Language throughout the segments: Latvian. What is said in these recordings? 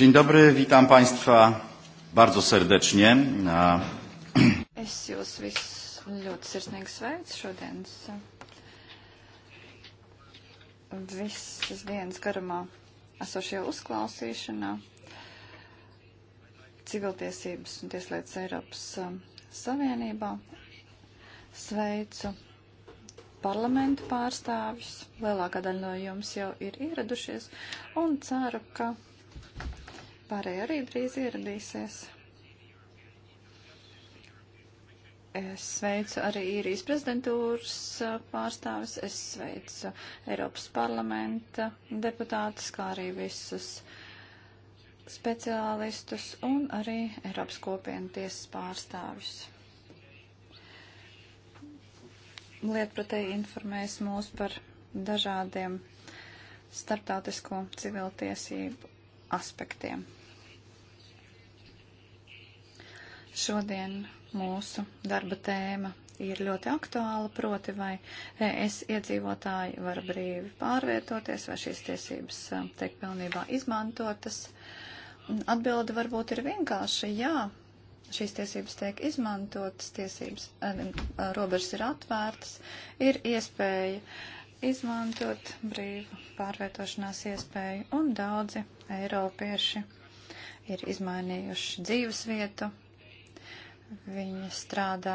Dzień dobry, witam Państwa bardzo serdecznie. Es jūs visus ļoti sirsnīgi sveicu šodienas visas dienas garumā esošajā uzklausīšanā civiltiesības un tieslietas Eiropas um, Savienībā. Sveicu parlamentu pārstāvjus, lielākā daļa no jums jau ir ieradušies un ceru, ka Pārējie arī drīz ieradīsies. Es sveicu arī īrijas prezidentūras pārstāvis, es sveicu Eiropas parlamenta deputātus, kā arī visus speciālistus un arī Eiropas kopienu tiesas pārstāvis. Lietpratēji informēs mūs par dažādiem starptautisko civiltiesību aspektiem. Šodien mūsu darba tēma ir ļoti aktuāla, proti vai es iedzīvotāji var brīvi pārvietoties, vai šīs tiesības tiek pilnībā izmantotas. Atbilde varbūt ir vienkārši jā. Šīs tiesības tiek izmantotas, tiesības, robežas ir atvērtas, ir iespēja izmantot brīvu pārvietošanās iespēju, un daudzi eiropieši ir izmainījuši dzīves vietu, Viņi strādā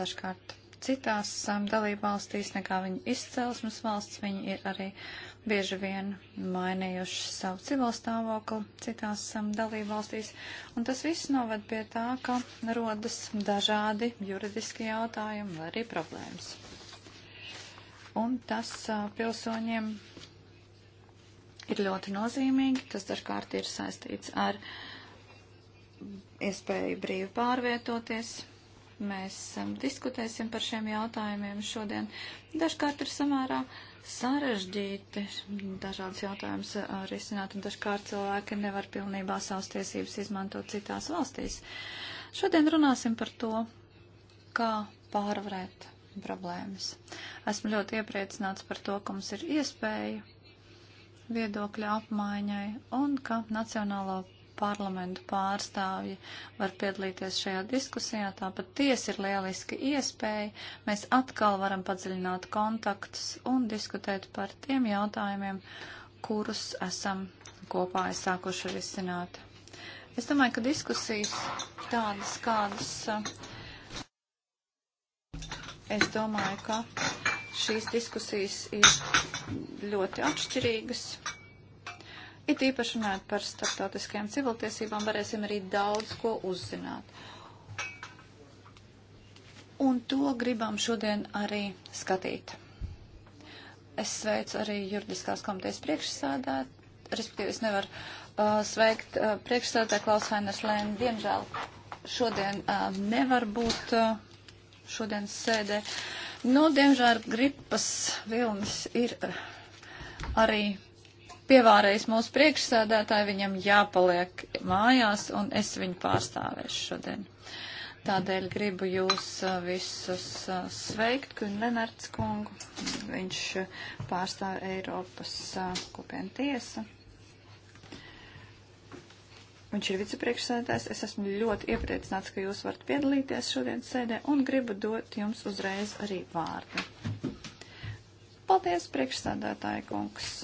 dažkārt citās um, dalībvalstīs nekā viņa izcelsmes valsts. Viņi ir arī bieži vien mainījuši savu civil stāvokli citās um, dalībvalstīs. Un tas viss noved pie tā, ka rodas dažādi juridiski jautājumi vai arī problēmas. Un tas uh, pilsoņiem ir ļoti nozīmīgi. Tas dažkārt ir saistīts ar uh, iespēju brīvi pārvietoties. Mēs um, diskutēsim par šiem jautājumiem šodien. Dažkārt ir samērā sarežģīti dažādas jautājumas uh, risināt, un dažkārt cilvēki nevar pilnībā savas tiesības izmantot citās valstīs. Šodien runāsim par to, kā pārvarēt problēmas. Esmu ļoti iepriecināts par to, ka mums ir iespēja viedokļa apmaiņai un ka Nacionālo parlamentu pārstāvji var piedalīties šajā diskusijā. Tā patiesi ir lieliski iespēja. Mēs atkal varam padziļināt kontaktus un diskutēt par tiem jautājumiem, kurus esam kopā aizsākuši risināt. Es domāju, ka diskusijas tādas, kādas. Eh, es domāju, ka šīs diskusijas ir ļoti atšķirīgas. It īpaši runājot par starptautiskajām civiltiesībām, varēsim arī daudz ko uzzināt. Un to gribam šodien arī skatīt. Es sveicu arī juridiskās komitejas priekšsādātāju, respektīvi es nevaru uh, sveikt uh, priekšsādātāju Klaus Hainers Lēnu. Diemžēl šodien uh, nevar būt uh, šodienas sēdē. Nu, diemžēl gripas vilnis ir uh, arī pievārējis mūsu priekšsēdētāju, viņam jāpaliek mājās, un es viņu pārstāvēšu šodien. Tādēļ gribu jūs uh, visus uh, sveikt, kun Lenards kungu. Viņš uh, pārstāv Eiropas kopienu tiesu. Viņš ir vicepriekšsēdētājs. Es esmu ļoti iepriecināts, ka jūs varat piedalīties šodienas sēdē un gribu dot jums uzreiz arī vārdu. Paldies, priekšsēdētāja kungs.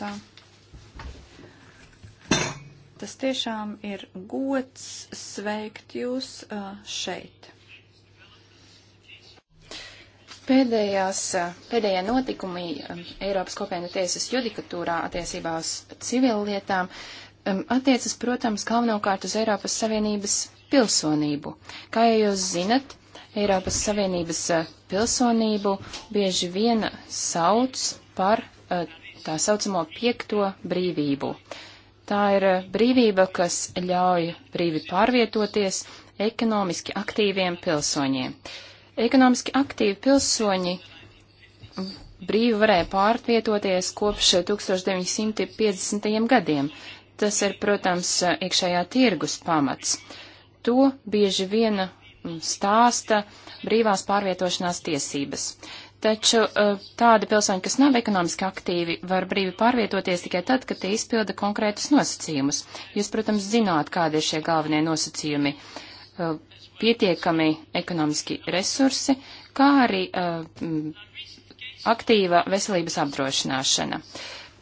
Tas tiešām ir gods sveikt jūs uh, šeit. Pēdējās, uh, pēdējā notikumi um, Eiropas kopienu tiesas judikatūrā attiecībā uz civilu lietām um, attiecas, protams, galvenokārt uz Eiropas Savienības pilsonību. Kā jūs zinat, Eiropas Savienības uh, pilsonību bieži vien sauc par tā saucamo piekto brīvību. Tā ir eh, brīvība, kas ļauj brīvi pārvietoties ekonomiski aktīviem pilsoņiem. Ekonomiski aktīvi pilsoņi brīvi varēja pārvietoties kopš 1950. gadiem. Tas ir, protams, iekšējā tirgus pamats. To bieži viena mm, stāsta brīvās pārvietošanās tiesības. Taču eh, tādi pilsoņi, kas nav ekonomiski aktīvi, var brīvi pārvietoties tikai tad, kad tie izpilda konkrētus nosacījumus. Jūs, protams, zināt, kādi ir šie galvenie nosacījumi. Eh, pietiekami ekonomiski resursi, kā arī eh, aktīva veselības apdrošināšana.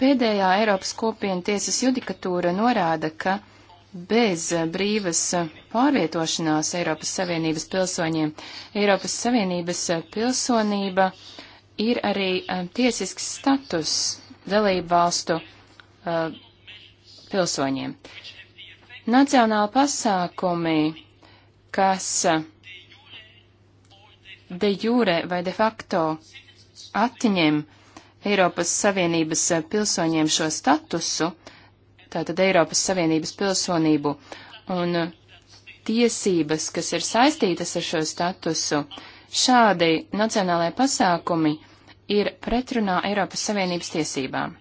Pēdējā Eiropas kopiena tiesas judikatūra norāda, ka bez brīvas pārvietošanās Eiropas Savienības pilsoņiem. Eiropas Savienības pilsonība ir arī eh, tiesisks status dalību valstu uh, pilsoņiem. Nacionāli pasākumi, kas de jure vai de facto atņem Eiropas Savienības pilsoņiem šo statusu, tātad Eiropas Savienības pilsonību, un tiesības, kas ir saistītas ar šo statusu, šādi nacionālajie pasākumi ir pretrunā Eiropas Savienības tiesībām.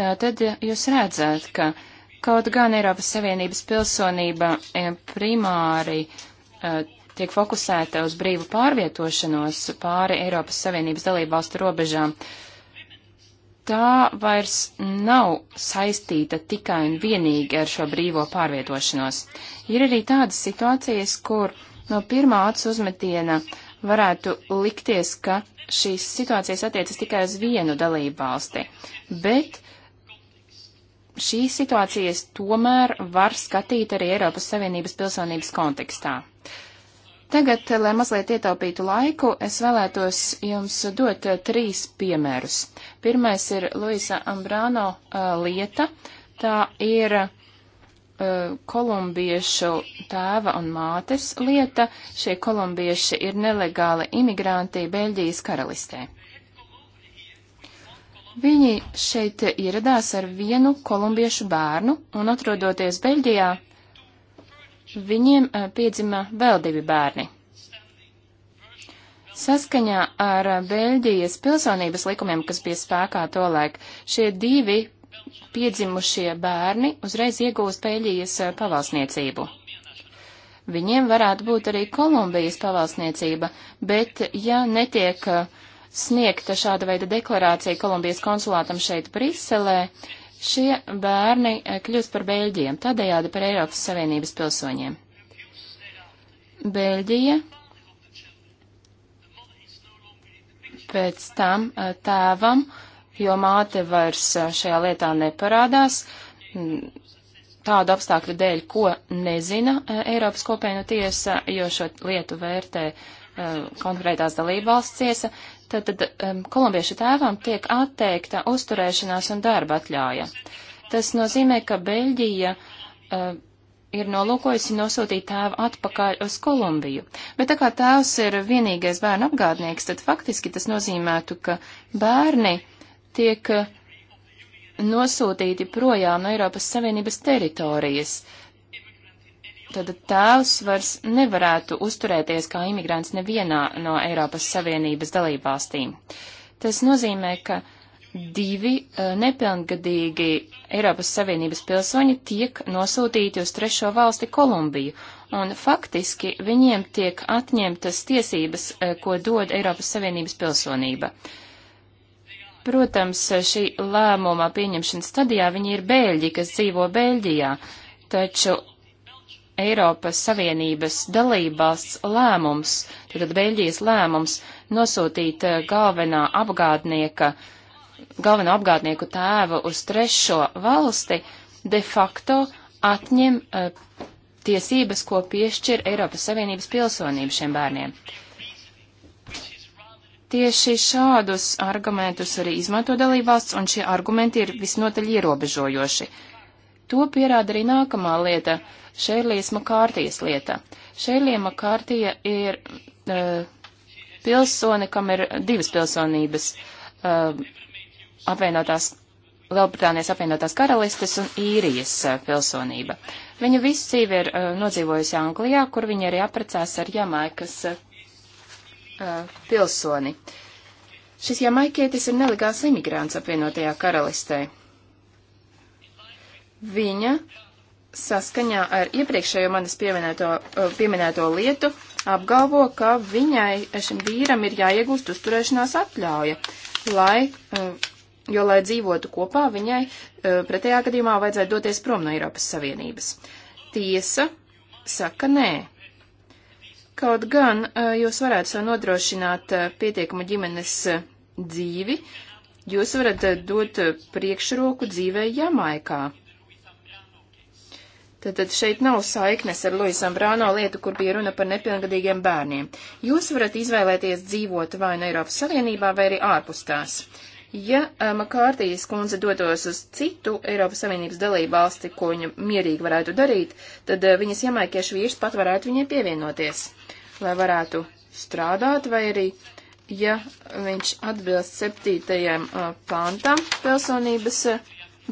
Tātad jūs redzat, ka kaut gan Eiropas Savienības pilsonība eh, primāri uh, tiek fokusēta uz brīvu pārvietošanos pāri Eiropas Savienības dalībvalstu robežām, uh, tā vairs nav saistīta tikai un vienīgi ar šo brīvo pārvietošanos. Ir arī tādas situācijas, kur no pirmā acu uzmetiena varētu likties, ka šīs situācijas attiecas tikai uz vienu dalību valsti, bet šīs situācijas tomēr var skatīt arī Eiropas Savienības pilsonības kontekstā. Tagad, lai mazliet ietaupītu laiku, es vēlētos jums dot eh, trīs piemērus. Pirmais ir Luisa Ambrāno uh, eh, lieta. Tā ir uh, kolumbiešu tēva un mātes lieta. Šie kolumbieši ir nelegāli imigranti Beļģijas karalistē. Viņi šeit ieradās ar vienu kolumbiešu bērnu un atrodoties Beļģijā, Viņiem eh, piedzima vēl divi bērni. Saskaņā ar eh, Beļģijas pilsonības likumiem, kas bija spēkā tolaik, šie divi piedzimušie bērni uzreiz iegūst Beļģijas eh, pavalsniecību. Viņiem varētu būt arī Kolumbijas pavalsniecība, bet ja netiek sniegta šāda veida deklarācija Kolumbijas konsulātam šeit Briselē, uh, Šie bērni eh, kļūst par Beļģiem, tādējādi par Eiropas Savienības pilsoņiem. Beļģija pēc tam eh, tēvam, jo māte vairs eh, šajā lietā neparādās, tādu apstākļu dēļ, ko nezina Eiropas kopienu tiesa, jo šo lietu vērtē konkrētās dalībvalsts tiesa, Tātad um, kolumbiešu tēvam tiek atteikta uzturēšanās un darba atļauja. Tas nozīmē, ka Beļģija uh, ir nolūkojusi nosūtīt tēvu atpakaļ uz Kolumbiju. Bet tā kā tēvs ir vienīgais bērnu apgādnieks, tad faktiski tas nozīmētu, ka bērni tiek nosūtīti projām no Eiropas Savienības teritorijas. Uh, tad tēvs vairs nevarētu uzturēties kā imigrants nevienā no Eiropas Savienības dalībvalstīm. Tas nozīmē, ka divi eh, nepilngadīgi Eiropas Savienības pilsoņi tiek nosūtīti uz trešo valsti Kolumbiju, un faktiski viņiem tiek atņemtas tiesības, eh, ko dod Eiropas Savienības pilsonība. Protams, šī lēmuma pieņemšanas stadijā viņi ir bēļi, kas dzīvo Bēļģijā, taču Eiropas Savienības dalībvalsts lēmums, tad Beļģijas lēmums nosūtīt eh, galvenā apgādnieka, galveno apgādnieku tēvu uz trešo valsti, de facto atņem uh, tiesības, ko piešķir Eiropas Savienības pilsonību šiem bērniem. Tieši šādus argumentus arī izmanto dalībvalsts, un šie argumenti ir visnotaļ ierobežojoši. To pierāda arī nākamā lieta. Uh, Šeilijas Makārtijas lieta. Šeilija Makārtija ir uh, pilsoni, kam ir divas pilsonības uh, apvienotās, Lielbritānijas apvienotās karalistes un īrijas uh, pilsonība. Viņa visu dzīvi ir uh, nodzīvojusi Anglijā, kur viņa arī aprecās ar Jamaikas uh, pilsoni. Šis Jamaikietis ir nelegāls imigrants apvienotajā karalistē. Viņa saskaņā ar iepriekšējo manis pieminēto, eh, pieminēto lietu apgalvo, ka viņai, šim vīram, ir jāiegūst uzturēšanās atļauja, lai, eh, jo, lai dzīvotu kopā, viņai eh, pretējā gadījumā vajadzētu doties prom no Eiropas Savienības. Tiesa saka nē. Kaut gan jūs varētu sev nodrošināt pietiekumu ģimenes dzīvi, jūs varat dot priekšroku dzīvē Jamaikā. Tātad šeit nav saiknes ar Luisam Brāno lietu, kur bija runa par nepilngadīgiem bērniem. Jūs varat izvēlēties dzīvot vai no nu Eiropas Savienībā, vai arī ārpus tās. Ja eh, Makārtijas kundze dotos uz citu Eiropas Savienības dalību valsti, ko viņa mierīgi varētu darīt, tad eh, viņas jamaikiešu vīrs pat varētu viņai pievienoties, lai varētu strādāt, vai arī, ja viņš atbilst septītajam eh, pantam pilsonības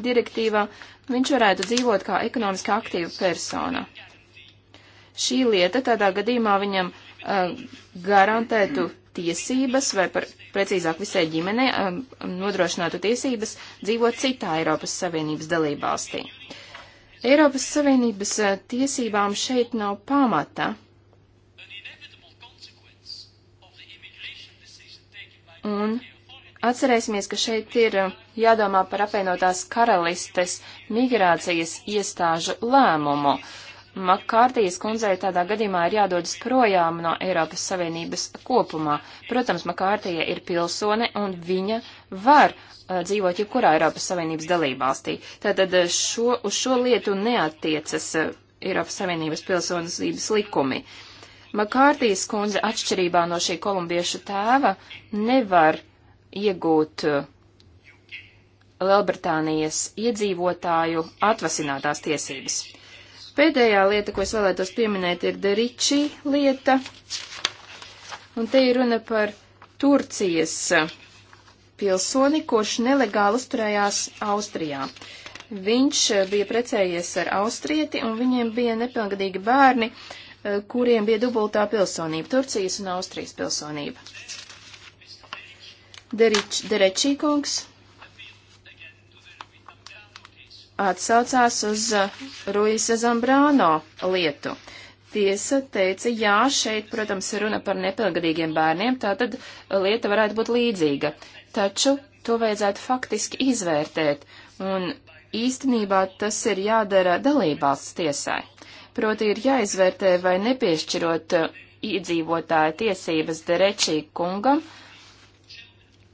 direktīvā, viņš varētu dzīvot kā ekonomiski aktīva persona. Šī lieta tādā gadījumā viņam uh, garantētu tiesības, vai par, precīzāk visai ģimenei, uh, nodrošinātu tiesības dzīvot citā Eiropas Savienības dalībvalstī. Eiropas Savienības uh, tiesībām šeit nav pamata. Un Atcerēsimies, ka šeit ir uh, jādomā par apvienotās karalistes migrācijas iestāžu lēmumu. Makārtijas kundzei tādā gadījumā ir jādodas projām no Eiropas Savienības kopumā. Protams, Makārtija ir pilsone un viņa var uh, dzīvot jebkurā Eiropas Savienības dalībvalstī. Tātad uh, šo, uz šo lietu neatiecas uh, Eiropas Savienības pilsonības likumi. Makārtijas kundze atšķirībā no šī kolumbiešu tēva nevar iegūt eh, Lielbritānijas iedzīvotāju atvasinātās tiesības. Pēdējā lieta, ko es vēlētos pieminēt, ir Deriči lieta. Un te ir runa par Turcijas eh, pilsoni, kurš nelegāli uzturējās Austrijā. Viņš eh, bija precējies ar austrieti, un viņiem bija nepilngadīgi bērni, kuriem bija dubultā pilsonība - Turcijas un Austrijas pilsonība. Derič, Derečīkungs atsaucās uz Ruisa Zambrāno lietu. Tiesa teica, jā, šeit, protams, runa par nepilngadīgiem bērniem, tātad lieta varētu būt līdzīga. Taču to vajadzētu faktiski izvērtēt, un īstenībā tas ir jādara dalībvalsts tiesai. Proti ir jāizvērtē, vai nepiešķirot uh, iedzīvotāja tiesības derečī kungam, uh,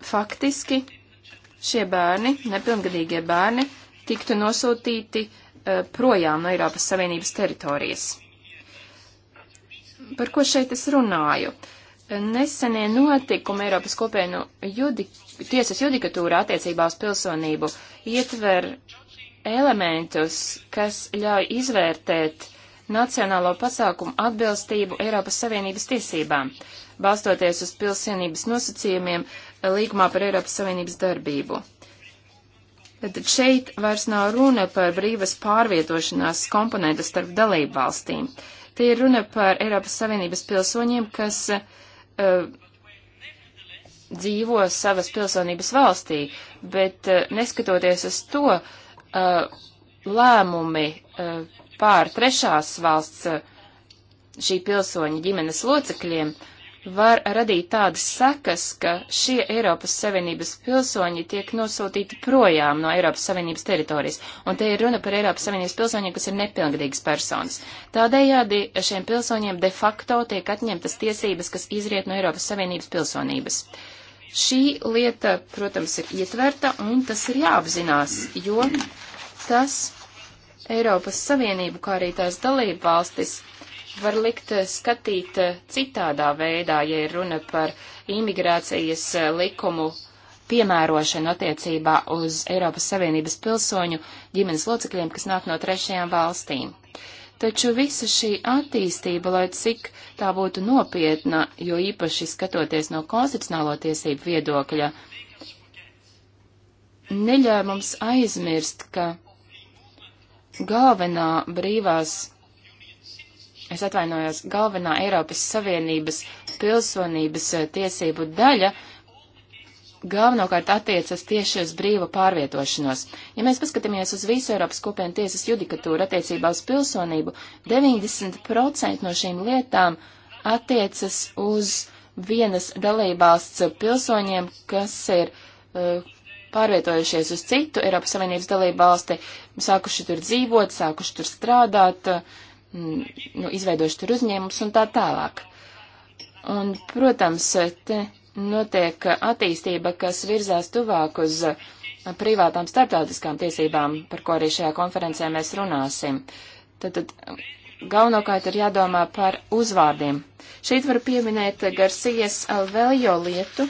faktiski šie bērni, nepilngadīgie bērni, tiktu nosūtīti uh, projām no Eiropas Savienības teritorijas. Par ko šeit es runāju? Nesenie notikumi Eiropas kopienu judik tiesas judikatūra attiecībā uz pilsonību ietver elementus, kas ļauj izvērtēt nacionālo pasākumu atbilstību Eiropas Savienības tiesībām. Balstoties uz pilsienības nosacījumiem, uh, līgumā par Eiropas Savienības darbību. Tad šeit vairs nav runa par brīvas pārvietošanās komponentu starp dalību valstīm. Te ir runa par Eiropas Savienības pilsoņiem, kas uh, dzīvo savas pilsonības valstī, bet uh, neskatoties uz to, uh, lēmumi uh, pār trešās valsts uh, šī pilsoņa ģimenes locekļiem uh, var radīt tādas sekas, ka šie Eiropas Savienības pilsoņi tiek nosūtīti projām no Eiropas Savienības teritorijas. Un te ir runa par Eiropas Savienības pilsoņiem, kas ir nepilngadīgas personas. Tādējādi šiem pilsoņiem de facto tiek atņemtas tiesības, kas izriet no Eiropas Savienības pilsonības. Šī lieta, protams, ir ietverta, un tas ir jāapzinās, jo tas Eiropas Savienību, kā arī tās dalību valstis, var likt eh, skatīt eh, citādā veidā, ja ir runa par imigrācijas eh, likumu piemērošanu attiecībā uz Eiropas Savienības pilsoņu ģimenes locekļiem, kas nāk no trešajām valstīm. Taču visa šī attīstība, lai cik tā būtu nopietna, jo īpaši skatoties no konstitucionālo tiesību viedokļa, neļauj mums aizmirst, ka galvenā brīvās es atvainojos, galvenā Eiropas Savienības pilsonības eh, tiesību daļa galvenokārt attiecas tieši uz brīvu pārvietošanos. Ja mēs paskatāmies uz visu Eiropas kopienu tiesas judikatūru attiecībā uz pilsonību, 90% no šīm lietām attiecas uz vienas dalībvalsts pilsoņiem, kas ir uh, pārvietojušies uz citu Eiropas Savienības dalībvalsti, sākuši tur dzīvot, sākuši tur strādāt, uh, Mm, nu, izveidojuši tur uzņēmums un tā tālāk. Un, protams, te notiek attīstība, kas virzās tuvāk uz privātām starptautiskām tiesībām, par ko arī šajā konferencē mēs runāsim. Tad, tad galvenokārt ir jādomā par uzvārdiem. Šeit var pieminēt Garcijas Alveljo lietu.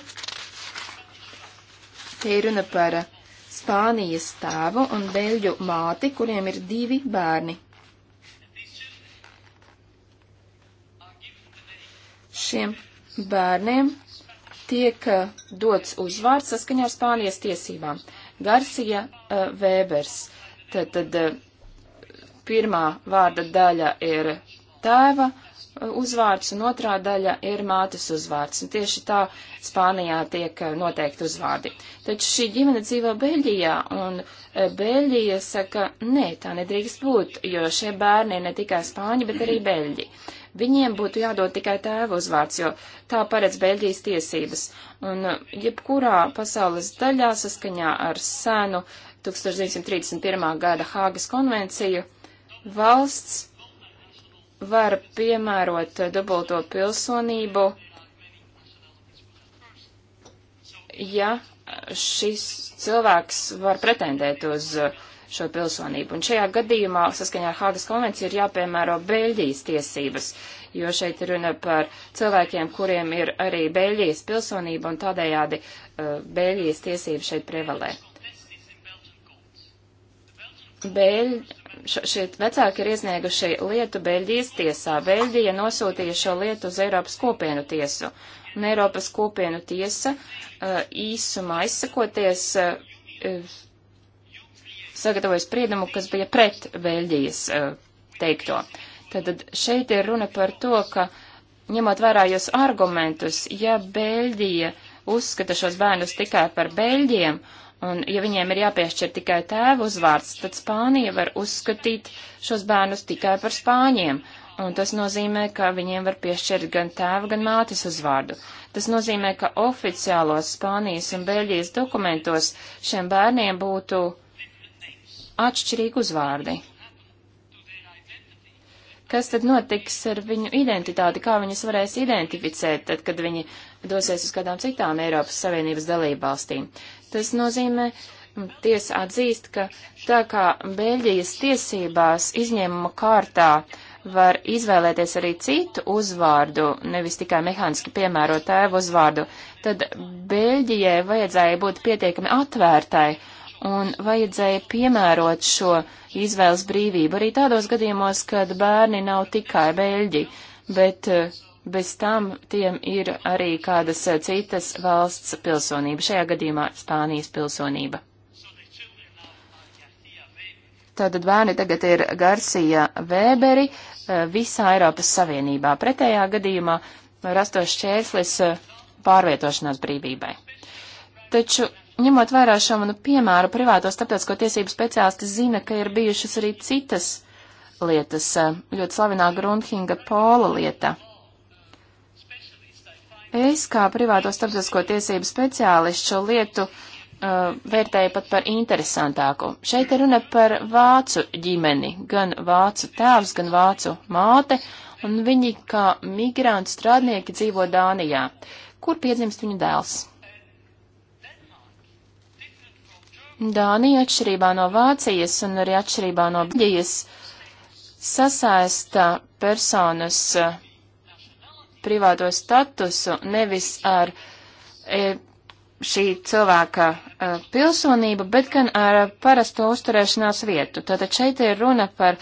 Te ir runa par Spānijas tēvu un Beļģu māti, kuriem ir divi bērni. šiem bērniem tiek uh, dots uzvārds saskaņā ar Spānijas tiesībām. Garcija uh, Vēbers. Tad, tad uh, pirmā vārda daļa ir tēva uh, uzvārds un otrā daļa ir mātes uzvārds. Un tieši tā Spānijā tiek uh, noteikti uzvārdi. Taču šī ģimene dzīvo Beļģijā un uh, Beļģija saka, nē, tā nedrīkst būt, jo šie bērni ir ne tikai spāņi, bet arī beļģi. Viņiem būtu jādod tikai tēva uzvārds, jo tā paredz Beļģijas tiesības. Un uh, jebkurā pasaules daļā saskaņā ar sēnu 1931. gada Hāgas konvenciju valsts var piemērot dubulto pilsonību, ja šis cilvēks var pretendēt uz uh, šo pilsonību. Un šajā gadījumā, saskaņā ar Hāgas konvenciju, ir jāpiemēro Beļģijas tiesības, jo šeit ir runa par cilvēkiem, kuriem ir arī Beļģijas pilsonība un tādējādi uh, Beļģijas tiesības šeit prevalē. Beļ, šie vecāki ir iesnieguši lietu Beļģijas tiesā. Beļģija nosūtīja šo lietu uz Eiropas kopienu tiesu. Un Eiropas kopienu tiesa uh, īsumā izsakoties uh, sagatavoja spriedumu, kas bija pret Beļģijas eh, teikto. Tad šeit ir runa par to, ka ņemot vērā jūs argumentus, ja Beļģija uzskata šos bērnus tikai par Beļģiem, un ja viņiem ir jāpiešķir tikai tēva uzvārds, tad Spānija var uzskatīt šos bērnus tikai par Spāņiem, un tas nozīmē, ka viņiem var piešķirt gan tēva, gan mātes uzvārdu. Tas nozīmē, ka oficiālos Spānijas un Beļģijas dokumentos šiem bērniem būtu uh, atšķirīgi uzvārdi. Kas tad notiks ar viņu identitāti, kā viņus varēs identificēt, tad, kad viņi dosies uz kādām citām Eiropas Savienības dalībvalstīm? Tas nozīmē, tiesa atzīst, ka tā kā Beļģijas tiesībās izņēmuma kārtā var izvēlēties arī citu uzvārdu, nevis tikai mehāniski piemērot tēvu uzvārdu, tad Beļģijai vajadzēja būt pietiekami atvērtai un vajadzēja piemērot šo izvēles brīvību arī tādos gadījumos, kad bērni nav tikai beļģi, bet eh, bez tam tiem ir arī kādas eh, citas valsts pilsonība, šajā gadījumā Spānijas pilsonība. Tātad bērni tagad ir Garcija Vēberi eh, visā Eiropas Savienībā. Pretējā gadījumā rastos šķērslis pārvietošanās brīvībai. Taču ņemot vērā šo manu piemēru, privāto starptautisko tiesību speciālisti zina, ka ir bijušas arī citas lietas, eh, ļoti slavenā Grundhinga Pola lieta. Es kā privāto starptautisko tiesību speciālistu šo lietu uh, vērtēju pat par interesantāku. Šeit ir runa par vācu ģimeni, gan vācu tēvs, gan vācu māte, un viņi kā migrantu strādnieki dzīvo Dānijā, kur piedzimst viņu dēls. Dānija atšķirībā no Vācijas un arī atšķirībā no Beļģijas sasaista personas eh, privāto statusu nevis ar e, šī cilvēka e, pilsonību, bet gan ar parasto uzturēšanās vietu. Tātad šeit ir runa par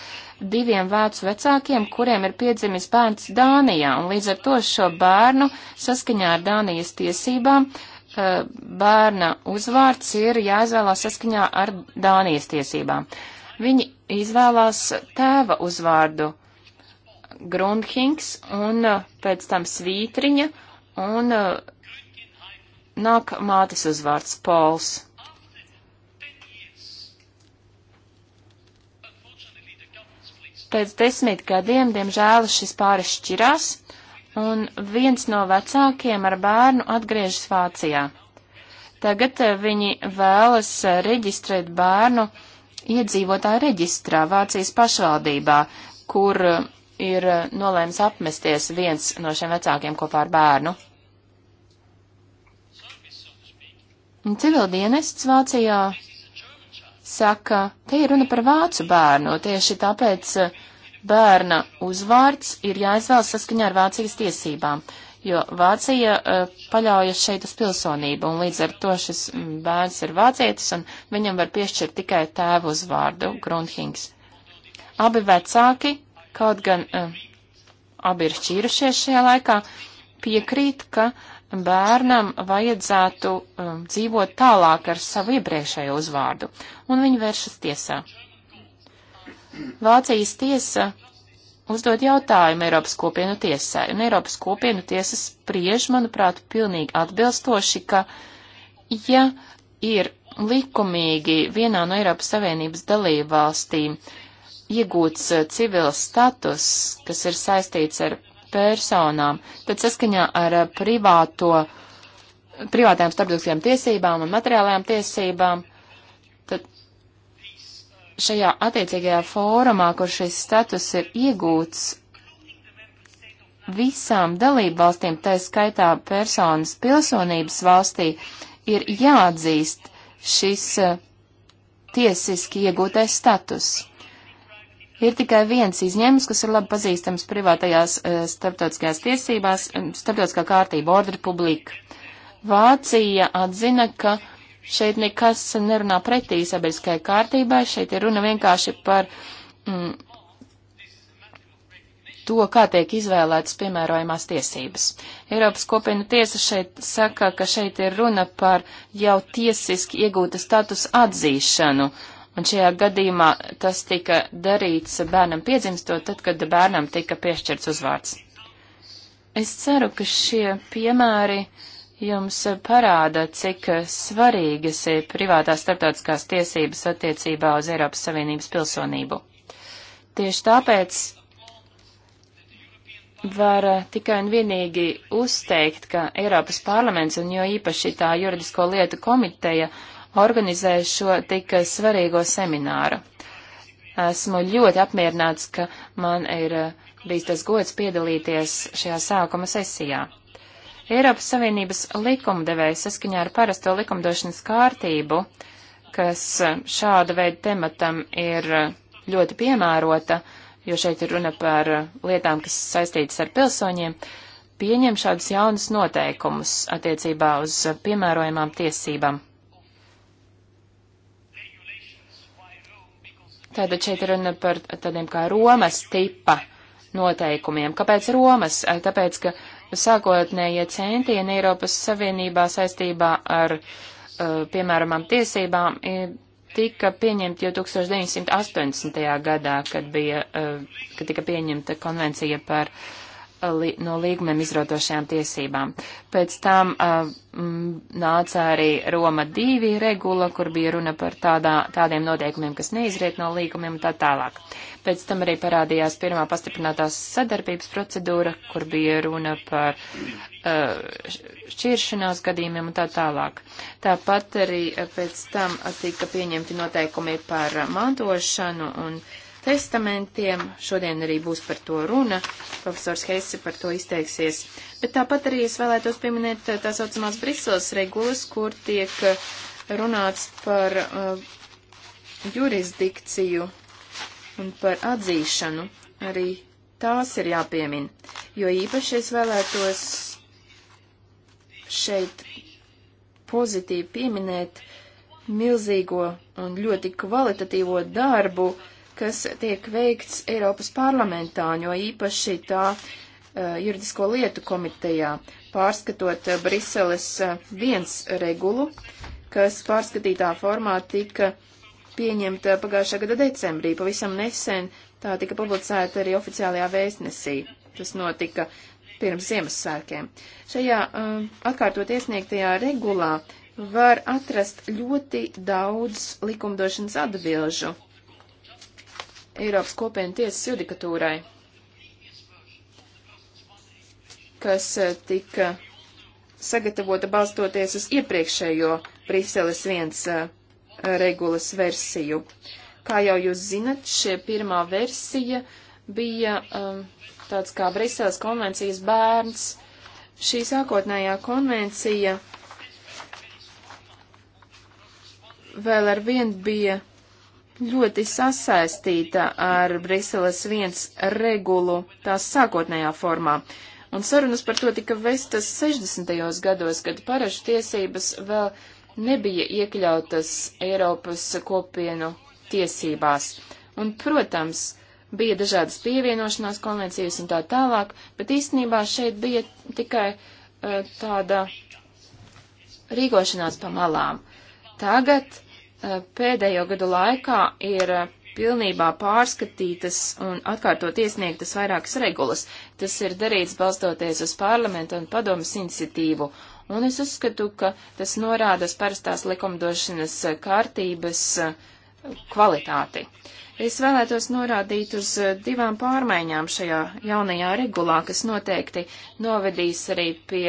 diviem vācu vecākiem, kuriem ir piedzimis bērns Dānijā, un līdz ar to šo bērnu saskaņā ar Dānijas tiesībām uh, Eh, bērna uzvārds ir jāizvēlās saskaņā ar Dānijas tiesībām. Viņi izvēlās tēva uzvārdu Grundhings un eh, pēc tam Svītriņa un eh, nāk mātes uzvārds Pols. Pēc desmit gadiem, diemžēl, šis pāris šķirās un viens no vecākiem ar bērnu atgriežas Vācijā. Tagad eh, viņi vēlas eh, reģistrēt bērnu iedzīvotāju reģistrā Vācijas pašvaldībā, kur eh, ir nolēms apmesties viens no šiem vecākiem kopā ar bērnu. Civildienests Vācijā saka, te ir runa par vācu bērnu, tieši tāpēc uh, bērna uzvārds ir jāizvēlas saskaņā ar Vācijas tiesībām, jo Vācija uh, paļaujas šeit uz pilsonību, un līdz ar to šis mm, bērns ir vācietis, un viņam var piešķirt tikai tēvu uzvārdu - Grundhings. Abi vecāki, kaut gan uh, abi ir šķīrušies šajā laikā, piekrīt, ka bērnam vajadzētu um, dzīvot tālāk ar savu iepriekšējo uzvārdu, un viņi vēršas tiesā. Vācijas tiesa uzdod jautājumu Eiropas kopienu tiesai, un Eiropas kopienu tiesa spriež, manuprāt, pilnīgi atbilstoši, ka, ja ir likumīgi vienā no Eiropas Savienības dalību valstīm iegūts eh, civils status, kas ir saistīts ar personām, tad saskaņā ar eh, privāto, privātajām starptautiskajām tiesībām un materiālajām tiesībām, šajā attiecīgajā fórumā, kur šis status ir iegūts, visām dalību valstīm, tā skaitā personas pilsonības valstī, ir jāatzīst šis eh, tiesiski iegūtais status. Ir tikai viens izņēmums, kas ir labi pazīstams privātajās eh, starptautiskajās tiesībās, eh, starptautiskā kārtība, ordre publika. Vācija atzina, ka uh, Šeit nekas nerunā pretī sabiedriskajai kārtībai, šeit ir runa vienkārši par mm, to, kā tiek izvēlētas piemērojamās tiesības. Eiropas kopiena tiesa šeit saka, ka šeit ir runa par jau tiesiski iegūta status atzīšanu, un šajā gadījumā tas tika darīts bērnam piedzimstot, tad, kad bērnam tika piešķirts uzvārds. Es ceru, ka šie piemēri uh, jums parāda, cik svarīgas ir privātās starptautiskās tiesības attiecībā uz Eiropas Savienības pilsonību. Tieši tāpēc var tikai un vienīgi uzteikt, ka Eiropas parlaments un jo īpaši tā juridisko lietu komiteja organizē šo tik svarīgo semināru. Esmu ļoti apmierināts, ka man ir bijis tas gods piedalīties šajā sākuma sesijā. Eiropas Savienības likumdevēja saskaņā ar parasto likumdošanas kārtību, kas šāda veida tematam ir ļoti piemērota, jo šeit ir runa par lietām, kas saistītas ar pilsoņiem, pieņem šādus jaunus noteikumus attiecībā uz piemērojamām tiesībām. Tātad šeit ir runa par tādiem kā Romas tipa noteikumiem. Kāpēc Romas? Tāpēc, ka sākotnējie centieni Eiropas Savienībā saistībā ar, uh, piemēram, tiesībām tika pieņemti jau 1980. gadā, kad, bija, uh, kad tika pieņemta konvencija par uh, li, no līgumiem izrodošajām tiesībām. Pēc tam uh, m, nāca arī Roma 2 regula, kur bija runa par tādā, tādiem noteikumiem, kas neizriet no līgumiem un tā tālāk. Pēc tam arī parādījās pirmā pastiprinātās sadarbības procedūra, kur bija runa par uh, šķiršanās gadījumiem un tā tālāk. Tāpat arī pēc tam tika pieņemti noteikumi par mantošanu un uh, testamentiem. Šodien arī būs par to runa. Profesors Heise par to izteiksies. Bet tāpat arī es vēlētos pieminēt eh, tā saucamās Briseles regulas, kur tiek eh, runāts par uh, jurisdikciju un par atzīšanu. Arī tās ir jāpiemina. Jo īpaši es vēlētos šeit pozitīvi pieminēt milzīgo un ļoti kvalitatīvo darbu, uh, kas tiek veikts Eiropas parlamentā, jo īpaši tā uh, juridisko lietu komitejā, pārskatot eh, Briseles eh, viens regulu, kas pārskatītā formā tika pieņemta pagājušā gada decembrī. Pavisam nesen tā tika publicēta arī oficiālajā vēstnesī. Tas notika pirms Ziemassvētkiem. Šajā um, atkārtot iesniegtajā regulā var atrast ļoti daudz likumdošanas atbilžu. Eiropas kopienu tiesas judikatūrai, kas eh, tika sagatavota balstoties uz iepriekšējo Briseles viens eh, regulas versiju. Kā jau jūs zinat, šie pirmā versija bija um, tāds kā Briseles konvencijas bērns. Šī sākotnējā konvencija vēl ar vien bija ļoti sasaistīta ar Briseles viens regulu tās sākotnējā formā. Un sarunas par to tika vestas 60. gados, kad parašu tiesības vēl nebija iekļautas Eiropas kopienu tiesībās. Un, protams, bija dažādas pievienošanās konvencijas un tā tālāk, bet īstenībā šeit bija tikai uh, tāda rīkošanās pa malām. Tagad Eh, pēdējo gadu laikā ir eh, pilnībā pārskatītas un atkārtot iesniegtas vairākas regulas. Tas ir darīts balstoties uz parlamentu un padomas iniciatīvu, un es uzskatu, ka tas norāda uz parastās likumdošanas eh, kārtības kvalitāti. Es vēlētos norādīt uz divām pārmaiņām šajā jaunajā regulā, kas noteikti novedīs arī pie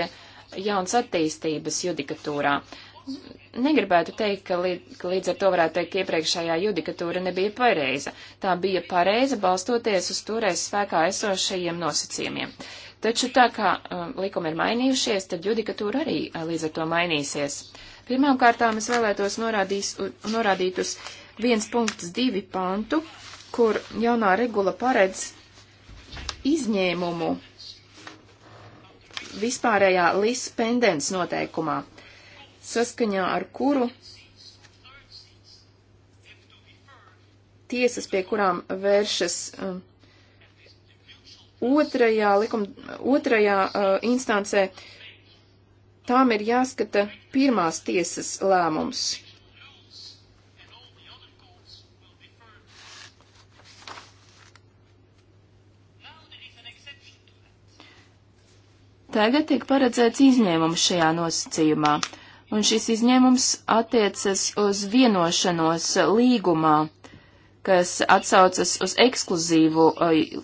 jauns attīstības judikatūrā negribētu teikt, ka līdz, ka līdz ar to varētu teikt, ka iepriekšējā judikatūra nebija pareiza. Tā bija pareiza balstoties uz toreiz spēkā esošajiem nosacījumiem. Taču tā kā uh, likumi ir mainījušies, tad judikatūra arī uh, līdz ar to mainīsies. Pirmkārtām es vēlētos norādīs, u, norādīt uz 1.2 pantu, kur jaunā regula paredz izņēmumu vispārējā lispendens noteikumā saskaņā ar kuru tiesas, pie kurām vēršas um, otrajā, likum, otrajā uh, instancē, tām ir jāskata pirmās tiesas lēmums. Tagad tiek paredzēts izņēmums šajā nosacījumā un šis izņēmums attiecas uz vienošanos līgumā, kas atsaucas uz ekskluzīvu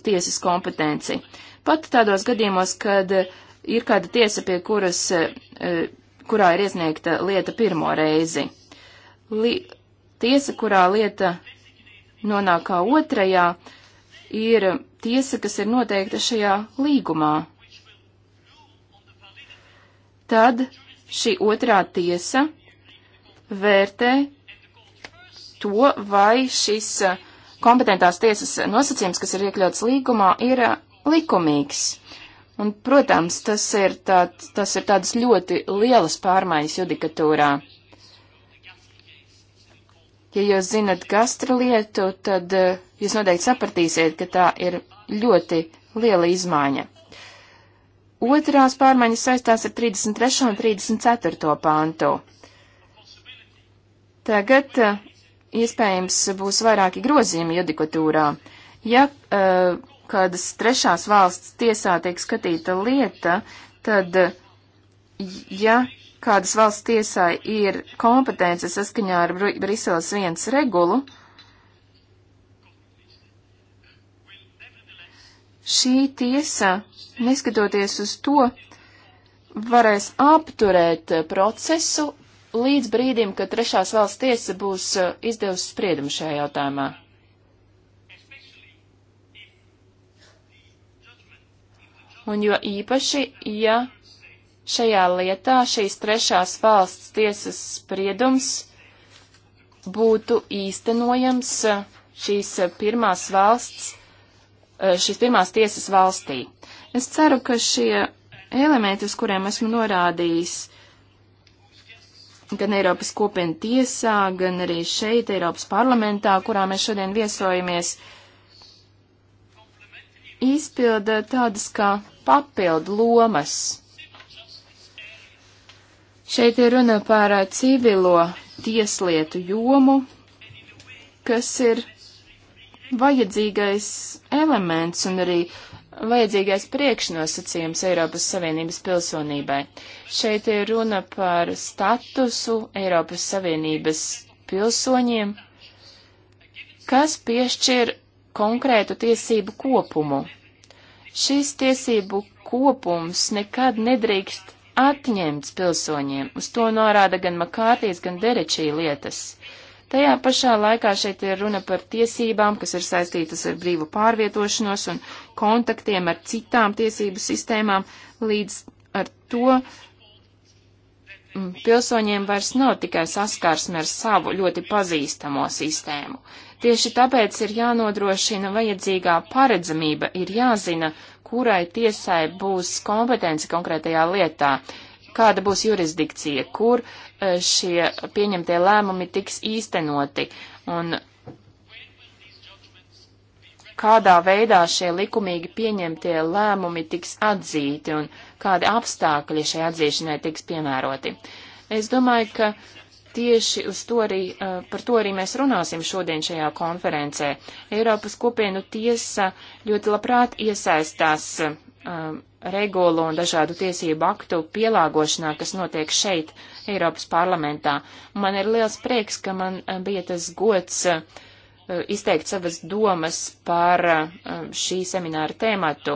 tiesas kompetenci. Pat tādos gadījumos, kad ir kāda tiesa, pie kuras, e, kurā ir iesniegta lieta pirmo reizi. Li tiesa, kurā lieta nonāk kā otrajā, ir tiesa, kas ir noteikta šajā līgumā. Tad šī otrā tiesa vērtē to, vai šis uh, kompetentās tiesas nosacījums, kas ir iekļauts līgumā, ir uh, likumīgs. Un, protams, tas ir, tād, tas ir tādas ļoti lielas pārmaiņas judikatūrā. Ja jūs zinat gastra lietu, tad uh, jūs noteikti sapratīsiet, ka tā ir ļoti liela izmaiņa. Otrās pārmaiņas saistās ar 33. un 34. pāntu. Tagad eh, iespējams būs vairāki grozījumi judikatūrā. Ja uh, kādas trešās valsts tiesā tiek skatīta lieta, tad, ja kādas valsts tiesā ir kompetence saskaņā ar Briseles viens regulu, uh, Šī tiesa, neskatoties uz to, varēs apturēt procesu līdz brīdim, kad trešās valsts tiesa būs eh, izdevusi spriedumu šajā jautājumā. Un jo īpaši, ja šajā lietā šīs trešās valsts tiesas spriedums būtu īstenojams eh, šīs eh, pirmās valsts Eh, šīs pirmās tiesas valstī. Es ceru, ka šie elementi, uz kuriem esmu norādījis, gan Eiropas kopienu tiesā, gan arī šeit, Eiropas parlamentā, kurā mēs šodien viesojamies, izpilda tādas kā papildu lomas. Šeit ir runa par civilo tieslietu jomu, kas ir vajadzīgais elements un arī vajadzīgais priekšnosacījums Eiropas Savienības pilsonībai. Šeit ir runa par statusu Eiropas Savienības pilsoņiem, kas piešķir konkrētu tiesību kopumu. Šis tiesību kopums nekad nedrīkst atņemts pilsoņiem, uz to norāda gan Makārtīs, gan Derečī lietas. Tajā pašā laikā šeit ir runa par tiesībām, kas ir saistītas ar brīvu pārvietošanos un kontaktiem ar citām tiesību sistēmām, līdz ar to mm, pilsoņiem vairs nav tikai saskarsme ar savu ļoti pazīstamo sistēmu. Tieši tāpēc ir jānodrošina vajadzīgā paredzamība, ir jāzina, kurai tiesai būs kompetence konkrētajā lietā kāda būs jurisdikcija, kur e, šie pieņemtie lēmumi tiks īstenoti un kādā veidā šie likumīgi pieņemtie lēmumi tiks atzīti un kādi apstākļi šai atzīšanai tiks piemēroti. Es domāju, ka Tieši uz to arī, eh, par to arī mēs runāsim šodien šajā konferencē. Eiropas kopienu tiesa ļoti labprāt iesaistās um, regulu un dažādu tiesību aktu pielāgošanā, kas notiek šeit, Eiropas parlamentā. Man ir liels prieks, ka man eh, bija tas gods uh, izteikt savas domas par uh, šī semināra tēmatu.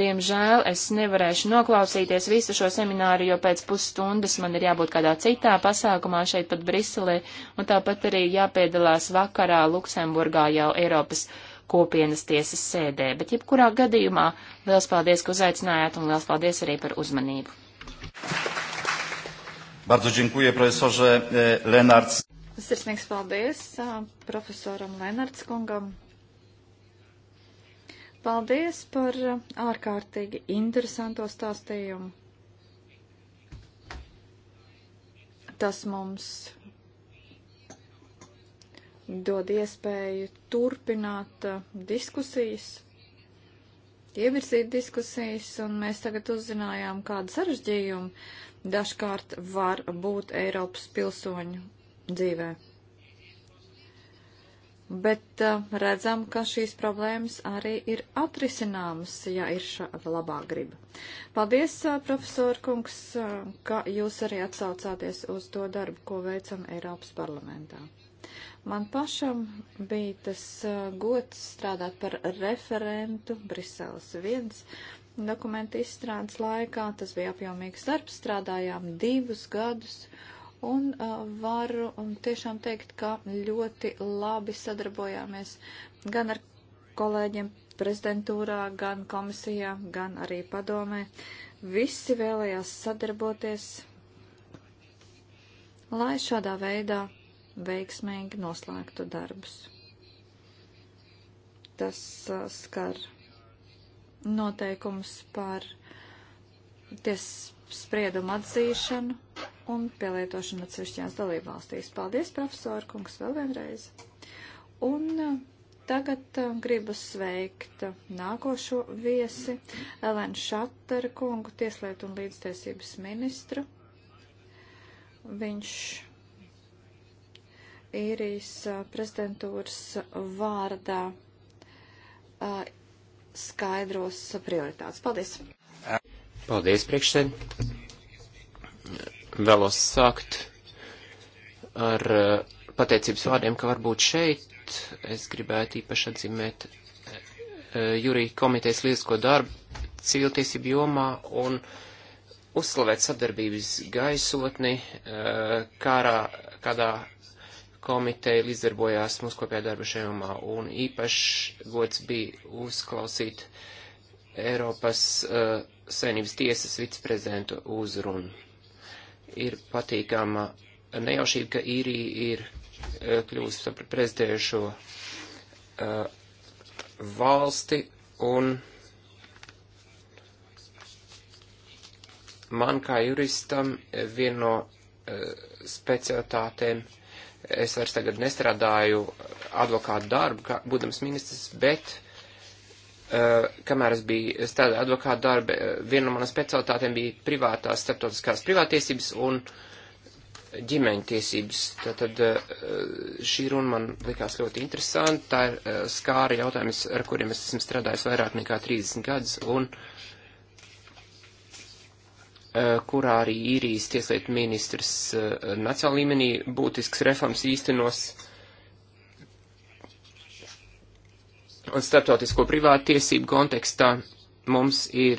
Diemžēl es nevarēšu noklausīties visu šo semināru, jo pēc pusstundas man ir jābūt kādā citā pasākumā šeit pat Briselē, un tāpat arī jāpiedalās vakarā Luksemburgā jau Eiropas kopienas tiesas sēdē. Bet jebkurā gadījumā liels paldies, ka uzaicinājāt, un liels paldies arī par uzmanību. Bardzo dziękuję profesorze e, Lenarts. Sirsnīgs paldies profesoram Lenards kungam. Paldies par ārkārtīgi interesanto stāstījumu. Tas mums dod iespēju turpināt diskusijas, ievirzīt diskusijas, un mēs tagad uzzinājām, kāda sarežģījuma dažkārt var būt Eiropas pilsoņu dzīvē. Bet uh, redzam, ka šīs problēmas arī ir atrisināmas, ja ir šāda labā griba. Paldies, uh, profesor Kungs, uh, ka jūs arī atsaucāties uz to darbu, ko veicam Eiropas parlamentā. Man pašam bija tas uh, gods strādāt par referentu Briseles 1 dokumentu izstrādes laikā. Tas bija apjomīgs darbs, strādājām divus gadus. Uh, Un uh, varu un tiešām teikt, ka ļoti labi sadarbojāmies gan ar kolēģiem prezidentūrā, gan komisijā, gan arī padomē. Visi vēlējās sadarboties, lai šādā veidā veiksmīgi noslēgtu darbus. Tas uh, skar noteikums par ties spriedumu atzīšanu, un pielietošanu atsevišķās dalībvalstīs. Paldies, profesori, kungs, vēl vienreiz. Un uh, tagad uh, gribu sveikt nākošo viesi, Elēnu Šatara kungu, tieslietu un līdztiesības ministru. Viņš īrijas uh, prezidentūras vārdā skaidros prioritātes. Paldies! Paldies, priekšsēd! vēlos sākt ar eh, pateicības vārdiem, ka varbūt šeit es gribētu īpaši atzīmēt eh, jūrija komitejas lielisko darbu civiltiesību jomā un uzslavēt sadarbības gaisotni, eh, kārā, kādā komiteja līdzdarbojās mūsu kopējā darba šajā jomā. Un īpaši gods bija uzklausīt Eiropas uh, Savienības tiesas viceprezidentu uzrunu ir patīkama nejaušība, ka īrija ir eh, kļūst par prezidējušo uh, valsti un man kā juristam eh, viena no uh, specialitātēm, es vairs tagad nestrādāju advokātu darbu, kā, būdams ministrs, bet Eh, kamēr es biju strādāju advokātu darbu, eh, viena no manas specialitātēm bija privātās starptautiskās privātiesības un ģimeņtiesības. Tātad eh, šī runa man likās ļoti interesanta. Tā ir skāra jautājums, ar kuriem es esmu strādājis vairāk nekā 30 gadus un kurā arī īrijas tieslietu ministrs nacionāla līmenī būtisks reformas īstenos un starptautisko privātu tiesību kontekstā mums ir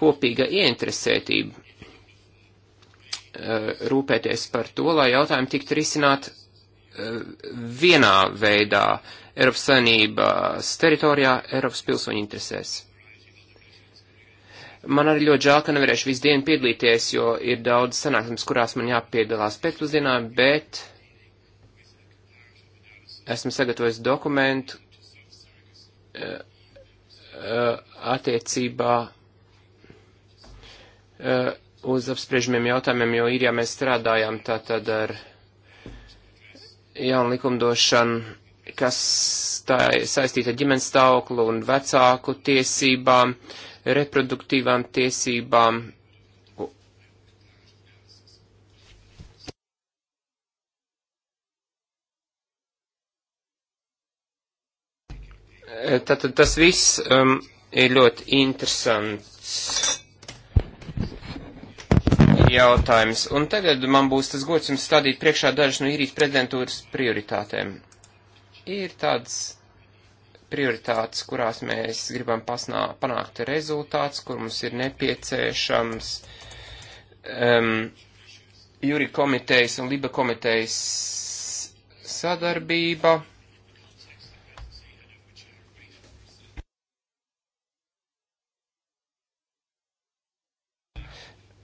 kopīga ieinteresētība eh, rūpēties par to, lai jautājumi tiktu risināt eh, vienā veidā Eiropas Savienības teritorijā, Eiropas pilsoņu interesēs. Man arī ļoti žēl, ka nevarēšu visu dienu piedalīties, jo ir daudz sanāksmes, kurās man jāpiedalās pēcpusdienā, bet esmu sagatavojis dokumentu, Uh, attiecībā uh, uz apspriežamiem jautājumiem, jo ir, ja mēs strādājam tātad ar jaunu likumdošanu, kas tā saistīta ar ģimenes stāvoklu un vecāku tiesībām, reproduktīvām tiesībām, Tātad tas viss um, ir ļoti interesants jautājums. Un tagad man būs tas gods jums stādīt priekšā dažas no īrijas prezidentūras prioritātēm. Ir tādas prioritātes, kurās mēs gribam pasnā, panākt rezultāts, kur mums ir nepieciešams um, jūri komitejas un liba komitejas sadarbība.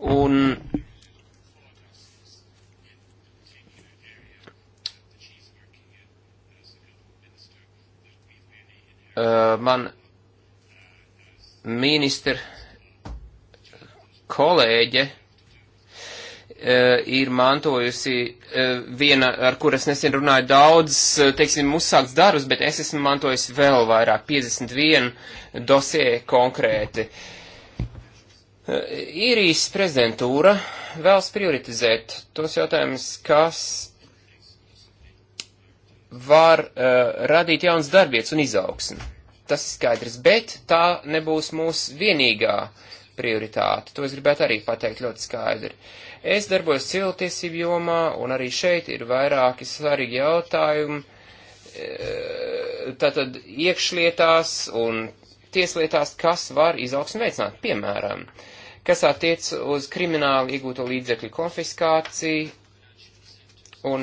Un eh, man ministra kolēģe eh, ir mantojusi eh, viena, ar kuras nesen runāju daudz, teiksim, uzsākts darbs, bet es esmu mantojis vēl vairāk, 51 dosie konkrēti. Uh, Īrijas eh, prezidentūra vēlas prioritizēt tos jautājumus, kas var uh, radīt jaunas darbietas un izaugsmi. Tas ir skaidrs, bet tā nebūs mūsu vienīgā prioritāte. To es gribētu arī pateikt ļoti skaidri. Es darbojos cilvēktiesību jomā, un arī šeit ir vairāki svarīgi jautājumi. Eh, tātad iekšlietās un tieslietās, kas var izaugsmi veicināt, piemēram. Uh, kas attiec uz krimināli iegūto līdzekļu konfiskāciju un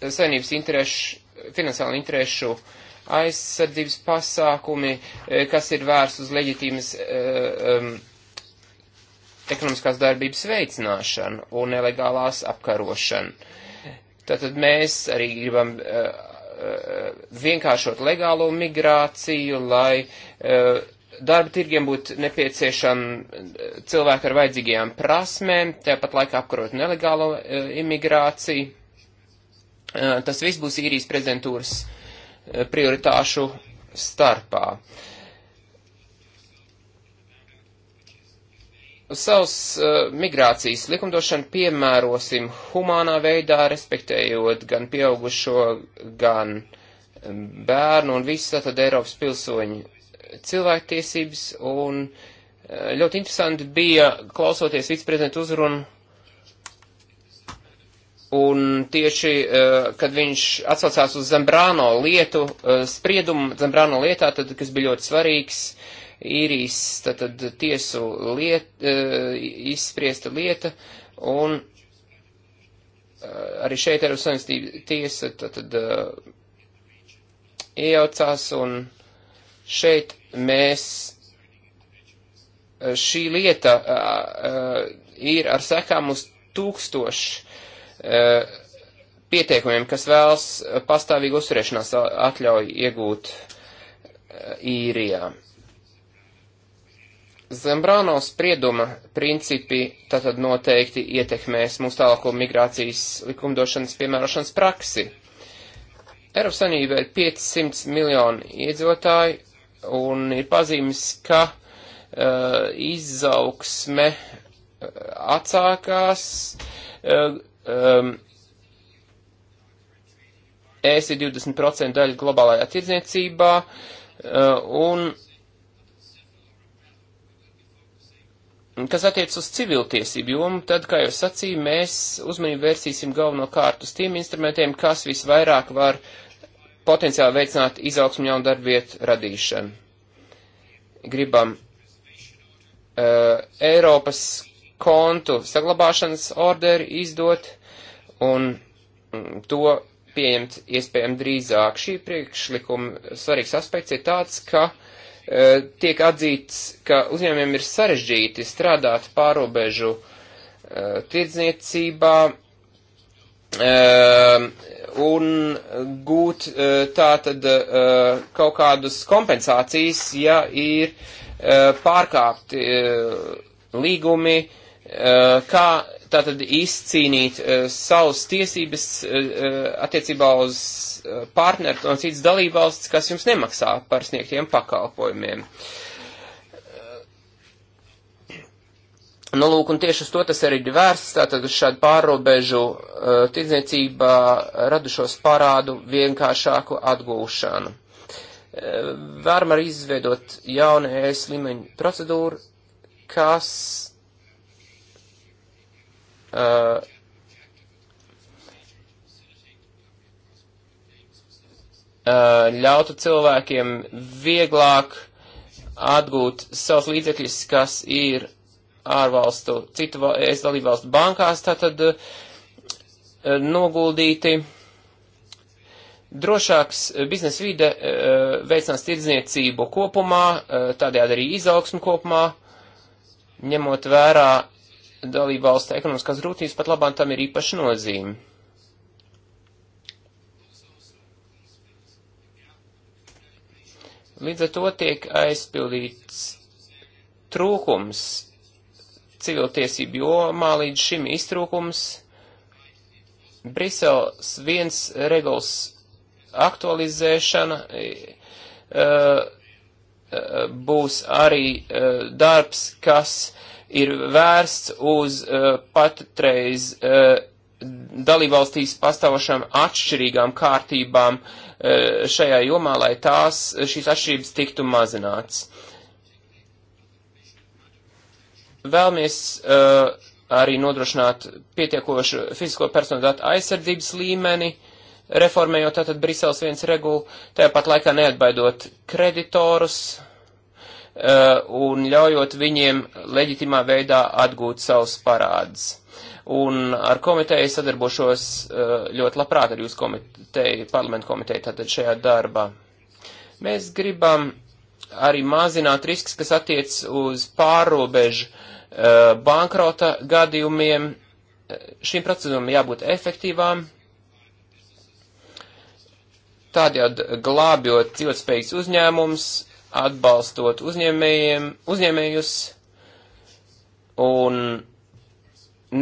savienības interešu, finansiālu interešu aizsardzības pasākumi, eh, kas ir vērsts uz leģitīmas um, ekonomiskās darbības veicināšanu un nelegālās apkarošanu. Tātad mēs arī gribam uh, vienkāršot legālo migrāciju, lai uh, darba tirgiem būtu nepieciešami eh, cilvēki ar vajadzīgajām prasmēm, tāpat laikā apkarot nelegālo uh, imigrāciju. Uh, tas viss būs īrijas prezidentūras uh, prioritāšu starpā. Uz savas uh, migrācijas likumdošanu piemērosim humānā veidā, respektējot gan pieaugušo, gan mm, bērnu un visu tātad Eiropas pilsoņu cilvēktiesības, un eh, ļoti interesanti bija klausoties viceprezidentu uzrunu, un tieši, eh, kad viņš atsaucās uz Zembrāno lietu, eh, spriedumu Zembrāno lietā, tad, kas bija ļoti svarīgs, īrijas tātad tiesu liet, izspriesta lieta, un arī šeit Eiropas Savienības tiesa tātad iejaucās un Šeit mēs eh, šī lieta eh, eh, ir ar sekām uz tūkstošu pieteikumiem, kas vēlas pastāvīgu uzturēšanās atļauju iegūt īrijā. Zembrāno sprieduma principi tātad noteikti ietekmēs mūsu tālāko migrācijas likumdošanas piemērošanas praksi. Eiropas Sanība ir 500 miljoni iedzīvotāji, un ir pazīmes, ka uh, izaugsme eh, atsākās. Uh, um, ES ir 20% daļa globālajā tirdzniecībā, uh, un Kas attiec uz civiltiesību jomu, tad, kā jau sacīju, mēs uzmanību vērsīsim galvenokārt uz tiem instrumentiem, kas visvairāk var uh, potenciāli veicināt izaugsmu jaunu darbvietu radīšanu. Gribam uh, Eiropas kontu saglabāšanas orderi izdot un mm, to pieņemt iespējami drīzāk. Šī priekšlikuma svarīgs aspekts ir tāds, ka e, tiek atzīts, ka uzņēmumiem ir sarežģīti strādāt pārobežu e, tirdzniecībā, Ehm, un gūt eh, tātad eh, kaut kādas kompensācijas, ja ir eh, pārkāpti līgumi, kā tātad izcīnīt savas tiesības attiecībā uz partneru no citas dalībvalsts, kas jums nemaksā par sniegtiem pakalpojumiem. Uh, Nu, lūk, un tieši uz to tas arī ir vērsts, tātad uz šādu pārrobežu uh, tirdzniecībā radušos parādu vienkāršāku atgūšanu. Uh, Varam arī izveidot jaunu ES līmeņu procedūru, kas uh, uh, ļautu cilvēkiem vieglāk atgūt savus līdzekļus, kas ir ārvalstu, citu es dalībvalstu bankās tātad eh, noguldīti. Drošāks eh, biznesa vide eh, veicinās tirdzniecību kopumā, tādējādi arī izaugsmu kopumā, ņemot vērā dalībvalstu ekonomiskās grūtības, pat labāk tam ir īpaši nozīme. Līdz ar to tiek aizpildīts trūkums civiltiesību jomā līdz šim iztrūkums. Brisels viens regulas aktualizēšana e, e, e, būs arī darbs, kas ir vērsts uz patreiz dalībvalstīs pastāvošām atšķirīgām kārtībām šajā jomā, lai tās, šīs atšķirības tiktu mazināts vēlamies uh, arī nodrošināt pietiekošu fizisko personu datu aizsardzības līmeni, reformējot tātad Briseles viens regulu, tāpat laikā neatbaidot kreditorus uh, un ļaujot viņiem leģitimā veidā atgūt savus parādus. Un ar komiteju sadarbošos uh, ļoti labprāt ar jūsu komiteju, parlamentu komiteju tātad šajā darbā. Mēs gribam arī mazināt risks, kas attiec uz pārobežu Eh, bankrota gadījumiem. Eh, šīm procedūram jābūt efektīvām, tādējādi glābjot dzīvotspējas uzņēmums, atbalstot uzņēmējiem, uzņēmējus un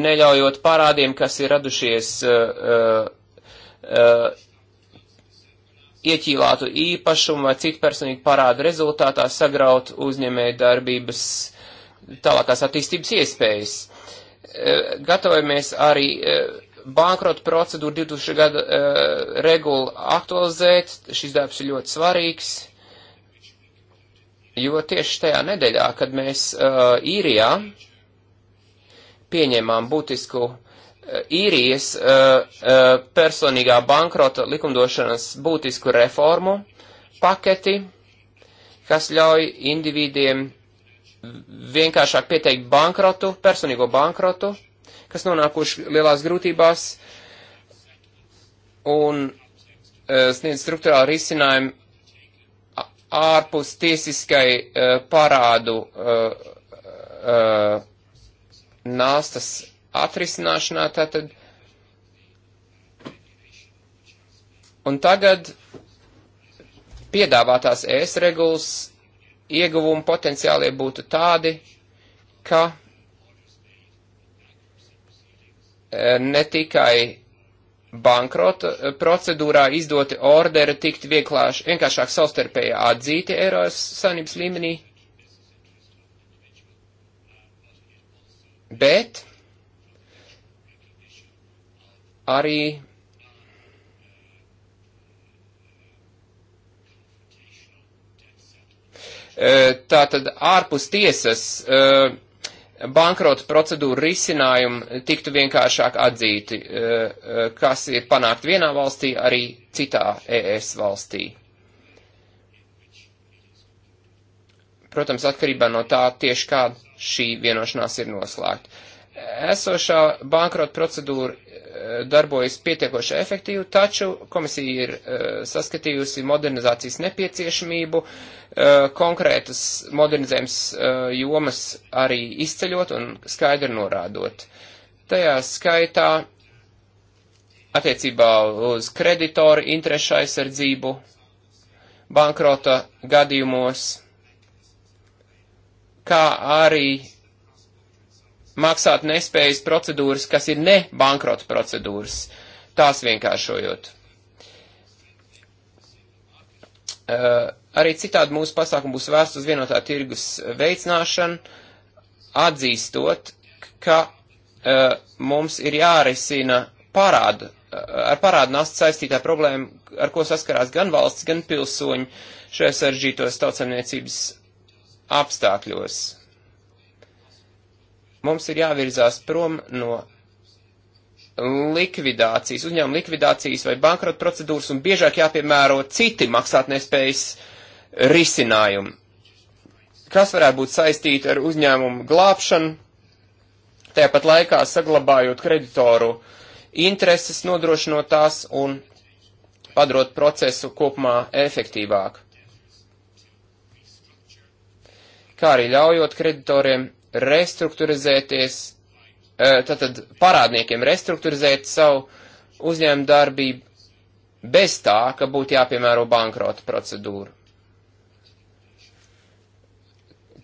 neļaujot parādiem, kas ir radušies uh, uh, ieķīlātu īpašumu vai citu personīgu parādu rezultātā sagraut uzņēmēju darbības tālākās attīstības iespējas. E, gatavojamies arī e, bankrota procedūru 2000 gada e, regulu aktualizēt. Šis darbs ir ļoti svarīgs, jo tieši tajā nedēļā, kad mēs īrijā pieņēmām būtisku īrijas personīgā bankrota likumdošanas būtisku reformu paketi, kas ļauj individiem vienkāršāk pieteikt bankrotu, personīgo bankrotu, kas nonākuši lielās grūtībās un e, sniedz struktūrāli risinājumu ārpus tiesiskai e, parādu e, nāstas atrisināšanā. Tātad. Un tagad piedāvātās ēst regulas ieguvumi potenciālie būtu tādi, ka e, ne tikai bankrota e, procedūrā izdoti orderi tikt vienkāršāk savstarpēji atzīti Eiropas saimnības līmenī, bet arī E, tātad ārpus tiesas e, bankrota procedūra risinājumi tiktu vienkāršāk atzīti, e, kas ir panākt vienā valstī, arī citā ES valstī. Protams, atkarībā no tā tieši kāda šī vienošanās ir noslēgta. Esošā bankrota procedūra darbojas pietiekoši efektīvi, taču komisija ir eh, saskatījusi modernizācijas nepieciešamību, eh, konkrētas modernizējums eh, jomas arī izceļot un skaidri norādot. Tajā skaitā attiecībā uz kreditoru interešu aizsardzību, bankrota gadījumos, kā arī maksāt nespējas procedūras, kas ir ne bankrota procedūras, tās vienkāršojot. Uh, arī citādi mūsu pasākumu būs vērsts uz vienotā tirgus veicināšanu, atzīstot, ka uh, mums ir jārisina parādu, uh, ar parādu nastu saistītā problēma, ar ko saskarās gan valsts, gan pilsoņi šajos saržģītos tautsamniecības apstākļos. Mums ir jāvirzās prom no likvidācijas, uzņēmuma likvidācijas vai bankrota procedūras un biežāk jāpiemēro citi maksātnespējas risinājumi. Kas varētu būt saistīti ar uzņēmumu glābšanu, tāpat laikā saglabājot kreditoru intereses, nodrošinot tās un padarot procesu kopumā efektīvāku. Kā arī ļaujot kreditoriem restruktūrizēties, e, tātad parādniekiem restruktūrizēt savu uzņēmumu darbību bez tā, ka būtu jāpiemēro bankrota procedūra,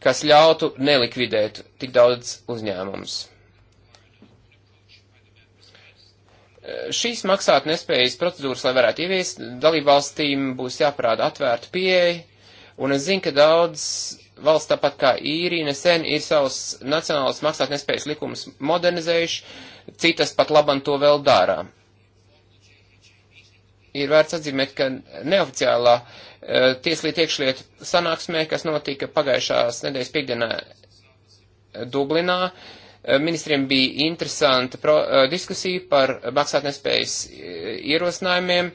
kas ļautu nelikvidēt tik daudz uzņēmumus. E, šīs maksāt nespējas procedūras, lai varētu ieviest, dalībvalstīm būs jāparāda atvērta pieeja, un es zinu, ka daudz valsts tāpat kā īrija nesen ir savus nacionālus maksātnespējas likumus modernizējuši, citas pat labam to vēl dārā. Ir vērts atzīmēt, ka neoficiālā uh, tieslietu iekšlietu sanāksmē, kas notika pagājušās nedēļas piekdienā e, Dublinā, uh, ministriem bija interesanta pro, diskusija par maksātnespējas ierosinājumiem,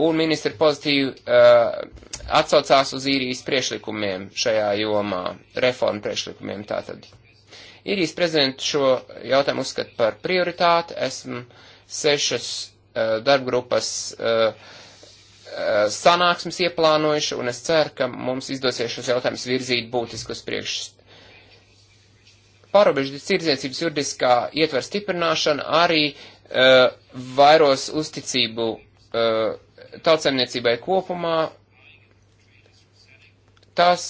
un ministri pozitīvi uh, atsaucās uz īrijas priešlikumiem šajā jomā, reformu priešlikumiem tātad. Īrijas prezidents šo jautājumu uzskata par prioritāti. Esmu sešas uh, darbgrupas uh, sanāksmes ieplānojuši, un es ceru, ka mums izdosies šos jautājumus virzīt būtiskus priekš. Pārobežu cirdzniecības juridiskā ietver stiprināšana arī uh, vairos uzticību uh, tautsaimniecībai kopumā, Tas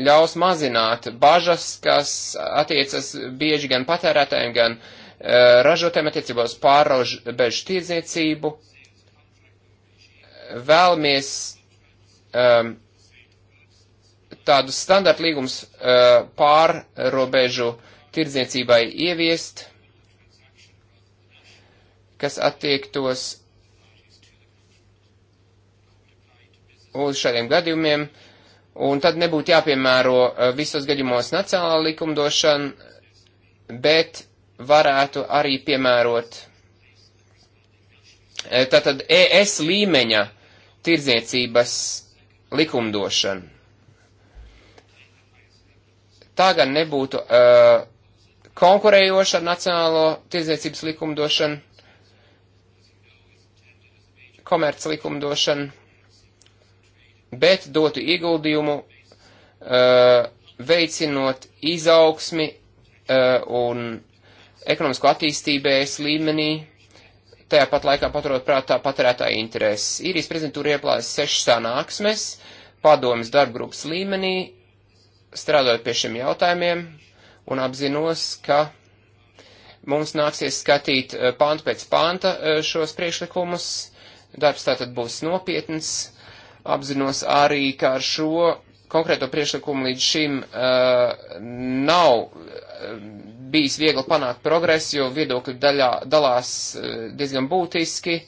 ļaus mazināt bažas, kas attiecas bieži gan patērētājiem, gan uh, ražotājiem attiecībā uz pārrobežu tirdzniecību. Vēlamies um, tādus standarta līgumus uh, e, pārrobežu tirdzniecībai ieviest, kas attiektos uz šādiem gadījumiem, un tad nebūtu jāpiemēro eh, visos gadījumos nacionāla likumdošana, bet varētu arī piemērot eh, tātad ES līmeņa tirdzniecības likumdošanu. Tā gan nebūtu uh, konkurējoša ar nacionālo tirdzniecības likumdošanu, komerc likumdošanu bet dotu ieguldījumu uh, veicinot izaugsmi uh, un ekonomisko attīstībēs līmenī, tajā pat laikā paturot prātā patērētāja intereses. Īrijas prezidentūra ieplājas sešas sanāksmes padomas darbgrupas līmenī, strādājot pie šiem jautājumiem un apzinos, ka mums nāksies skatīt uh, pāntu pēc pānta uh, šos priekšlikumus. Darbs tātad būs nopietns apzinos arī, ka ar šo konkrēto priekšlikumu līdz šim uh, nav uh, bijis viegli panākt progresu, jo viedokļi daļā, dalās uh, diezgan būtiski,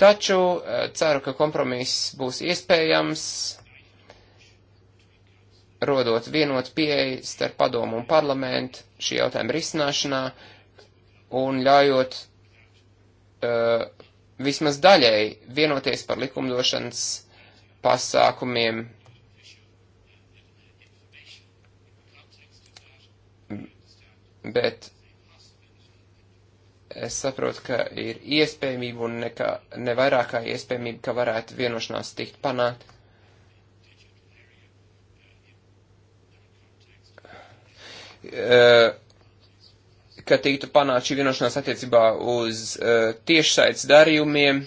taču uh, ceru, ka kompromiss būs iespējams, rodot vienot pieeju starp padomu un parlamentu šī jautājuma risināšanā un ļaujot uh, vismaz daļēji vienoties par likumdošanas pasākumiem. Bet es saprotu, ka ir iespējamība un nekā, ne vairākā iespējamība, ka varētu vienošanās tikt panākt. E, ka tiktu panākt šī vienošanās attiecībā uz e, tiešsaites darījumiem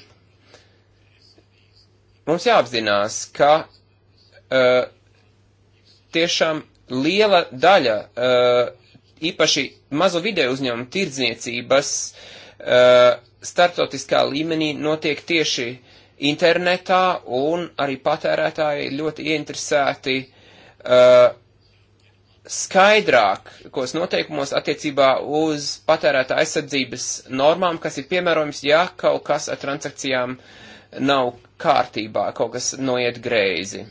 Mums jāapzinās, ka uh, tiešām liela daļa uh, īpaši mazo video uzņēmumu tirdzniecības uh, eh, startautiskā līmenī notiek tieši internetā un arī patērētāji ļoti ieinteresēti uh, skaidrākos noteikumos attiecībā uz patērētā aizsardzības normām, kas ir piemērojams, ja kaut kas ar transakcijām nav kārtībā, kaut kas noiet greizi.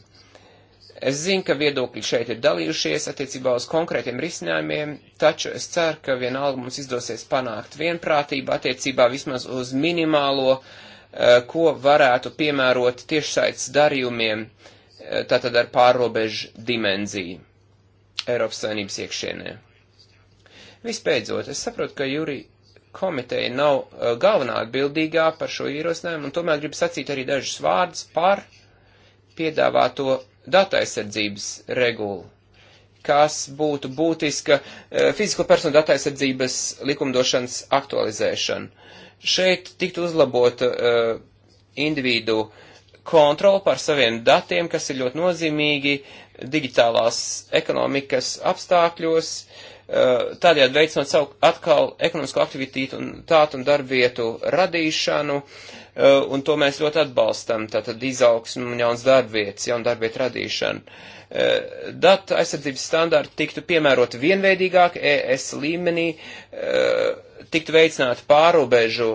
Es zinu, ka viedokļi šeit ir dalījušies attiecībā uz konkrētiem risinājumiem, taču es ceru, ka vienalga mums izdosies panākt vienprātību attiecībā vismaz uz minimālo, eh, ko varētu piemērot tiešsaits darījumiem, eh, tātad ar pārrobežu dimenziju Eiropas Savienības iekšienē. Vispēdzot, es saprotu, ka Juri komiteja nav eh, galvenā atbildīgā par šo ierosinājumu, un tomēr gribu sacīt arī dažus vārdus par piedāvāto datu aizsardzības regulu, kas būtu būtiska eh, fizisko personu datu aizsardzības likumdošanas aktualizēšana. Šeit tiktu uzlabota eh, individu kontroli pār saviem datiem, kas ir ļoti nozīmīgi digitālās ekonomikas apstākļos. Uh, Eh, tādējādi veicinot savu atkal ekonomisko aktivitītu un tātu un darbvietu radīšanu, eh, un to mēs ļoti atbalstam, tātad izaugsmu un jauns darbvietas, jaunu darbvietu radīšanu. Eh, Data aizsardzības standarti tiktu piemērot vienveidīgāk ES līmenī, tiktu veicināt pārobežu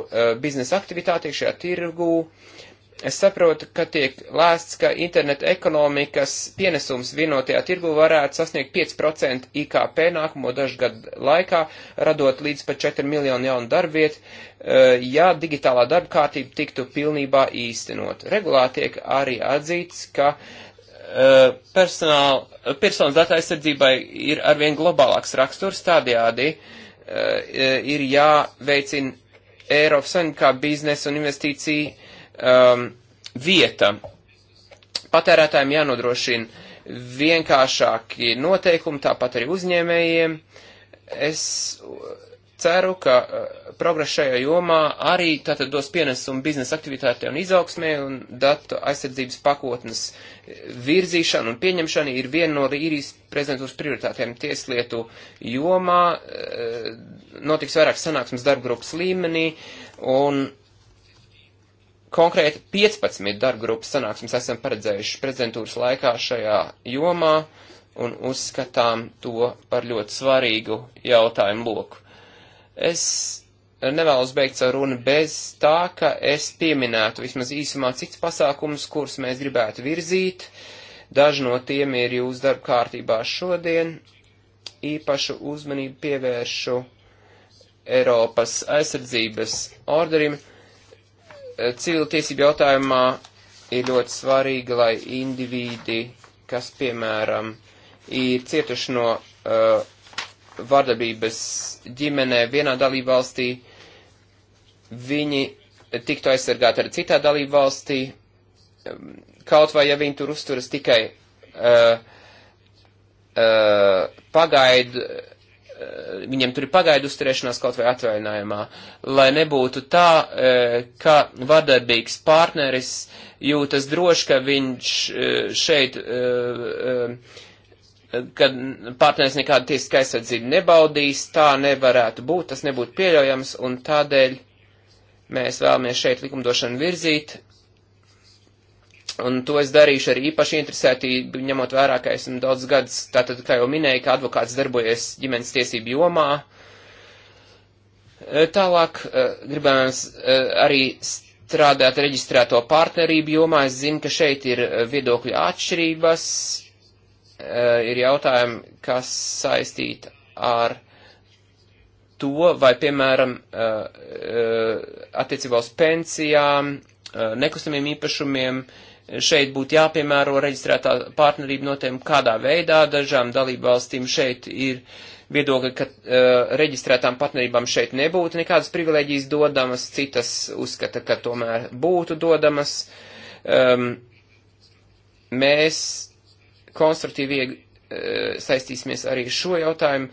biznesa aktivitāti iekšējā tirgū, uh, Es saprotu, ka tiek lēsts, ka interneta ekonomikas pienesums vienotajā tirgu varētu sasniegt 5% IKP nākamo dažu gadu laikā, radot līdz pat 4 miljonu jaunu darbvietu, eh, ja digitālā darba kārtība tiktu pilnībā īstenot. Regulā tiek arī atzīts, ka eh, personāla, personas datu aizsardzībai ir arvien globālāks raksturs, tādējādi eh, ir jāveicina Eiropas Savienība kā biznesa un investīcija um, vieta. Patērētājiem jānodrošina vienkāršāki noteikumi, tāpat arī uzņēmējiem. Es ceru, ka uh, progress šajā jomā arī tātad dos pienesumu biznesa aktivitātei un izaugsmē, un datu aizsardzības pakotnes virzīšana un pieņemšana ir viena no īrijas prezidentūras prioritātēm tieslietu jomā. Uh, notiks vairāk sanāksmes darbgrupas līmenī, un Konkrēti 15 darbgrupas sanāksmes esam paredzējuši prezentūras laikā šajā jomā un uzskatām to par ļoti svarīgu jautājumu loku. Es nevēlos beigt savu runu bez tā, ka es pieminētu vismaz īsumā cits pasākums, kurus mēs gribētu virzīt. Daži no tiem ir jūsu darba kārtībā šodien. Īpašu uzmanību pievēršu Eiropas aizsardzības orderim. Uh, civiltiesību jautājumā ir ļoti svarīgi, lai individi, kas, piemēram, ir cietuši no uh, vardarbības ģimenē vienā dalībvalstī, viņi tiktu aizsargāti arī citā dalībvalstī, um, kaut vai ja viņi tur uzturas tikai uh, uh, pagaidu Eh, viņiem tur ir pagaidu uzturēšanās kaut vai atvaļinājumā, lai nebūtu tā, eh, ka vardarbīgs partneris jūtas droši, ka viņš eh, šeit, kad partneris nekādu tiesisku aizsardzību nebaudīs, tā nevarētu būt, tas nebūtu pieļaujams, un tādēļ mēs vēlamies šeit likumdošanu virzīt, Un to es darīšu arī īpaši interesētību, ņemot vērā, ka esmu daudz gadus, tātad, kā jau minēju, ka advokāts darbojas ģimenes tiesību jomā. E, tālāk e, gribējams e, arī strādāt reģistrēto partnerību jomā. Es zinu, ka šeit ir viedokļu atšķirības, ir jautājumi, kas saistīti ar to, vai, piemēram, attiecībā uz pensijām, nekustamiem īpašumiem, uh, šeit būtu jāpiemēro reģistrētā partnerība noteikumi, kādā veidā dažām dalībvalstīm šeit ir viedokļi, ka uh, reģistrētām partnerībām šeit nebūtu nekādas privilēģijas dodamas, citas uzskata, ka tomēr būtu dodamas. Um, mēs konstruktīvi uh, saistīsimies arī šo jautājumu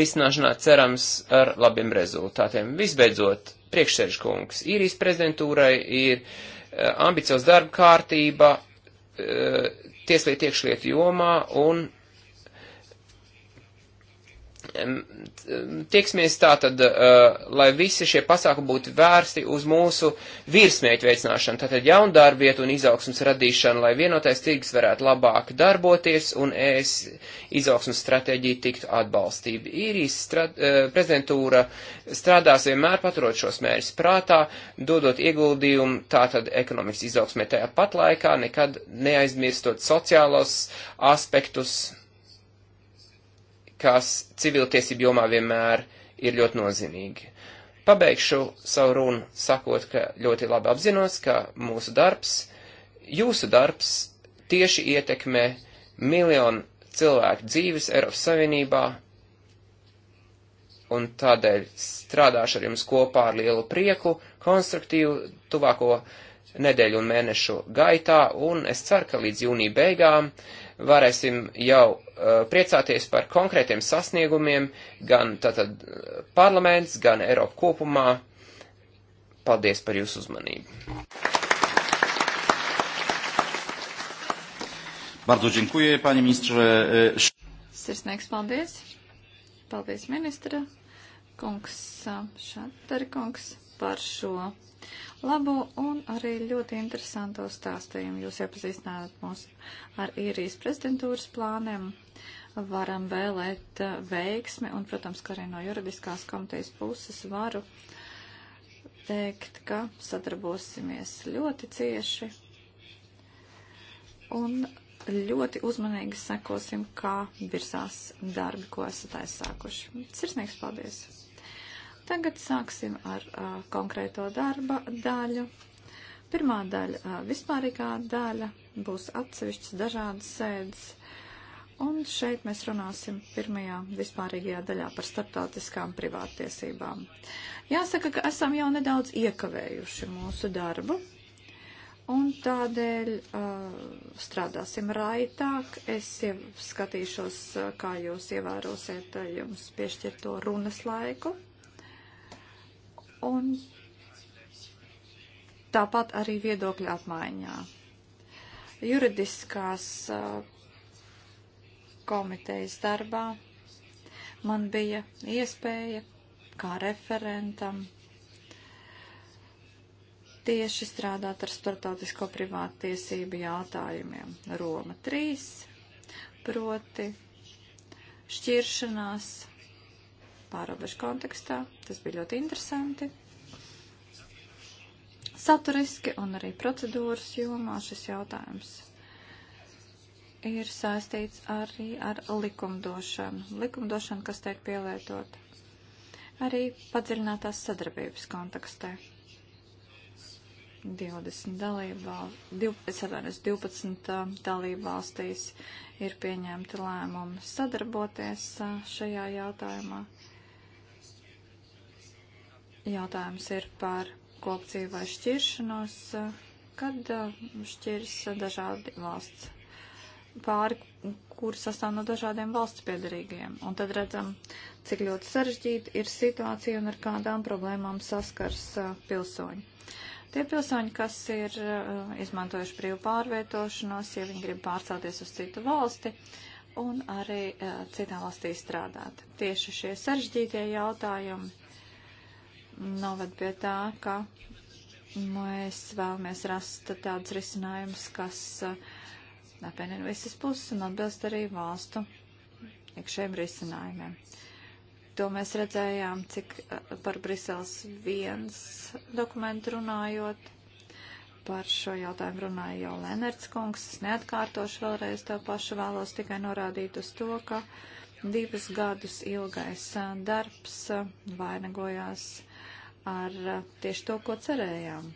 risināšanā cerams ar labiem rezultātiem. Visbeidzot, priekšsēžkungs īrijas prezidentūrai ir uh, Eh, ambiciozs darba kārtība eh, tieslietu iekšlietu jomā un tieksmies tā tad, uh, e, lai visi šie pasākumi būtu vērsti uz mūsu virsmēķu veicināšanu, tātad jaunu darbvietu un izaugsmas radīšanu, lai vienotais tirgs varētu labāk darboties un es izaugsmas stratēģija tiktu atbalstība. Īrijas strat, uh, e, prezidentūra strādās vienmēr paturot šos mērķus prātā, dodot ieguldījumu tātad ekonomikas izaugsmē tajā pat laikā, nekad neaizmirstot sociālos aspektus kas civiltiesību jomā vienmēr ir ļoti nozīmīgi. Pabeigšu savu runu sakot, ka ļoti labi apzinos, ka mūsu darbs, jūsu darbs tieši ietekmē miljonu cilvēku dzīves Eiropas Savienībā, un tādēļ strādāšu ar jums kopā ar lielu prieku, konstruktīvu tuvāko nedēļu un mēnešu gaitā, un es ceru, ka līdz jūnija beigām varēsim jau uh, priecāties par konkrētiem sasniegumiem gan tātad parlaments, gan Eiropa kopumā. Paldies par jūsu uzmanību. Bardzo dziękuję, panie ministrze. E, Sirsnieks, paldies. Paldies, ministra. Kungs, Šantari kungs, par šo labo un arī ļoti interesanto stāstījumu. Jūs iepazīstināt mūs ar īrijas prezidentūras plāniem. Varam vēlēt eh, veiksmi un, protams, ka arī no juridiskās komitejas puses varu teikt, ka sadarbosimies ļoti cieši un ļoti uzmanīgi sekosim, kā virzās darbi, ko esat aizsākuši. Sirsnīgs paldies! Tagad sāksim ar a, konkrēto darba daļu. Pirmā daļa, a, vispārīgā daļa, būs atsevišķas dažādas sēdes. Un šeit mēs runāsim pirmajā vispārīgajā daļā par starptautiskām privātiesībām. Jāsaka, ka esam jau nedaudz iekavējuši mūsu darbu, un tādēļ uh, strādāsim raitāk. Es jau skatīšos, kā jūs ievērosiet jums piešķirto runas laiku un tāpat arī viedokļa apmaiņā. Juridiskās komitejas darbā man bija iespēja kā referentam tieši strādāt ar startautisko privātiesību jautājumiem. Roma 3, proti šķiršanās pārobežu kontekstā. Tas bija ļoti interesanti. Saturiski un arī procedūras jomā šis jautājums ir saistīts arī ar likumdošanu. Likumdošanu, kas tiek pielietot arī padziļinātās sadarbības kontekstē. 20 dalībā, 12, 12 dalībvalstīs ir pieņemti lēmumi sadarboties uh, šajā jautājumā. Jautājums ir par kopcīvu vai šķiršanos, kad uh, šķirs dažādi valsts pāri, kuri sastāv no dažādiem valsts piedarīgiem. Un tad redzam, cik ļoti sarežģīta ir situācija un ar kādām problēmām saskars uh, pilsoņi. Tie pilsoņi, kas ir uh, izmantojuši brīvu pārvietošanos, ja viņi grib pārcelties uz citu valsti un arī citā valstī strādāt. Tieši šie sarežģītie jautājumi noved pie tā, ka mēs vēlamies rast tādus risinājumus, kas uh, apvienina visas puses un atbilst arī valstu iekšējiem risinājumiem. To mēs redzējām, cik uh, par Briseles viens dokumentu runājot, par šo jautājumu runāja jau Lenerts kungs, es neatkārtošu vēlreiz to pašu, vēlos tikai norādīt uz to, ka uh, Divus gadus ilgais darbs vainagojās ar tieši to, ko cerējām.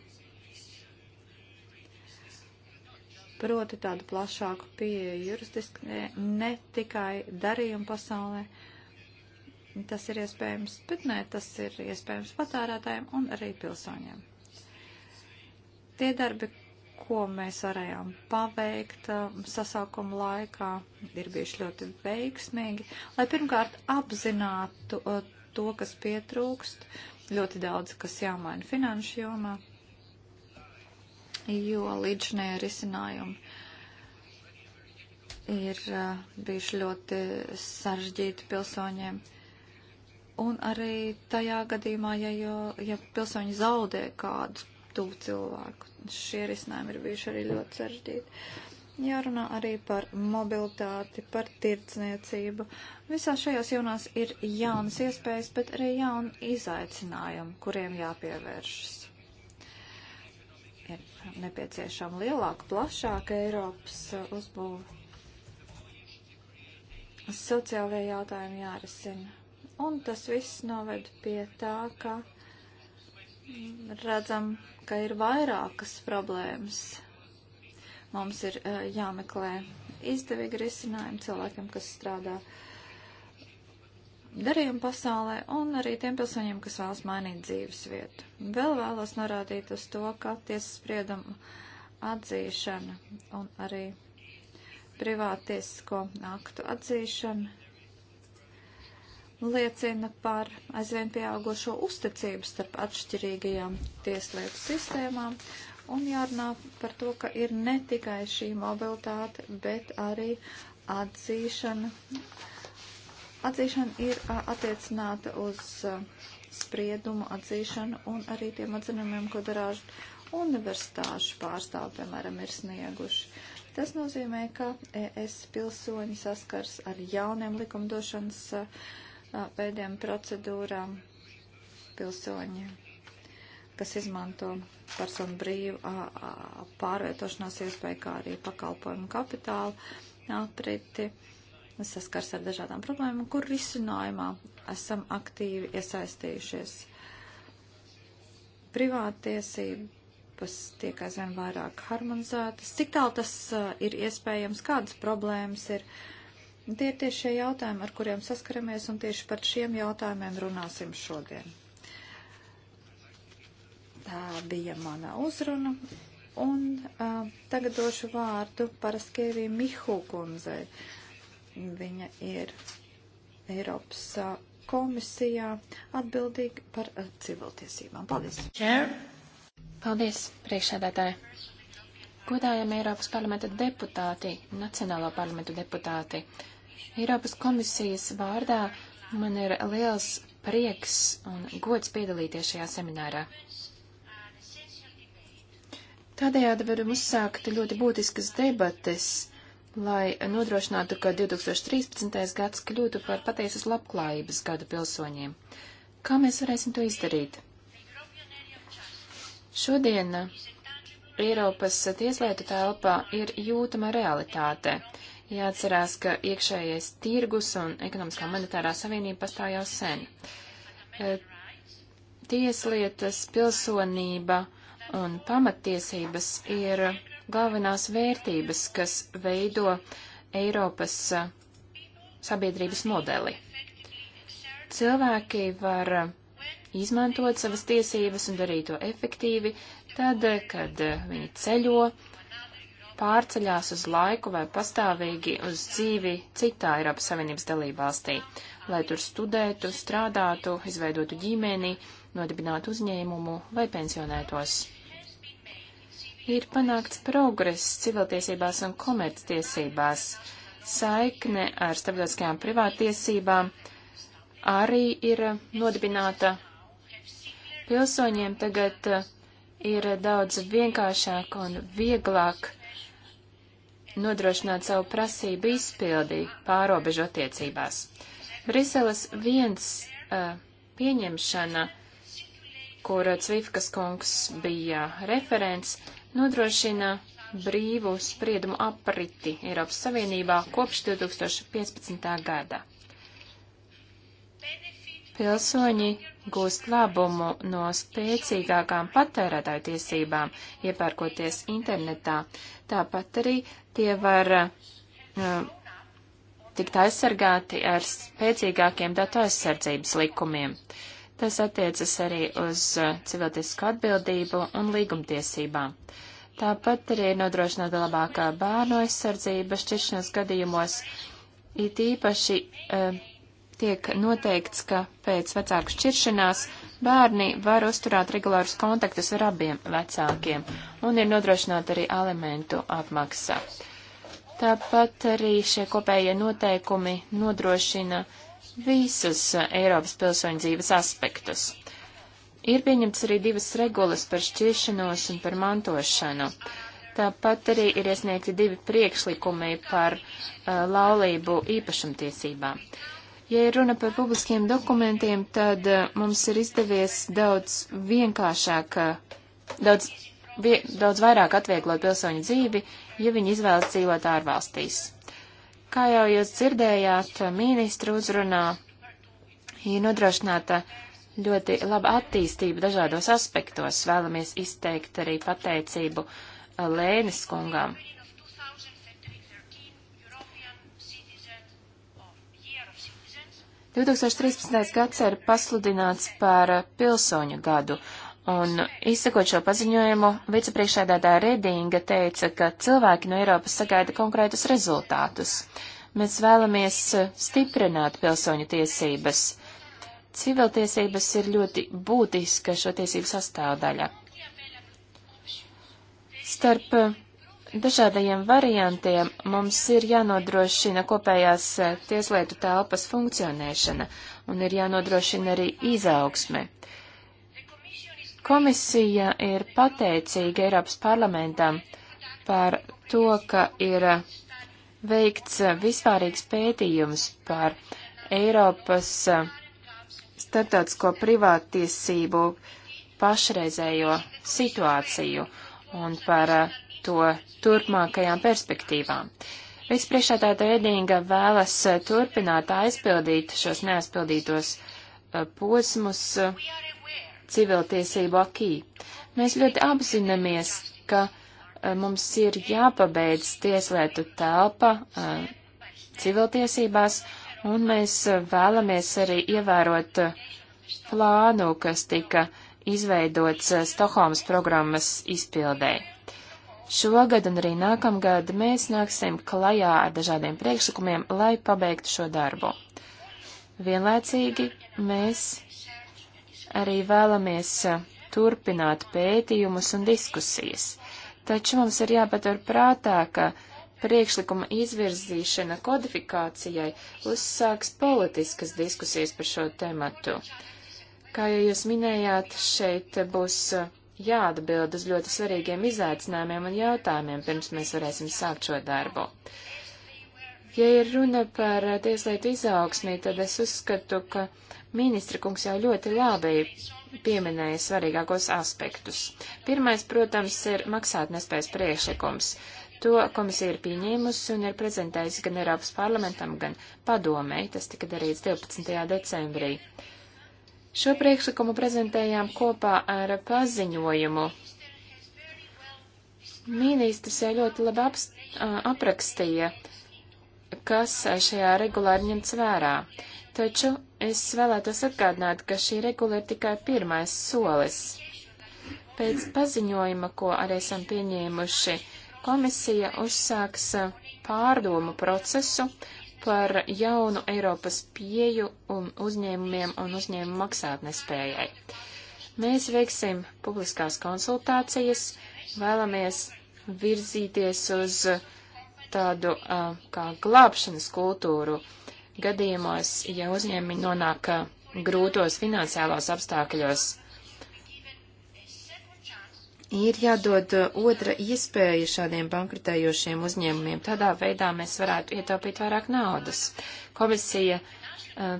Proti tādu plašāku pieeju juristiski, ne tikai darījumu pasaulē, tas ir iespējams, bet nē, tas ir iespējams patērētājiem un arī pilsoņiem. Tie darbi, ko mēs varējām paveikt um, sasaukuma laikā, ir bijuši ļoti veiksmīgi, lai pirmkārt apzinātu uh, to, kas pietrūkst, ļoti daudz, kas jāmaina finanšu jomā, jo līdšanēja risinājumi ir uh, bijuši ļoti sarežģīti pilsoņiem. Un arī tajā gadījumā, ja, jo, ja pilsoņi zaudē kādus tuvu cilvēku. Šie risinājumi ir bijuši arī ļoti sarežģīti. Jārunā arī par mobilitāti, par tirdzniecību. Visās šajās jaunās ir jaunas iespējas, bet arī jauni izaicinājumi, kuriem jāpievēršas. Ir nepieciešama lielāka, plašāka Eiropas uh, uzbūve. Sociālajie jautājumi jārisina. Un tas viss noved pie tā, ka redzam ka ir vairākas problēmas. Mums ir uh, jāmeklē izdevīgi risinājumi cilvēkiem, kas strādā darījuma pasaulē, un arī tiem pilsoņiem, kas vēlas mainīt dzīves vietu. Vēl vēlos norādīt uz to, ka tiesas spriedumu atzīšana un arī privātiesisko aktu atzīšana liecina par aizvien pieaugušo uzticību starp atšķirīgajām tieslietu sistēmām un jārunā par to, ka ir ne tikai šī mobilitāte, bet arī atzīšana. Atzīšana ir attiecināta uz spriedumu atzīšanu un arī tiem atzinumiem, ko darāžu universitāšu pārstāvi, piemēram, ir snieguši. Tas nozīmē, ka ES pilsoņi saskars ar jauniem likumdošanas uh, pēdējām procedūrām pilsoņi, kas izmanto personu brīvu pārvietošanās iespēju, kā arī pakalpojumu kapitālu apriti, saskars ar dažādām problēmām, kur risinājumā esam aktīvi iesaistījušies. Privātiesība grupas tiek aizvien vairāk harmonizētas. Cik tālu tas uh, ir iespējams, kādas problēmas ir Tie ir tieši šie jautājumi, ar kuriem saskaramies, un tieši par šiem jautājumiem runāsim šodien. Tā bija mana uzruna, un uh, tagad došu vārdu Paraskevī Mihu kundzei. Viņa ir Eiropas uh, komisijā atbildīga par uh, civiltiesībām. Paldies! Chair. Paldies, priekšsēdētāji! Godājami Eiropas parlamenta deputāti, Nacionālo parlamentu deputāti! Eiropas komisijas vārdā man ir liels prieks un gods piedalīties šajā seminārā. Tādējādi varam uzsākt ļoti būtiskas debates, lai nodrošinātu, ka 2013. gads kļūtu par patiesas labklājības gadu pilsoņiem. Kā mēs varēsim to izdarīt? Šodien Eiropas tieslietu telpā ir jūtama realitāte. Jāatcerās, ka iekšējais tirgus un ekonomiskā monetārā savienība pastāv jau sen. E, tieslietas, pilsonība un pamattiesības ir galvenās vērtības, kas veido Eiropas e, sabiedrības modeli. Cilvēki var izmantot savas tiesības un darīt to efektīvi tad, kad e, viņi ceļo, pārceļās uz laiku vai pastāvīgi uz dzīvi citā Eiropas Savienības dalībvalstī, lai tur studētu, strādātu, izveidotu ģimeni, nodibinātu uzņēmumu vai pensionētos. Ir panākts progress civiltiesībās un komerctiesībās, saikne ar starptautiskajām privātiesībām arī ir nodibināta. Pilsoņiem tagad ir daudz vienkāršāk un vieglāk nodrošināt savu prasību izpildi pārobežu attiecībās. Briseles viens uh, pieņemšana, kur Cvifkas kungs bija referents, nodrošina brīvu spriedumu apriti Eiropas Savienībā kopš 2015. gada. Pilsoņi gūst labumu no spēcīgākām patērētāju tiesībām, iepērkoties internetā. Tāpat arī tie var uh, tikt aizsargāti ar spēcīgākiem datu aizsardzības likumiem. Tas attiecas arī uz uh, civiltisku atbildību un līgumtiesībām. Tāpat arī ir nodrošināta labākā bērnu aizsardzība šķiršanas gadījumos, it īpaši uh, tiek noteikts, ka pēc vecāku šķiršanās bērni var uzturēt regulārus kontaktus ar abiem vecākiem un ir nodrošināta arī alimentu apmaksa. Tāpat arī šie kopējie noteikumi nodrošina visus Eiropas pilsoņu dzīves aspektus. Ir pieņemts arī divas regulas par šķiršanos un par mantošanu. Tāpat arī ir iesniegti divi priekšlikumi par uh, laulību īpašumtiesībām. Uh, Ja ir runa par publiskiem dokumentiem, tad eh, mums ir izdevies daudz vienkāršāk, eh, daudz, vie, daudz vairāk atvieglot pilsoņu dzīvi, ja viņi izvēlas dzīvot ārvalstīs. Kā jau jūs dzirdējāt, ministru uzrunā ir nodrošināta ļoti laba attīstība dažādos aspektos. Vēlamies izteikt arī pateicību eh, Lēnis kungam 2013. gads ir pasludināts par pilsoņu gadu, un izsakot šo paziņojumu, vicepriekšēdētāja Redinga teica, ka cilvēki no Eiropas sagaida konkrētus rezultātus. Mēs vēlamies stiprināt pilsoņu tiesības. Civiltiesības ir ļoti būtiska šo tiesību sastāvdaļa. Starp dažādajiem variantiem mums ir jānodrošina kopējās eh, tieslietu telpas funkcionēšana un ir jānodrošina arī izaugsme. Komisija ir pateicīga Eiropas parlamentam par to, ka ir veikts eh, vispārīgs pētījums par Eiropas eh, starptautisko privātiesību pašreizējo situāciju un par to turpmākajām perspektīvām. Vispriekšētāta Redinga vēlas eh, turpināt aizpildīt šos neaizpildītos eh, posmus eh, civiltiesību akī. Mēs ļoti apzināmies, ka mums ir jāpabeidz tieslietu telpa civiltiesībās, un mēs vēlamies arī ievērot plānu, kas tika izveidots Stokholmas programmas izpildē. Šogad un arī nākamgad mēs nāksim klajā ar dažādiem priekšlikumiem, lai pabeigtu šo darbu. Vienlaicīgi mēs arī vēlamies turpināt pētījumus un diskusijas, taču mums ir jāpatur prātā, ka priekšlikuma izvirzīšana kodifikācijai uzsāks politiskas diskusijas par šo tematu. Kā jau jūs minējāt, šeit būs jāatbild uz ļoti svarīgiem izaicinājumiem un jautājumiem, pirms mēs varēsim sākt šo darbu. Ja ir runa par tieslietu izaugsmī, tad es uzskatu, ka ministra kungs jau ļoti labi pieminēja svarīgākos aspektus. Pirmais, protams, ir maksātnespējas priekšlikums. To komisija ir pieņēmusi un ir prezentējusi gan Eiropas parlamentam, gan padomē. Tas tika darīts 12. decembrī. Uh, Šo priekšlikumu prezentējām kopā ar paziņojumu. Ministrs jau ļoti labi ap, aprakstīja, kas šajā regulā ir ņemts vērā, taču es vēlētos atgādināt, ka šī regula ir tikai pirmais solis. Pēc paziņojuma, ko arī esam pieņēmuši, komisija uzsāks pārdomu procesu, par jaunu Eiropas pieju un uzņēmumiem un uzņēmumu maksātnespējai. Mēs veiksim publiskās konsultācijas, vēlamies virzīties uz tādu uh, kā glābšanas kultūru gadījumos, ja uzņēmumi nonāk grūtos finansiālos apstākļos ir jādod uh, otra iespēja šādiem bankrutējošiem uzņēmumiem. Tādā veidā mēs varētu ietaupīt vairāk naudas. Komisija uh,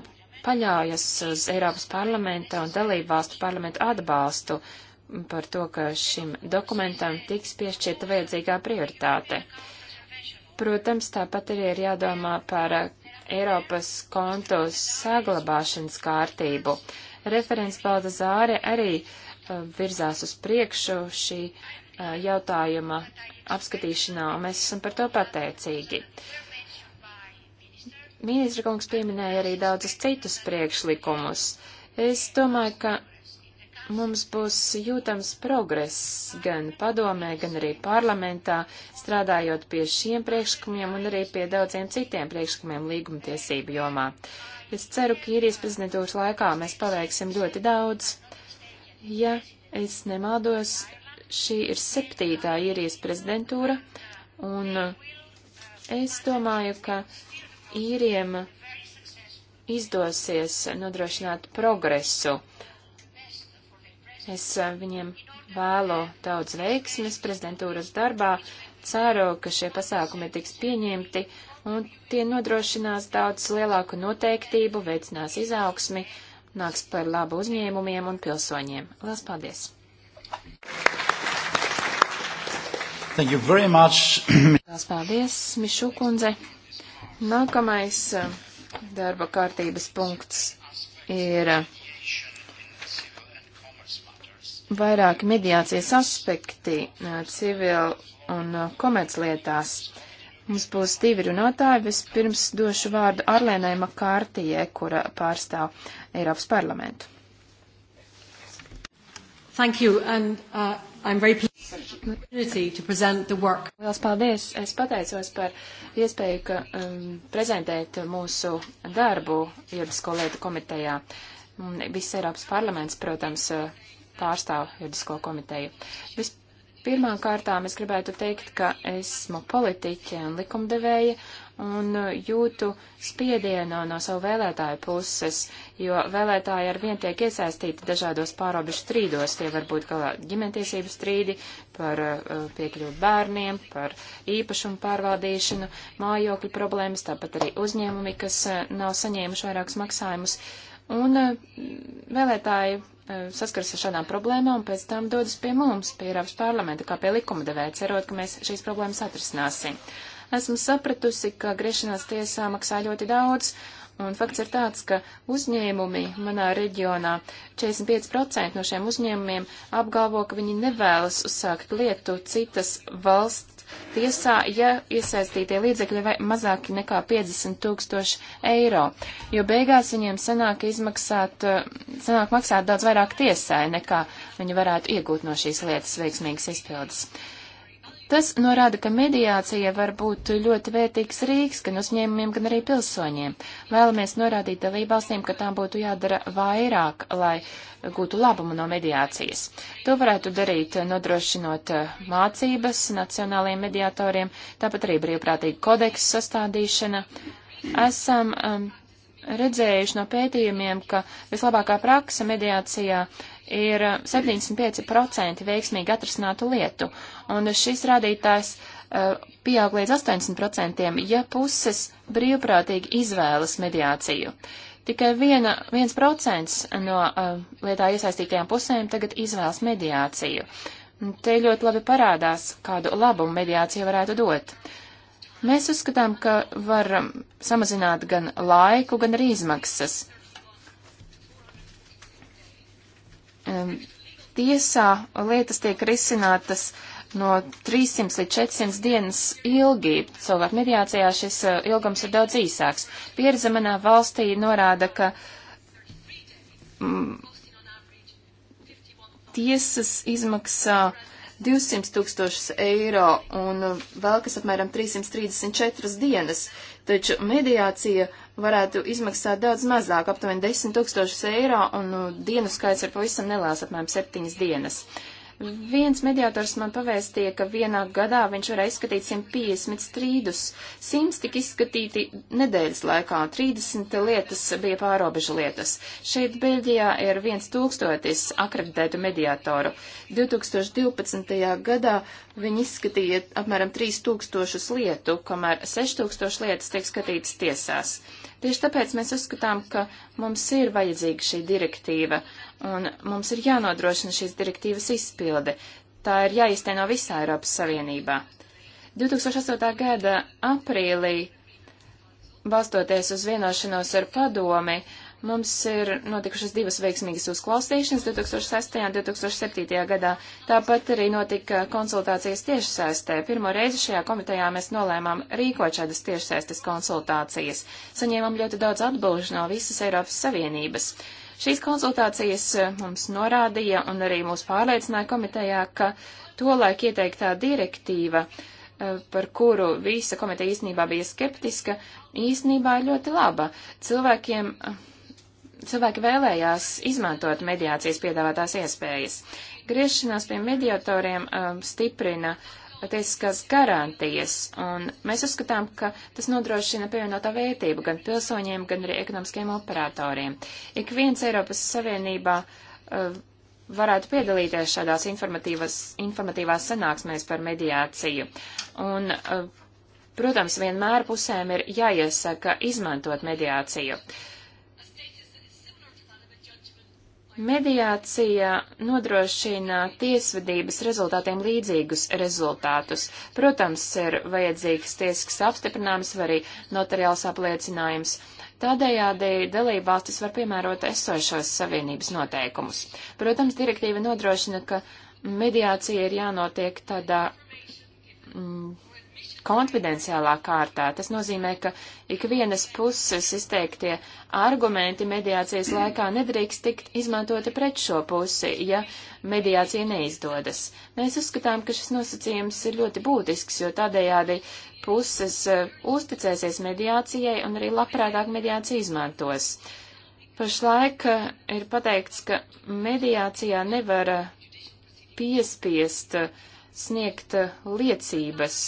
paļaujas uz Eiropas parlamenta un dalību valstu parlamentu atbalstu par to, ka šim dokumentam tiks piešķirta vajadzīgā prioritāte. Protams, tāpat arī ir jādomā par uh, Eiropas kontu saglabāšanas kārtību. Referents Balda Zāre arī uh, Uh, virzās uz priekšu šī uh, jautājuma apskatīšanā, un mēs esam par to pateicīgi. Ministra kungs pieminēja arī daudzas citus priekšlikumus. Es domāju, ka mums būs jūtams progress gan padomē, gan arī parlamentā, strādājot pie šiem priekšlikumiem un arī pie daudziem citiem priekšlikumiem līgumtiesību jomā. Es ceru, ka īrijas prezidentūras laikā mēs paveiksim ļoti daudz ja es nemaldos, šī ir septītā īrijas prezidentūra, un es domāju, ka īriem izdosies nodrošināt progresu. Es eh, viņiem vēlu daudz veiksmes prezidentūras darbā, ceru, ka šie pasākumi tiks pieņemti, un tie nodrošinās daudz lielāku noteiktību, veicinās izaugsmi nāks par labu uzņēmumiem un pilsoņiem. Lielas paldies! Thank you very much. Lielas paldies, Mišu kundze. Nākamais eh, darba kārtības punkts ir eh, vairāki mediācijas aspekti eh, civil un komerclietās. Mums būs divi runātāji. Vispirms došu vārdu Arlēnai Makārtijai, kura pārstāv Eiropas parlamentu. Thank you, and uh, I'm very pleased to present the work. Lielas paldies! Es pateicos par iespēju, ka um, prezentēt mūsu darbu juridisko lietu komitejā. Viss Eiropas parlaments, protams, uh, pārstāv juridisko komiteju. Vispirmām kārtām es gribētu teikt, ka esmu politiķe un likumdevēja, un uh, jūtu spiedienu no savu vēlētāju puses, jo vēlētāji ar vien tiek iesaistīti dažādos pārobežu strīdos. Tie var būt galā ģimentiesību strīdi par uh, piekļuvu bērniem, par īpašumu pārvaldīšanu, mājokļu problēmas, tāpat arī uzņēmumi, kas uh, nav saņēmuši vairākus maksājumus. Un vēlētāji saskaras ar šādām problēmām, pēc tam dodas pie mums, pie Eiropas parlamenta, kā pie likumdevēja, cerot, ka mēs šīs problēmas atrisināsim. Esmu sapratusi, ka griešanās tiesā maksā ļoti daudz, un fakts ir tāds, ka uzņēmumi manā reģionā 45% no šiem uzņēmumiem apgalvo, ka viņi nevēlas uzsākt lietu citas valsts tiesā, ja iesaistītie līdzekļi vai mazāki nekā 50 tūkstoši eiro, jo beigās viņiem sanāk izmaksāt, sanāk maksāt daudz vairāk tiesai, nekā viņi varētu iegūt no šīs lietas veiksmīgas izpildes. Tas norāda, ka mediācija var būt ļoti vērtīgs rīks gan uzņēmumiem, gan arī pilsoņiem. Vēlamies norādīt dalībvalstīm, ka tām būtu jādara vairāk, lai gūtu labumu no mediācijas. To varētu darīt nodrošinot eh, mācības nacionālajiem mediatoriem, tāpat arī brīvprātīgi kodeksu sastādīšana. Esam um, redzējuši no pētījumiem, ka vislabākā praksa mediācijā uh, ir 75% eh, veiksmīgi atrasinātu lietu, un šis rādītājs eh, pieaug līdz 80%, ja puses brīvprātīgi izvēlas mediāciju. Tikai viena, viens procents no uh, lietā iesaistītajām pusēm tagad izvēlas mediāciju. Te ļoti labi parādās, kādu labumu mediācija varētu dot. Mēs uzskatām, ka var samazināt gan laiku, gan arī izmaksas. um, tiesā lietas tiek risinātas no 300 līdz 400 dienas ilgi. Savukārt mediācijā šis eh, ilgums ir daudz īsāks. Pieredze manā valstī norāda, ka mm, tiesas izmaksā 200 tūkstošus eiro un eh, vēl kas apmēram 334 dienas, taču mediācija uh, varētu izmaksāt daudz mazāk, aptuveni 10 tūkstošus eiro, un nu, dienu skaits ir pavisam nelās, apmēram 7 dienas. Uh, Viens mediātors man pavēstīja, ka vienā gadā viņš var izskatīt 150 strīdus. 100 tika izskatīti nedēļas laikā, 30 lietas bija pārobežu lietas. Šeit Beļģijā ir viens tūkstotis akreditētu mediātoru. 2012. gadā viņi izskatīja apmēram 3000 lietu, kamēr 6000 lietas tiek skatītas tiesās. Tieši tāpēc mēs uzskatām, ka mums ir vajadzīga šī direktīva. Uh, un mums ir jānodrošina šīs direktīvas izpilde. Tā ir jāizteno visā Eiropas Savienībā. 2008. gada aprīlī, balstoties uz vienošanos ar padomi, mums ir notikušas divas veiksmīgas uzklausīšanas 2006. un 2007. gadā. Tāpat arī notika konsultācijas tiešsaistē. Pirmo reizi šajā komitejā mēs nolēmām rīkot šādas tiešsaistes konsultācijas. Saņēmām ļoti daudz atbilžu no visas Eiropas Savienības. Šīs konsultācijas e, mums norādīja un arī mūs pārliecināja komitejā, ka tolaik ieteiktā direktīva, e, par kuru visa komiteja īstenībā bija skeptiska, īstenībā ir ļoti laba. Cilvēkiem e, cilvēki vēlējās izmantot mediācijas piedāvātās iespējas. Griešanās pie mediatoriem um, stiprina tiesiskās garantijas, un mēs uzskatām, ka tas nodrošina pievienotā vērtību gan pilsoņiem, gan arī ekonomiskiem operatoriem. Ik viens Eiropas Savienībā uh, varētu piedalīties šādās informatīvās, informatīvās sanāksmēs par mediāciju. Un, uh, protams, vienmēr pusēm ir jāiesaka izmantot mediāciju. Uh, Mediācija nodrošina tiesvedības rezultātiem līdzīgus rezultātus. Protams, ir vajadzīgs tiesisks apstiprinājums vai arī notariāls apliecinājums. Tādējādi dalībvalstis var piemērot esošos savienības noteikumus. Protams, direktīva nodrošina, ka mediācija ir jānotiek tādā mm, konfidenciālā kārtā. Tas nozīmē, ka ikvienas puses izteiktie argumenti mediācijas laikā nedrīkst tikt izmantoti pret šo pusi, ja mediācija neizdodas. Mēs uzskatām, ka šis nosacījums ir ļoti būtisks, jo tādējādi puses eh, uzticēsies mediācijai un arī labprātāk mediāciju izmantos. Pašlaik eh, ir pateikts, ka mediācijā nevar eh, piespiest sniegt liecības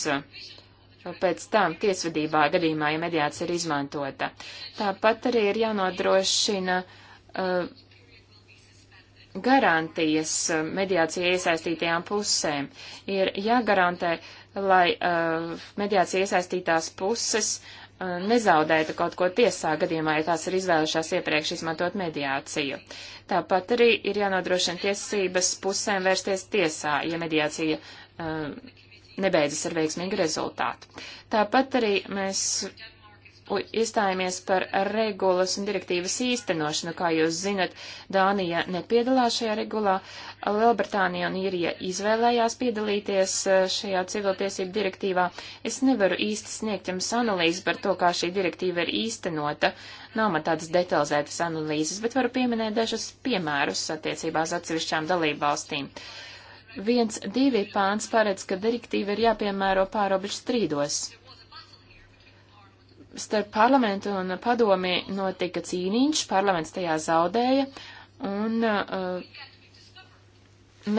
pēc tam tiesvedībā gadījumā, ja mediācija ir izmantota. Tāpat arī ir jānodrošina uh, garantijas uh, mediācija iesaistītajām pusēm. Ir jāgarantē, lai uh, mediācija iesaistītās puses uh, nezaudētu kaut ko tiesā gadījumā, ja tās ir izvēlušās iepriekš izmantot mediāciju. Tāpat arī ir jānodrošina tiesības pusēm vērsties tiesā, ja mediācija uh, nebeidzas ar veiksmīgu rezultātu. Tāpat arī mēs iestājāmies par regulas un direktīvas īstenošanu. Kā jūs zinat, Dānija nepiedalās šajā regulā, Lielbritānija un Irija izvēlējās piedalīties e, šajā civiltiesību direktīvā. Es nevaru īsti sniegt jums analīzi par to, kā šī direktīva ir īstenota. Nav man tādas detalizētas analīzes, bet varu pieminēt dažus piemērus attiecībās atsevišķām dalībvalstīm. valstīm. Viens divi pāns paredz, ka direktīva ir jāpiemēro pārobežu strīdos. Starp parlamentu un padomi notika cīniņš, parlaments tajā zaudēja, un uh,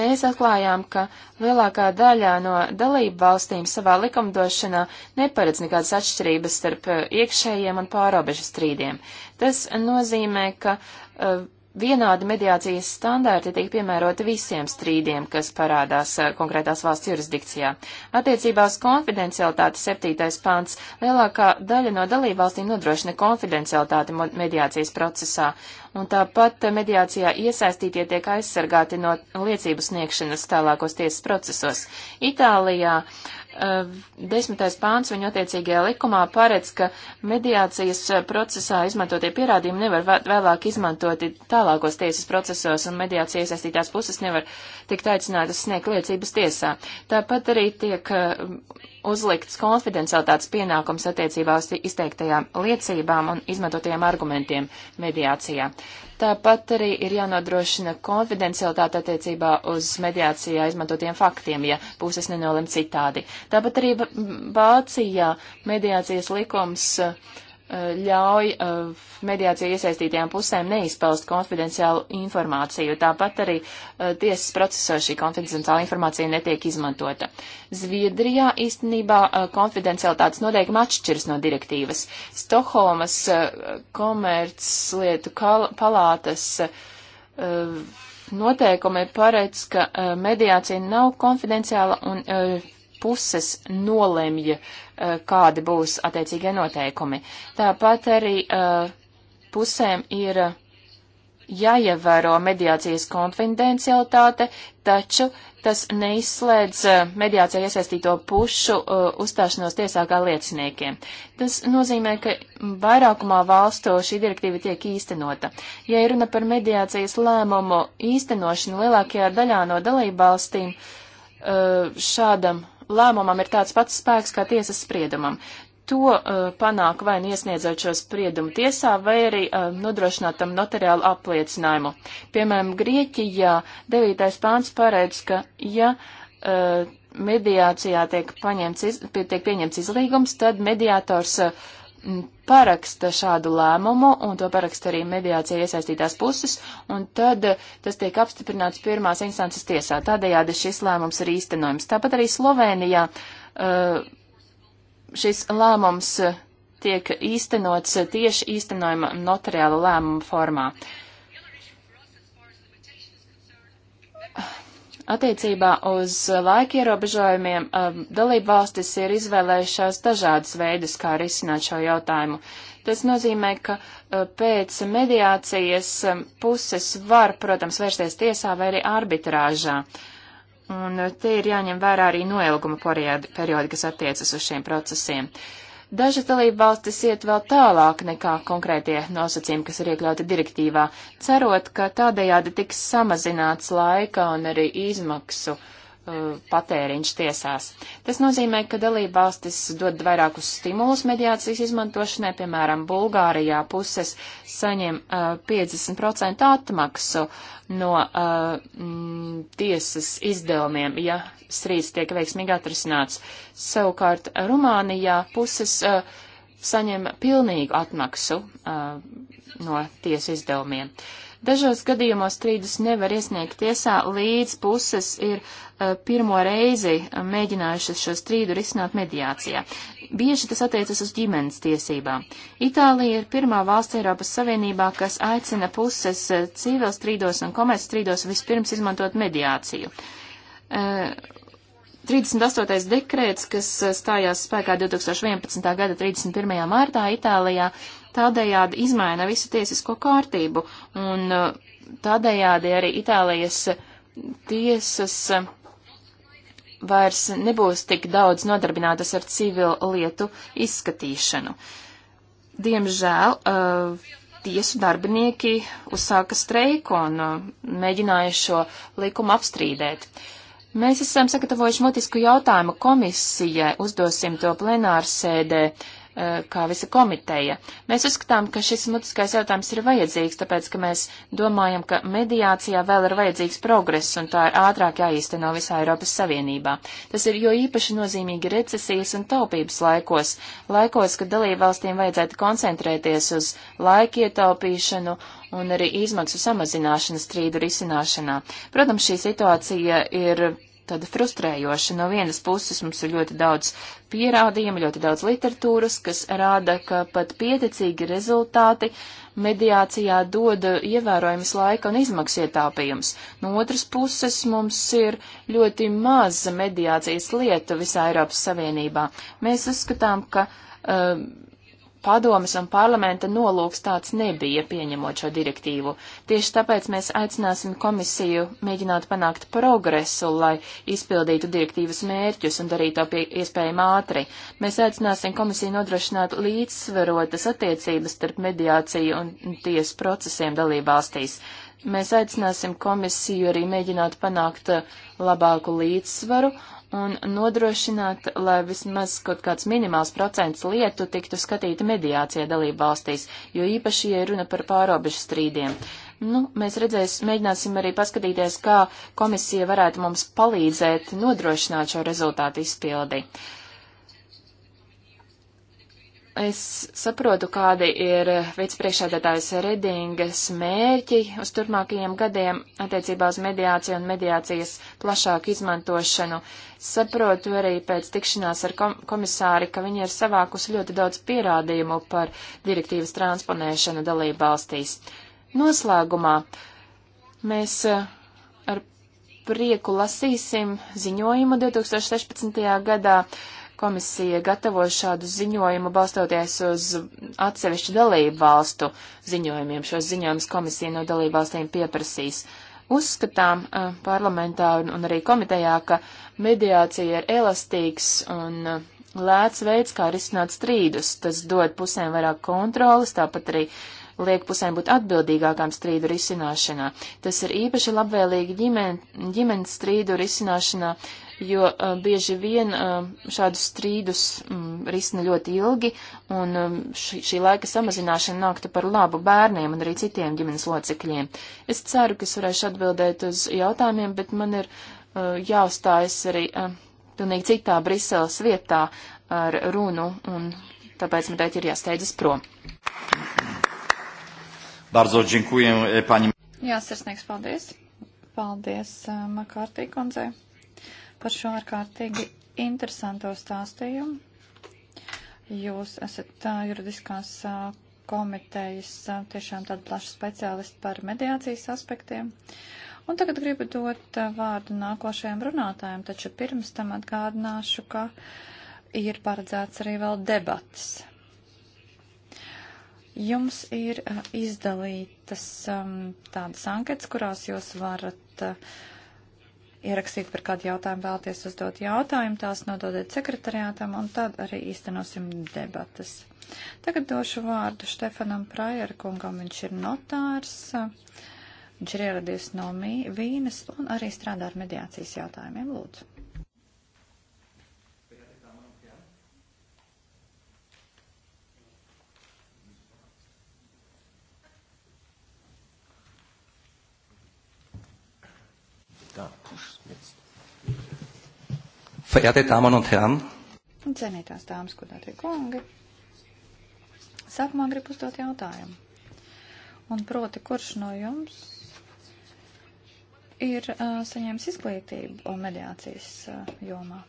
mēs atklājām, ka lielākā daļā no dalību valstīm savā likumdošanā neparedz nekādas atšķirības starp uh, iekšējiem un pārobežu strīdiem. Tas nozīmē, ka uh, vienādi mediācijas standarti tiek piemēroti visiem strīdiem, kas parādās eh, konkrētās valsts jurisdikcijā. Attiecībās konfidencialitāte septītais pants lielākā daļa no dalībvalstīm nodrošina konfidencialitāti mediācijas procesā, un tāpat eh, mediācijā iesaistītie tiek aizsargāti no liecību sniegšanas tālākos tiesas procesos. Itālijā uh, Eh, desmitais pāns viņa attiecīgajā likumā paredz, ka mediācijas procesā izmantotie pierādījumi nevar vēlāk izmantoti tālākos tiesas procesos, un mediācija iesaistītās puses nevar tikt aicinātas sniegt liecības tiesā. Tāpat arī tiek eh, uzlikts konfidencialitātes pienākums attiecībā uz izteiktajām liecībām un izmantotajiem argumentiem mediācijā. Tāpat arī ir jānodrošina konfidencialitāte attiecībā uz mediācijā izmantotiem faktiem, ja puses nenolem citādi. Tāpat arī Vācijā mediācijas likums uh, ļauj uh, mediācija iesaistītajām pusēm neizpaust konfidenciālu informāciju. Tāpat arī uh, tiesas procesā šī konfidenciāla informācija netiek izmantota. Zviedrijā īstenībā uh, konfidencialitātes noteikumi atšķiras no direktīvas. Stokholmas uh, komerclietu palātas uh, noteikumi paredz, ka uh, mediācija nav konfidenciāla un puses nolemj, eh, kādi būs attiecīgie noteikumi. Tāpat arī eh, pusēm ir jāievēro mediācijas konfidencialitāte, taču tas neizslēdz eh, mediācijā iesaistīto pušu uzstāšanos tiesā kā lieciniekiem. Tas nozīmē, ka vairākumā valstu šī direktīva tiek īstenota. Ja ir runa par mediācijas lēmumu īstenošanu lielākajā daļā no dalībvalstīm, šādam lēmumam ir tāds pats spēks kā tiesas spriedumam. To uh, panāk vai niesniedzot nu šo spriedumu tiesā, vai arī uh, nodrošināt tam notariālu apliecinājumu. Piemēram, Grieķijā 9. pāns paredz, ka ja uh, mediācijā tiek, paņemts, iz, tiek pieņemts izlīgums, tad mediātors uh, paraksta šādu lēmumu, un to paraksta arī mediācija iesaistītās puses, un tad eh, tas tiek apstiprināts pirmās instances tiesā. Tādējādi šis lēmums ir īstenojams. Tāpat arī Slovenijā eh, šis lēmums eh, tiek īstenots tieši īstenojuma notariāla lēmuma formā. Uh, Attiecībā uz laika ierobežojumiem um, dalību valstis ir izvēlējušās dažādas veidus, kā risināt šo jautājumu. Tas nozīmē, ka uh, pēc mediācijas um, puses var, protams, vērsties tiesā vai arī arbitrāžā. Un uh, te ir jāņem vērā arī noilguma periodi, kas attiecas uz šiem procesiem. Uh, Dažas dalībvalstis iet vēl tālāk nekā konkrētie nosacījumi, kas ir iekļauti direktīvā, cerot, ka tādējādi tiks samazināts laika un arī izmaksu uh, Uh, patēriņš tiesās. Tas nozīmē, ka dalība valstis dod vairākus stimulus mediācijas izmantošanai, piemēram, Bulgārijā puses saņem uh, 50% atmaksu no uh, m, mm, tiesas izdevumiem, ja strīds tiek veiksmīgi atrisināts. Savukārt Rumānijā puses uh, saņem pilnīgu atmaksu uh, no tiesu izdevumiem. Dažos gadījumos strīdus nevar iesniegt tiesā, līdz puses ir Eh, pirmo reizi mēģinājušas šo strīdu risināt mediācijā. Bieži tas attiecas uz ģimenes tiesībām. Itālija ir pirmā valsts Eiropas Savienībā, kas aicina puses eh, civilstrīdos un komercstrīdos vispirms izmantot mediāciju. 38. Eh, dekrēts, kas stājās spēkā 2011. gada 31. martā Itālijā, tādējādi izmaina visu tiesisko kārtību, un tādējādi arī Itālijas tiesas vairs nebūs tik daudz nodarbinātas ar civilu lietu izskatīšanu. Diemžēl uh, tiesu darbinieki uzsāka streiku un uh, mēģināja šo likumu apstrīdēt. Mēs esam sagatavojuši mutisku jautājumu komisijai, uzdosim to plenārsēdē. Uh, Uh, kā visa komiteja. Mēs uzskatām, ka šis mutiskais jautājums ir vajadzīgs, tāpēc, ka mēs domājam, ka mediācijā vēl ir vajadzīgs progress un tā ir ātrāk jāīsteno visā Eiropas Savienībā. Tas ir jo īpaši nozīmīgi recesijas un taupības laikos, laikos, kad dalībvalstīm vajadzētu koncentrēties uz laika ietaupīšanu un arī izmaksu samazināšanu strīdu risināšanā. Protams, šī situācija ir tāda frustrējoša. No vienas puses mums ir ļoti daudz pierādījumu, ļoti daudz literatūras, kas rāda, ka pat pieticīgi rezultāti mediācijā dod ievērojams laika un izmaksu ietāpījums. No otras puses mums ir ļoti maza mediācijas lieta visā Eiropas Savienībā. Mēs uzskatām, ka. Uh, padomas un parlamenta nolūks tāds nebija pieņemot šo direktīvu. Tieši tāpēc mēs aicināsim komisiju mēģināt panākt progresu, lai izpildītu direktīvas mērķus un darītu to pie iespējami ātri. Mēs aicināsim komisiju nodrošināt līdzsverotas attiecības starp mediāciju un tiesu procesiem dalībvalstīs. Mēs aicināsim komisiju arī mēģināt panākt labāku līdzsvaru un nodrošināt, lai vismaz kaut kāds minimāls procents lietu tiktu skatīta mediācija dalību valstīs, jo īpaši, ja runa par pārobežu strīdiem. Nu, mēs redzēs, mēģināsim arī paskatīties, kā komisija varētu mums palīdzēt nodrošināt šo rezultātu izpildi. Uh, Es saprotu, kādi ir vicepriekšādātājas Redingas mērķi uz turpmākajiem gadiem attiecībā uz mediāciju un mediācijas plašāku izmantošanu. Saprotu arī pēc tikšanās ar komisāri, ka viņi ir savākusi ļoti daudz pierādījumu par direktīvas transponēšanu dalību valstīs. Noslēgumā mēs eh, ar prieku lasīsim ziņojumu 2016. gadā Komisija gatavo šādu ziņojumu balstoties uz atsevišķu dalību valstu ziņojumiem. Šos ziņojumus komisija no dalību valstīm pieprasīs. Uzskatām eh, parlamentā un arī komitejā, ka mediācija ir elastīgs un eh, lēts veids, kā risināt strīdus. Tas dod pusēm vairāk kontrolas, tāpat arī liek pusēm būt atbildīgākām strīdu risināšanā. Tas ir īpaši labvēlīgi ģimen, ģimenes strīdu risināšanā, jo uh, bieži vien uh, šādus strīdus um, risina ļoti ilgi, un um, šī, šī laika samazināšana nāktu par labu bērniem un arī citiem ģimenes locekļiem. Es ceru, ka es varēšu atbildēt uz jautājumiem, bet man ir uh, jāuzstājas arī uh, pilnīgi citā Briseles vietā ar runu, un tāpēc man teikt ir jāsteidzas prom. Bardzo dziękuję e, pani. Jā, sirsnīgs paldies. Paldies uh, Makārtī kundzei par šo ārkārtīgi interesanto stāstījumu. Jūs esat uh, juridiskās uh, komitejas uh, tiešām tāda plaša speciālista par mediācijas aspektiem. Un tagad gribu dot uh, vārdu nākošajam runātājam, taču pirms tam atgādināšu, ka ir paredzēts arī vēl debatas. Jums ir uh, izdalītas um, tādas anketas, kurās jūs varat uh, ierakstīt, par kādu jautājumu vēlties uzdot jautājumu, tās nododiet sekretariātam un tad arī īstenosim debatas. Tagad došu vārdu Štefanam Prajerkungam, viņš ir notārs, viņš ir ieradies no Mī, Vīnes un arī strādā ar mediācijas jautājumiem. Lūdzu. verehrte Damen und Herren, cienītās dāmas, godātie kungi, sākumā gribu uzdot jautājumu. Un proti, kurš no jums ir uh, saņēmis izglītību mediācijas uh, jomā?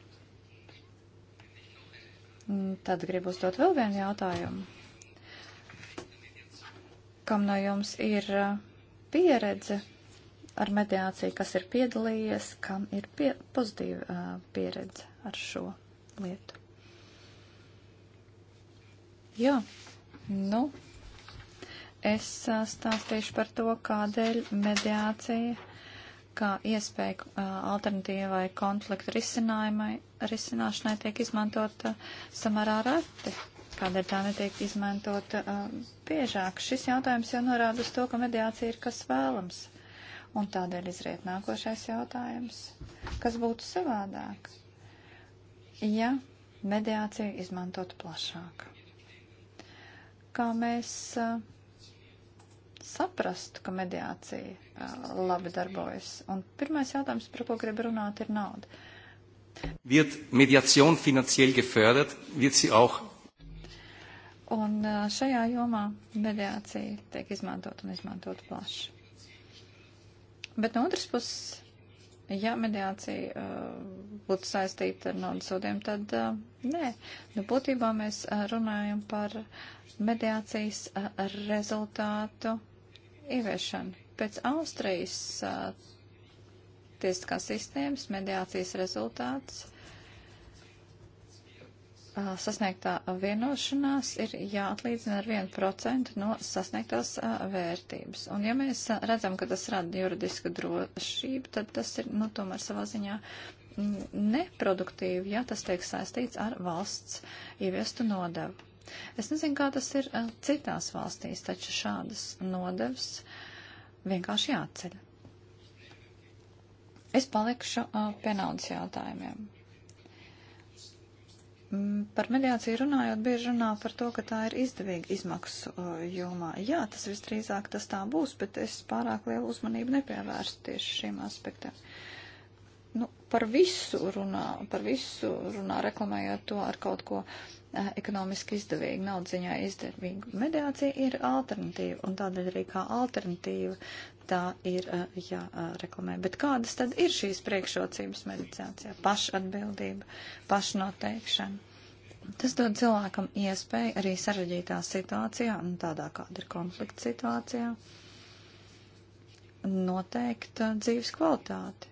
Tad gribu uzdot vēl vienu jautājumu. Kam no jums ir uh, pieredze ar mediāciju, kas ir piedalījies, kam ir pie, pozitīva uh, pieredze ar šo lietu. Jā, nu, es uh, stāstīšu par to, kādēļ mediācija kā iespēja uh, alternatīvai konfliktu risināšanai tiek izmantota samērā reti kādēļ tā netiek izmantota uh, biežāk. Šis jautājums jau norāda uz to, ka mediācija ir kas vēlams. Uh, Un tādēļ izriet nākošais jautājums. Kas būtu savādāk, ja mediācija izmantotu plašāk? Kā mēs uh, saprastu, ka mediācija uh, labi darbojas? Un pirmais jautājums, par ko grib runāt, ir nauda. Wird Mediation finanziell gefördert? Wird sie auch? Un uh, šajā jomā mediācija tiek izmantot un izmantot plaši. Bet no otras puses, ja mediācija uh, būtu saistīta ar naudas sodiem, tad uh, nē. Nu, būtībā mēs uh, runājam par mediācijas uh, rezultātu ieviešanu. Pēc Austrijas uh, tiesiskās sistēmas mediācijas rezultāts uh, sasniegtā vienošanās ir jāatlīdzina ar 1% no sasniegtās vērtības. Un ja mēs redzam, ka tas rada juridisku drošību, tad tas ir, nu, tomēr savā ziņā neproduktīvi, ja tas tiek saistīts ar valsts ieviestu nodevu. Es nezinu, kā tas ir citās valstīs, taču šādas nodevas vienkārši jāatceļ. Es palikšu pie naudas jautājumiem Mm, par mediāciju runājot, bieži runā par to, ka tā ir izdevīga izmaksu uh, jomā. Jā, tas visdrīzāk tas tā būs, bet es pārāk lielu uzmanību nepievērstu tieši šiem aspektiem. Nu, par visu runā, par visu runā, reklamējot to ar kaut ko eh, ekonomiski izdevīgu, naudziņā izdevīgu. Mediācija ir alternatīva, un tādēļ arī kā alternatīva tā ir jāreklamē. Bet kādas tad ir šīs priekšrocības medicācijā? Pašatbildība, pašnoteikšana. Tas dod cilvēkam iespēju arī sarežģītā situācijā, un tādā kāda ir konflikta situācijā, noteikt dzīves kvalitāti.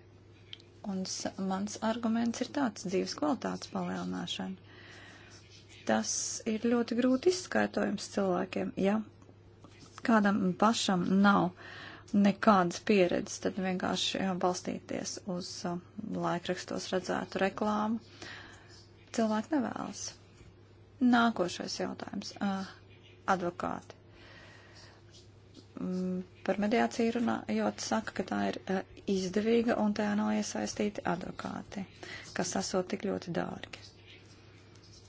Un mans arguments ir tāds - dzīves kvalitātes palielināšana. Tas ir ļoti grūti izskaitojams cilvēkiem, ja kādam pašam nav uh, nekādas pieredzes, tad vienkārši balstīties uz uh, laikrakstos redzētu reklāmu. Cilvēki nevēlas. Nākošais jautājums. Uh, advokāti. Mm, par mediāciju runājot, saka, ka tā ir uh, izdevīga un tajā nav iesaistīti advokāti, kas esot tik ļoti dārgi.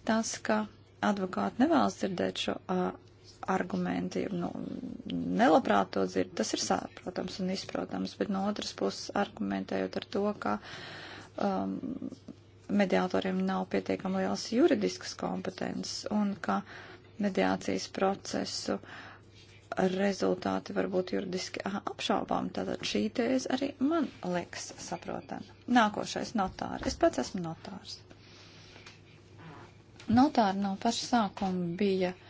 Tas, ka advokāti nevēlas dzirdēt šo uh, argumenti, nu, nelabprāt to dzird, tas ir saprotams un izprotams, bet no otras puses argumentējot ar to, ka um, mediātoriem nav pietiekami liels juridiskas kompetences un ka mediācijas procesu rezultāti var būt juridiski apšaubām. Tātad šī tēze arī man liekas saprotama. Nākošais notāri. Es pats esmu notārs. Notāri no paša sākuma bija uh,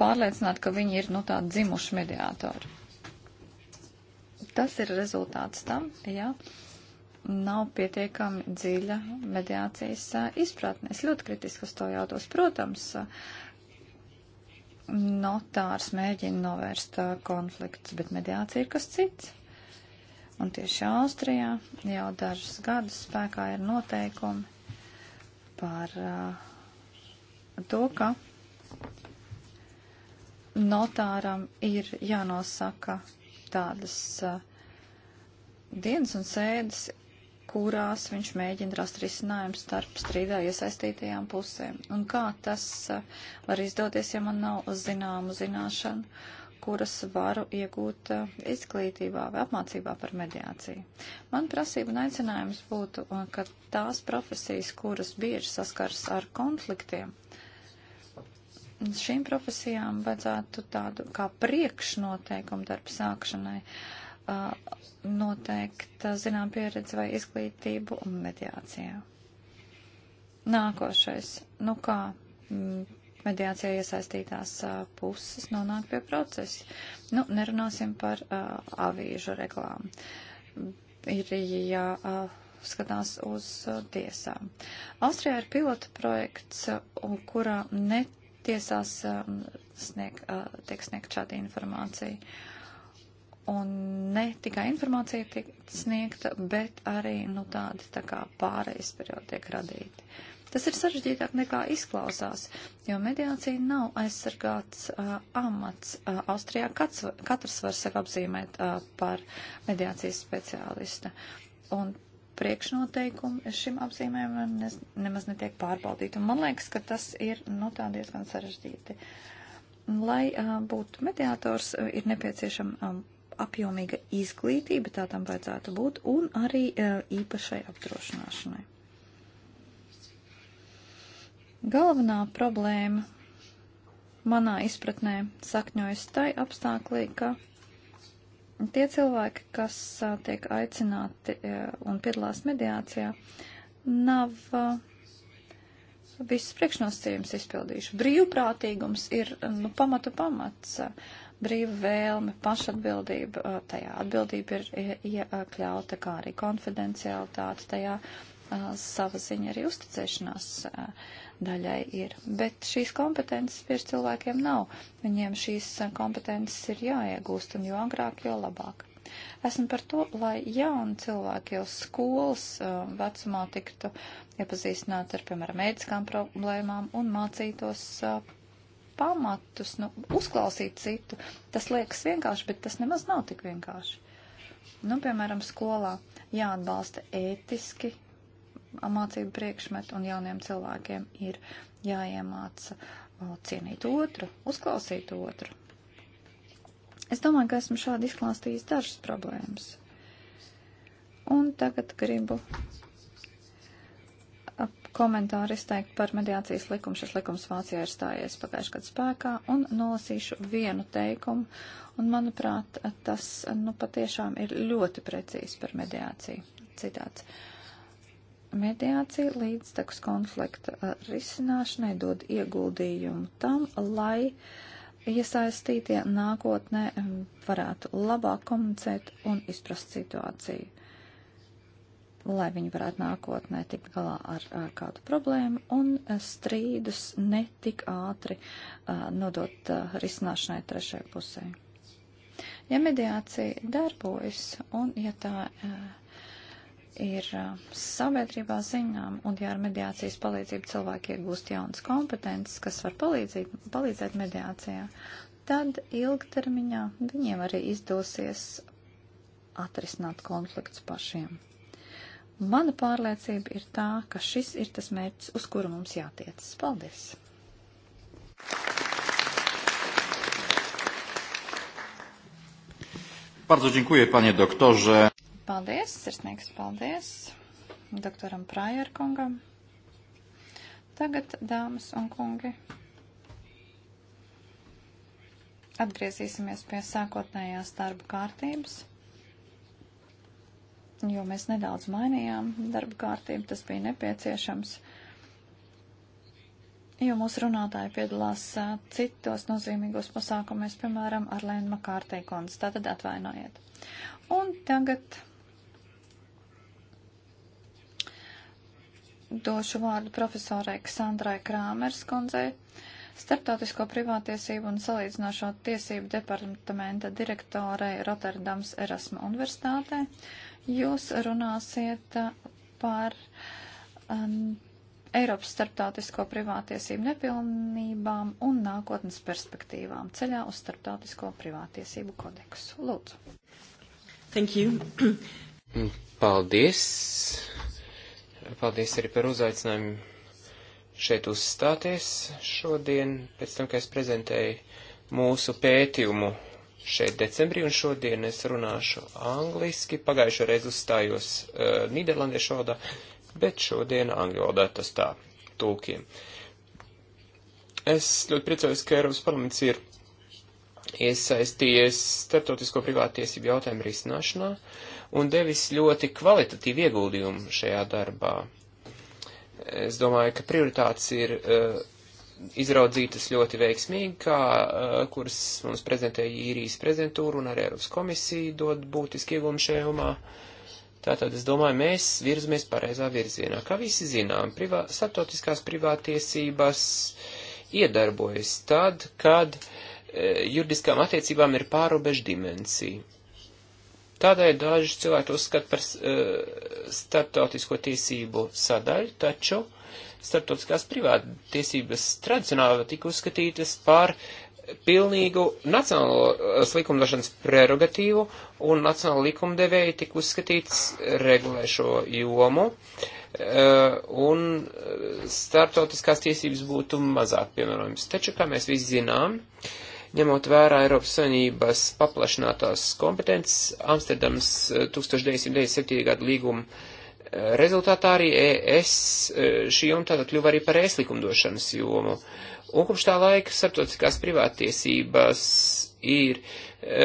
pārliecināti, ka viņi ir, nu, tādi dzimuši mediātori. Tas ir rezultāts tam, jā, nav pietiekami dziļa mediācijas izpratne. Es ļoti kritiski uz to jautos. Protams, notārs mēģina novērst konfliktus, bet mediācija ir kas cits. Un tieši Austrijā jau dažus gadus spēkā ir noteikumi par uh, to, ka notāram ir jānosaka tādas uh, dienas un sēdes, kurās viņš mēģina rast risinājumu starp strīdā iesaistītajām pusēm. Un kā tas uh, var izdoties, ja man nav zināmu zināšanu, kuras varu iegūt uh, izglītībā vai apmācībā par mediāciju. Man prasība un aicinājums būtu, ka tās profesijas, kuras bieži saskars ar konfliktiem, šīm profesijām vajadzētu tādu kā priekšnoteikumu darba sākšanai noteikt zinām pieredzi vai izglītību un mediācijā. Nākošais, nu kā mediācijā iesaistītās puses nonāk pie procesa. Nu, nerunāsim par uh, avīžu reklāmu. Ir jāskatās uh, uz uh, tiesām. Austrijā ir pilota projekts, uh, kurā net tiesās um, snieg, uh, tiek sniegt šāda informācija. Un ne tikai informācija tiek sniegta, bet arī nu, tādi tā kā pārējais periodi tiek radīti. Tas ir sarežģītāk nekā izklausās, jo mediācija nav aizsargāts uh, amats. Uh, Austrijā kats, katrs var sevi apzīmēt uh, par mediācijas speciālistu. Un priekšnoteikumi šim apzīmējumam ne, nemaz netiek pārbaudīti. Un man liekas, ka tas ir nu, tā diezgan sarežģīti. Lai uh, būtu mediātors, ir nepieciešama um, apjomīga izglītība, tā tam vajadzētu būt, un arī uh, īpašai apdrošināšanai. Galvenā problēma manā izpratnē sakņojas tai apstāklī, ka Tie cilvēki, kas tiek aicināti un piedalās mediācijā, nav visus priekšnosacījumus izpildījuši. Brīvprātīgums ir nu, pamatu pamats. Brīva vēlme, pašatbildība, tajā atbildība ir iekļauta, kā arī konfidencialitāte, tajā sava ziņa arī uzticēšanās. Uh, daļai ir. Bet šīs kompetences pie cilvēkiem nav. Viņiem šīs eh, kompetences ir jāiegūst, un jo agrāk, jo labāk. Esmu par to, lai jauni cilvēki jau skolas eh, vecumā tiktu iepazīstināti ar, piemēram, mēdiskām problēmām un mācītos eh, pamatus, nu, uzklausīt citu. Tas liekas vienkārši, bet tas nemaz nav tik vienkārši. Nu, piemēram, skolā jāatbalsta ētiski mācību priekšmetu, un jauniem cilvēkiem ir jāiemāca uh, cienīt otru, uzklausīt otru. Es domāju, ka esmu šādi izklāstījis dažas problēmas. Un tagad gribu uh, komentāru izteikt par mediācijas likumu. Šis likums Vācijā ir stājies pagājušajā gadā spēkā un nolasīšu vienu teikumu. Un, manuprāt, tas uh, nu, patiešām ir ļoti precīzi par mediāciju. Citāts. Mediācija līdztekus konflikta uh, risināšanai dod ieguldījumu tam, lai iesaistītie nākotnē um, varētu labāk komunicēt un izprast situāciju, lai viņi varētu nākotnē tikt galā ar, ar kādu problēmu un uh, strīdus netik ātri a, uh, nodot a, risināšanai trešajai pusē. Ja mediācija darbojas un ja tā a, ir sabiedrībā ziņām, un ja ar mediācijas palīdzību cilvēki iegūst jaunas kompetences, kas var palīdzīt, palīdzēt mediācijā, tad ilgtermiņā viņiem arī izdosies atrisināt konflikts pašiem. Mana pārliecība ir tā, ka šis ir tas mērķis, uz kuru mums jātiec. Paldies! Bardzo dziękuję, panie doktorze. Paldies, sirsnīgs paldies doktoram Prajerkungam. Tagad, dāmas un kungi, atgriezīsimies pie sākotnējās darba kārtības, jo mēs nedaudz mainījām darba kārtību, tas bija nepieciešams, jo mūsu runātāji piedalās citos nozīmīgos pasākumos, piemēram, ar Lēnu Makārtei kundzi, tātad atvainojiet. Un tagad došu vārdu profesorai Ksandrai Krāmers kundzei, Startautisko privātiesību un salīdzinošo tiesību departamenta direktorei Rotterdams Erasmu universitātē. Jūs runāsiet par um, Eiropas starptautisko privātiesību nepilnībām un nākotnes perspektīvām ceļā uz starptautisko privātiesību kodeksu. Lūdzu. Thank you. Paldies. Paldies arī par uzaicinājumu šeit uzstāties šodien, pēc tam, ka es prezentēju mūsu pētījumu šeit decembrī, un šodien es runāšu angliski. Pagājušo reizi uzstājos uh, Nīderlandiešu valodā, bet šodien angļu valodā tas tā tulkiem. Es ļoti priecājos, ka Eiropas parlaments ir iesaistījies starptautisko privātiesību jautājumu risināšanā. Uh, un devis ļoti kvalitatīvu ieguldījumu šajā darbā. Es domāju, ka prioritātes ir uh, izraudzītas ļoti veiksmīgi, kā, uh, kuras mums prezentēja īrijas prezentūra un arī Eiropas komisija dod būtiski ieguldījumu šajā jomā. Tātad, es domāju, mēs virzamies pareizā virzienā. Kā visi zinām, privā, starptautiskās privātiesības iedarbojas tad, kad e, juridiskām attiecībām ir pārobežu dimensija. Tādēļ daži cilvēki uzskata par uh, starptautisko tiesību sadaļu, taču starptautiskās privāta tiesības tradicionāli tika uzskatītas par pilnīgu nacionālo eh, likumdošanas prerogatīvu, un nacionāla likumdevēja tika uzskatīts regulē šo jomu, uh, un starptautiskās tiesības būtu mazāk piemērojams. Taču, kā mēs visi zinām, uh, Ņemot vērā Eiropas Savienības paplašinātās kompetences, Amsterdams 1997. Eh, gada līguma eh, rezultātā arī es eh, šī joma tātad kļuva arī par ēslikumdošanas e jomu. Un kopš tā laika starptautiskās privātiesības ir e,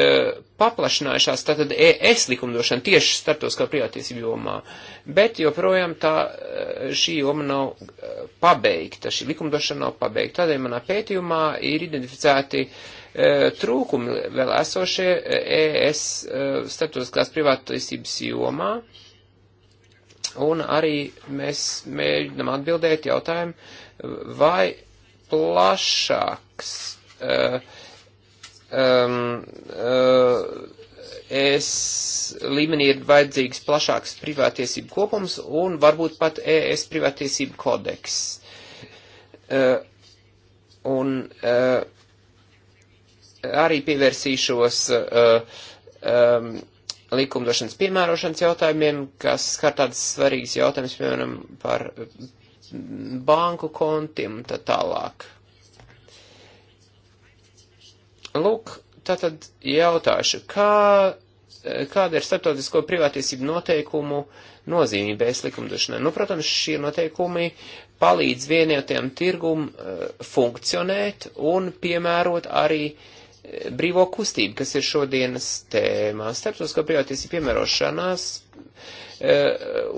paplašinājušās, tātad ES likumdošana tieši starptautiskā privātiesību jomā, bet joprojām tā šī joma nav pabeigta, šī likumdošana nav pabeigta. Tādēļ manā pētījumā ir identificēti uh, E, trūkumi vēl esošie ES e e, starptautiskās privātaisības jomā, un arī mēs mēģinam atbildēt jautājumu, vai plašāks uh, um, uh, ES līmenī ir vajadzīgs plašāks privātiesību kopums un varbūt pat ES privātiesību kodeks. Uh, un uh, arī pievērsīšos uh, um, likumdošanas piemērošanas jautājumiem, kas skar tādas svarīgas jautājumas, piemēram, par mm, banku kontiem un tā tālāk. Lūk, tātad jautāšu, kā, kāda ir starptautisko privātiesību noteikumu nozīme bez likumdošanai? Nu, protams, šie noteikumi palīdz vienotiem tirgum uh, funkcionēt un piemērot arī uh, brīvo kustību, kas ir šodienas tēmā. Starptautiskā privātiesība piemērošanās e,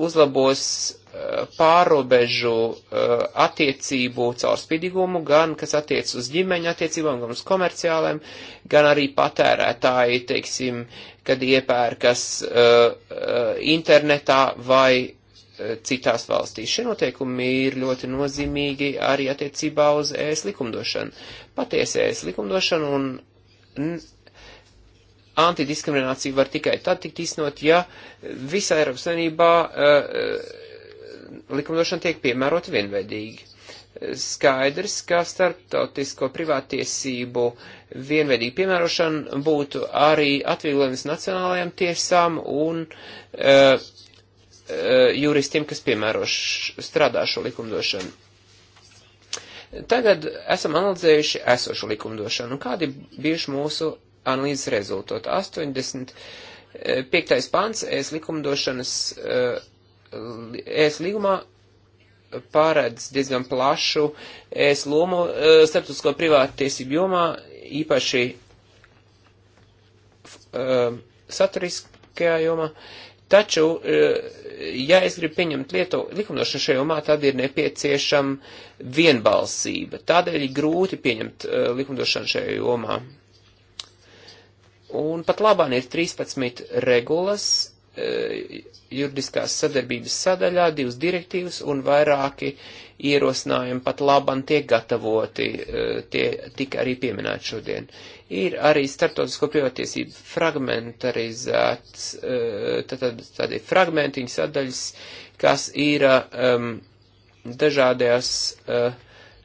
uzlabos e, pārobežu e, attiecību caurspīdīgumu, gan kas attiec uz ģimeņa attiecībām, gan uz komerciālēm, gan arī patērētāji, teiksim, kad iepērkas internetā vai citās valstīs. Šie noteikumi ir ļoti nozīmīgi arī attiecībā uz ēs likumdošanu. Patiesi ēs likumdošanu un antidiskriminācija var tikai tad tikt iznot, ja visā Eiropas Savienībā eh, likumdošana tiek piemērota vienveidīgi. Skaidrs, ka starptautisko privātiesību vienveidīgi piemērošana būtu arī atvieglojums nacionālajām tiesām un uh, juristiem, kas piemēro š, strādā šo likumdošanu. Tagad esam analizējuši esošu likumdošanu. Kādi bijuši mūsu analīzes rezultāti? 85. pants ES likumdošanas ES eh, līgumā pārēdz diezgan plašu ES lomu eh, starptautisko privātu tiesību jomā, īpaši eh, saturiskajā jomā. Uh, Taču, eh, ja es gribu pieņemt lietu likumdošanu šajā jomā, tad ir nepieciešama vienbalsība. Tādēļ ir grūti pieņemt eh, likumdošanu šajā jomā. Un pat labāk ir 13 regulas, Eh, juridiskās sadarbības sadaļā, divas direktīvas un vairāki ierosinājumi pat labam tiek gatavoti, eh, tie tika arī pieminēti šodien. Ir arī startautisko privātiesību fragmentarizēts, tātad eh, tādi fragmentiņu sadaļas, kas ir um, dažādajās uh,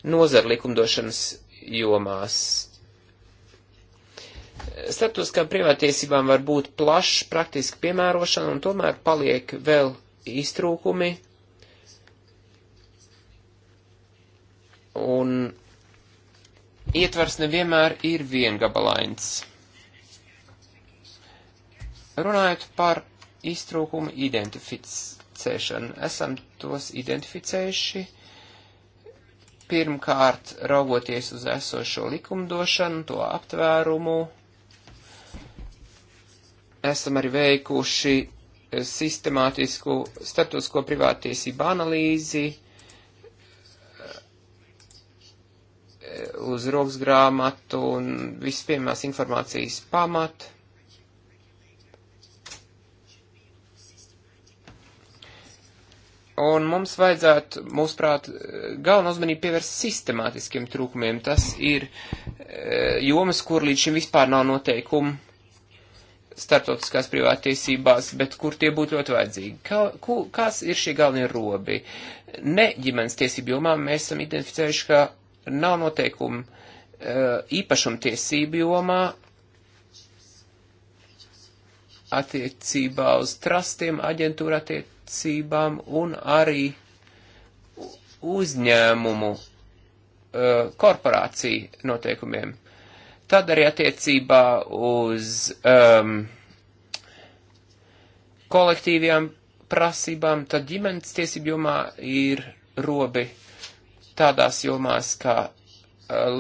nozar likumdošanas jomās Startautiskām privātiesībām var būt plašs praktiski piemērošana, un tomēr paliek vēl iztrūkumi. Un ietvars nevienmēr ir viengabalains. Runājot par iztrūkumu identificēšanu, esam tos identificējuši pirmkārt raugoties uz esošo likumdošanu, to aptvērumu, esam arī veikuši eh, sistemātisku statusko privātiesību analīzi eh, uz roksgrāmatu un viss piemās informācijas pamatu. Un mums vajadzētu, mūsuprāt, galvenu uzmanību pievērst sistemātiskiem trūkumiem. Tas ir e, jomas, kur līdz šim vispār nav noteikumu startautiskās privātiesībās, bet kur tie būtu ļoti vajadzīgi. Kā, ku, kas ir šie galvenie robi? Ne ģimenes tiesību jomā mēs esam identificējuši, ka nav noteikumu eh, īpašumtiesību jomā attiecībā uz trastiem, aģentūra attiecībām un arī uzņēmumu eh, korporāciju noteikumiem Tad arī attiecībā uz um, kolektīvajām prasībām, tad ģimenes tiesību jomā ir robi tādās jomās kā uh,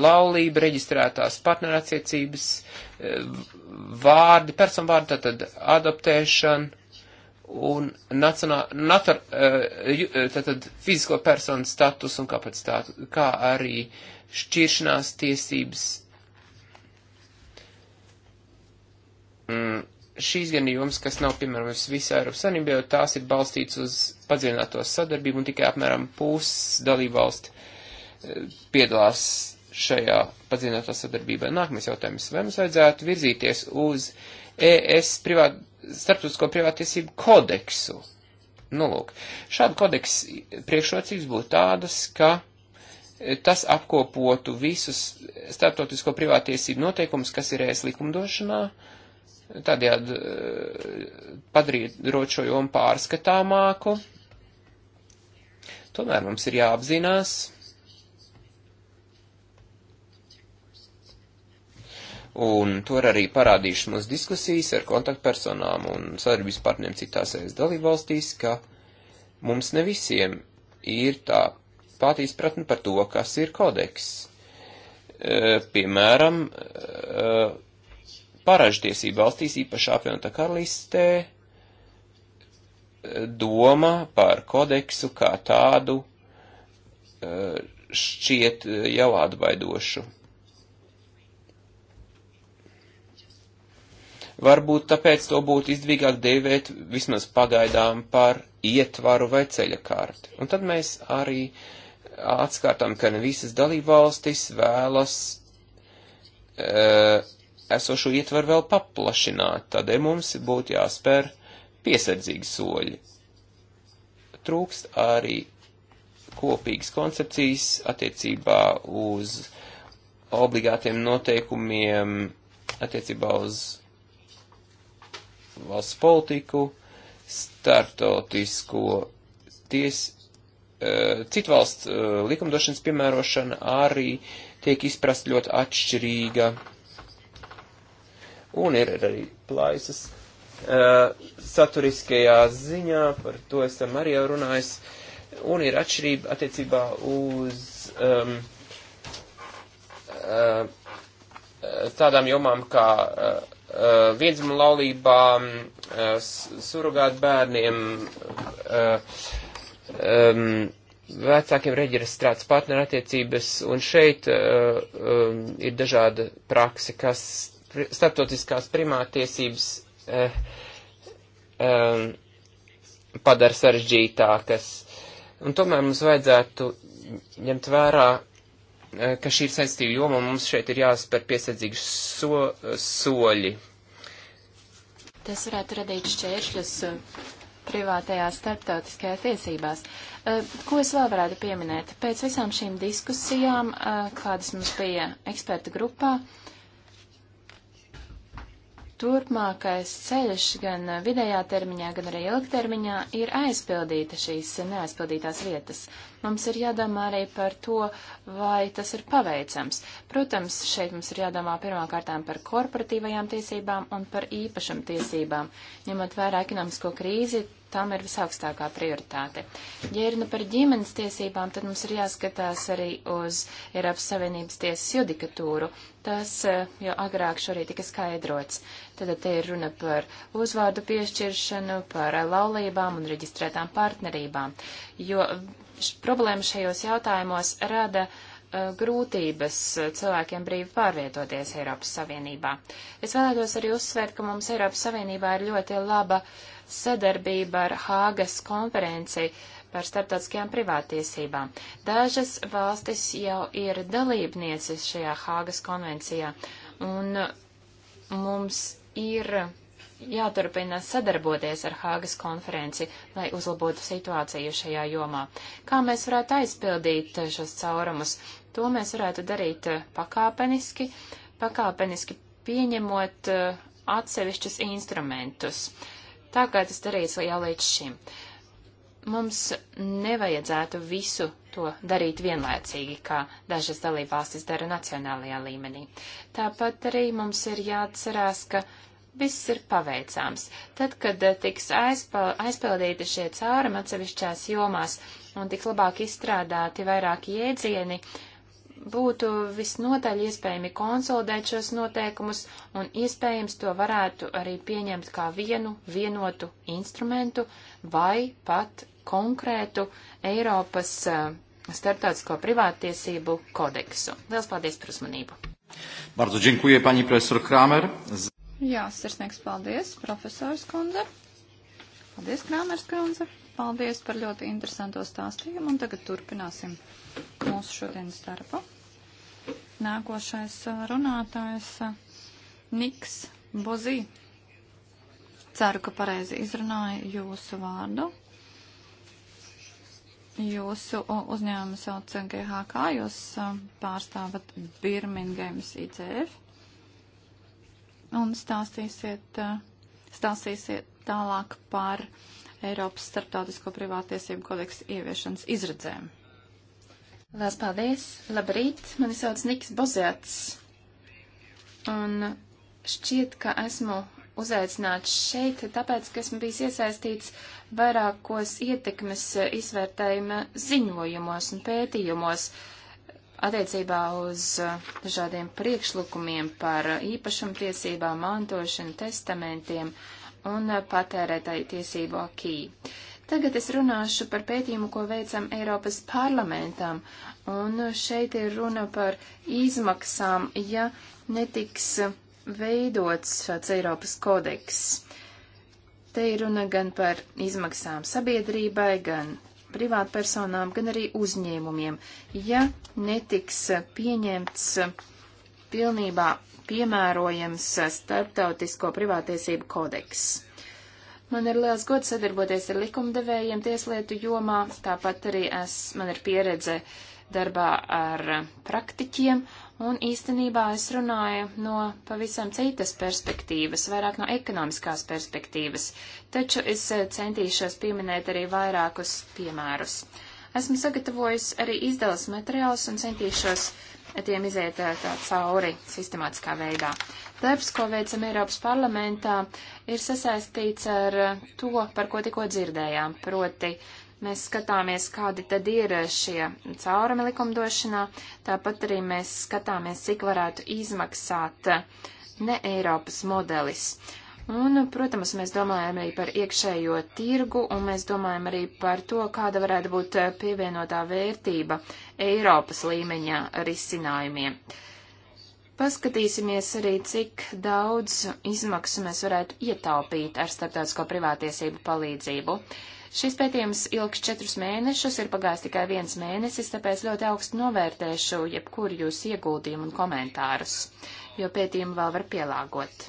laulība, reģistrētās partnerattiecības, uh, vārdi, personvārdi, tātad adoptēšana un nacionā, nator, tātad uh, fizisko personu status un kapacitātu, kā arī šķiršanās tiesības mm, šīs gan ir jomas, kas nav, piemēram, visā Eiropas Savienībā, jo tās ir balstīts uz padziļināto sadarbību un tikai apmēram puses dalībvalstu eh, piedalās šajā padziļinātā sadarbībā. Nākamais jautājums. Vai mums vajadzētu virzīties uz ES privāt, starptautisko privātiesību kodeksu? Nu, lūk, šāda kodeksa priekšrocības būtu tādas, ka eh, tas apkopotu visus starptautisko privātiesību noteikumus, kas ir ES likumdošanā, uh, tādējādi eh, padarīt šo jomu pārskatāmāku. Tomēr mums ir jāapzinās, un to arī parādīšu mūsu diskusijas ar kontaktpersonām un sadarbības partneriem citās ES dalībvalstīs, ka mums ne visiem ir tā pat izpratne par to, kas ir kodeks. E, piemēram, e, paražtiesību valstīs, īpaši apvienotā karalistē, e, doma par kodeksu kā tādu e, šķiet e, jau atbaidošu. Varbūt tāpēc to būtu izdevīgāk dēvēt vismaz pagaidām par ietvaru vai ceļa kārti. Un tad mēs arī atskārtām, ka ne visas dalībvalstis vēlas uh, esošo ietvaru vēl paplašināt, tādēļ mums būtu jāspēr piesardzīgi soļi. Trūkst arī kopīgas koncepcijas attiecībā uz obligātiem noteikumiem, attiecībā uz valsts politiku, starptautisko ties, e, citu valstu e, likumdošanas piemērošana arī tiek izprast ļoti atšķirīga un ir arī plaisas uh, saturiskajā ziņā, par to esam arī jau runājis, un ir atšķirība attiecībā uz um, uh, tādām jomām kā uh, uh, viedzuma laulībām, uh, surugāt bērniem, uh, um, vecākiem reģistrētas partnerattiecības, un šeit uh, um, ir dažāda prakse, kas starptautiskās primārtiesības eh, eh, padara sarežģītākas. Un tomēr mums vajadzētu ņemt vērā, eh, ka šī ir saistība joma, mums šeit ir jāspēr piesardzīgi so, soļi. Tas varētu radīt šķēršļus eh, privātajās starptautiskajās tiesībās. Eh, ko es vēl varētu pieminēt? Pēc visām šīm diskusijām, eh, kādas mums bija eksperta grupā, uh, turpmākais ceļš gan vidējā termiņā, gan arī ilgtermiņā ir aizpildīta šīs neaizpildītās vietas. Mums ir jādomā arī par to, vai tas ir paveicams. Protams, šeit mums ir jādomā pirmkārtām par korporatīvajām tiesībām un par īpašam tiesībām. Ņemot vērā ekonomisko krīzi, tām ir visaugstākā prioritāte. Ja ir nu par ģimenes tiesībām, tad mums ir jāskatās arī uz Eiropas Savienības tiesas judikatūru. Tas eh, jau agrāk šorīt tika skaidrots. Tad te ir runa par uzvārdu piešķiršanu, par laulībām un reģistrētām partnerībām, jo problēma šajos jautājumos rada uh, Eh, grūtības cilvēkiem brīvi pārvietoties Eiropas Savienībā. Es vēlētos arī uzsvērt, ka mums Eiropas Savienībā ir ļoti laba sadarbība ar Hāgas konferenci par starptautiskajām privātiesībām. Dažas valstis jau ir dalībnieces šajā Hāgas konvencijā, un mums ir jāturpina sadarboties ar Hāgas konferenci, lai uzlabotu situāciju šajā jomā. Kā mēs varētu aizpildīt eh, šos caurumus? To mēs varētu darīt eh, pakāpeniski, pakāpeniski pieņemot eh, atsevišķus instrumentus. Tā kā tas darīts jau līdz šim. Mums nevajadzētu visu to darīt vienlaicīgi, kā dažas dalībvalstis dara nacionālajā līmenī. Tāpat arī mums ir jāatcerās, ka viss ir paveicāms. Tad, kad eh, tiks aizpa, aizpildīti šie caurumi atsevišķās jomās un tiks labāk izstrādāti vairāki jēdzieni, būtu visnotaļ iespējami konsolidēt šos noteikumus un iespējams to varētu arī pieņemt kā vienu vienotu instrumentu vai pat konkrētu Eiropas uh, starptautisko privātiesību kodeksu. Lielas paldies par uzmanību! Bardzo dziękuję pani profesor Kramer. Jā, sirsnieks paldies, profesors kundze. Paldies, Krāmers kundze. Paldies par ļoti interesanto stāstījumu un tagad turpināsim mūsu šodienas darbu. Nākošais runātājs Niks Bozī. Ceru, ka pareizi izrunāju jūsu vārdu. Jūsu uzņēmums sauc GHK, jūs pārstāvat Birmingemas ICF un stāstīsiet, eh, stāstīsiet tālāk par Eiropas starptautisko privātiesību kodeksu ieviešanas izredzēm. Lielas paldies! Labrīt! Mani sauc Niks Bozēts. Un šķiet, ka esmu uzaicināts šeit, tāpēc, ka esmu bijis iesaistīts vairākos ietekmes izvērtējuma ziņojumos un pētījumos. Uh, attiecībā uz uh, dažādiem priekšlikumiem par uh, īpašumtiesībām, mantošanu, testamentiem un uh, patērētāju tiesību akī. Tagad es runāšu par pētījumu, ko veicam Eiropas parlamentam, un šeit ir runa par izmaksām, ja netiks veidots šāds Eiropas kodeks. Te ir runa gan par izmaksām sabiedrībai, gan privātpersonām, gan arī uzņēmumiem, ja netiks pieņemts pilnībā piemērojams starptautisko privātiesību kodeks. Man ir liels gods sadarboties ar likumdevējiem tieslietu jomā, tāpat arī es, man ir pieredze darbā ar praktiķiem, un īstenībā es runāju no pavisam citas perspektīvas, vairāk no ekonomiskās perspektīvas, taču es eh, centīšos pieminēt arī vairākus piemērus. Esmu sagatavojis arī izdeles materiālus un centīšos tiem iziet eh, tā cauri sistemātiskā veidā. Darbs, ko veicam Eiropas parlamentā, ir sasaistīts ar to, par ko tikko dzirdējām, proti Mēs skatāmies, kādi tad ir šie caurumi likumdošanā, tāpat arī mēs skatāmies, cik varētu izmaksāt eh, ne Eiropas modelis. Un, protams, mēs domājam arī par iekšējo tirgu, un mēs domājam arī par to, kāda varētu būt eh, pievienotā vērtība Eiropas līmeņa risinājumiem. Paskatīsimies arī, cik daudz izmaksu mēs varētu ietaupīt ar starptautisko privātiesību palīdzību. Uh, Šis pētījums ilgs četrus mēnešus, ir pagājis tikai viens mēnesis, tāpēc ļoti augstu novērtēšu jebkuru jūsu ieguldījumu un komentārus, jo pētījumu vēl var pielāgot.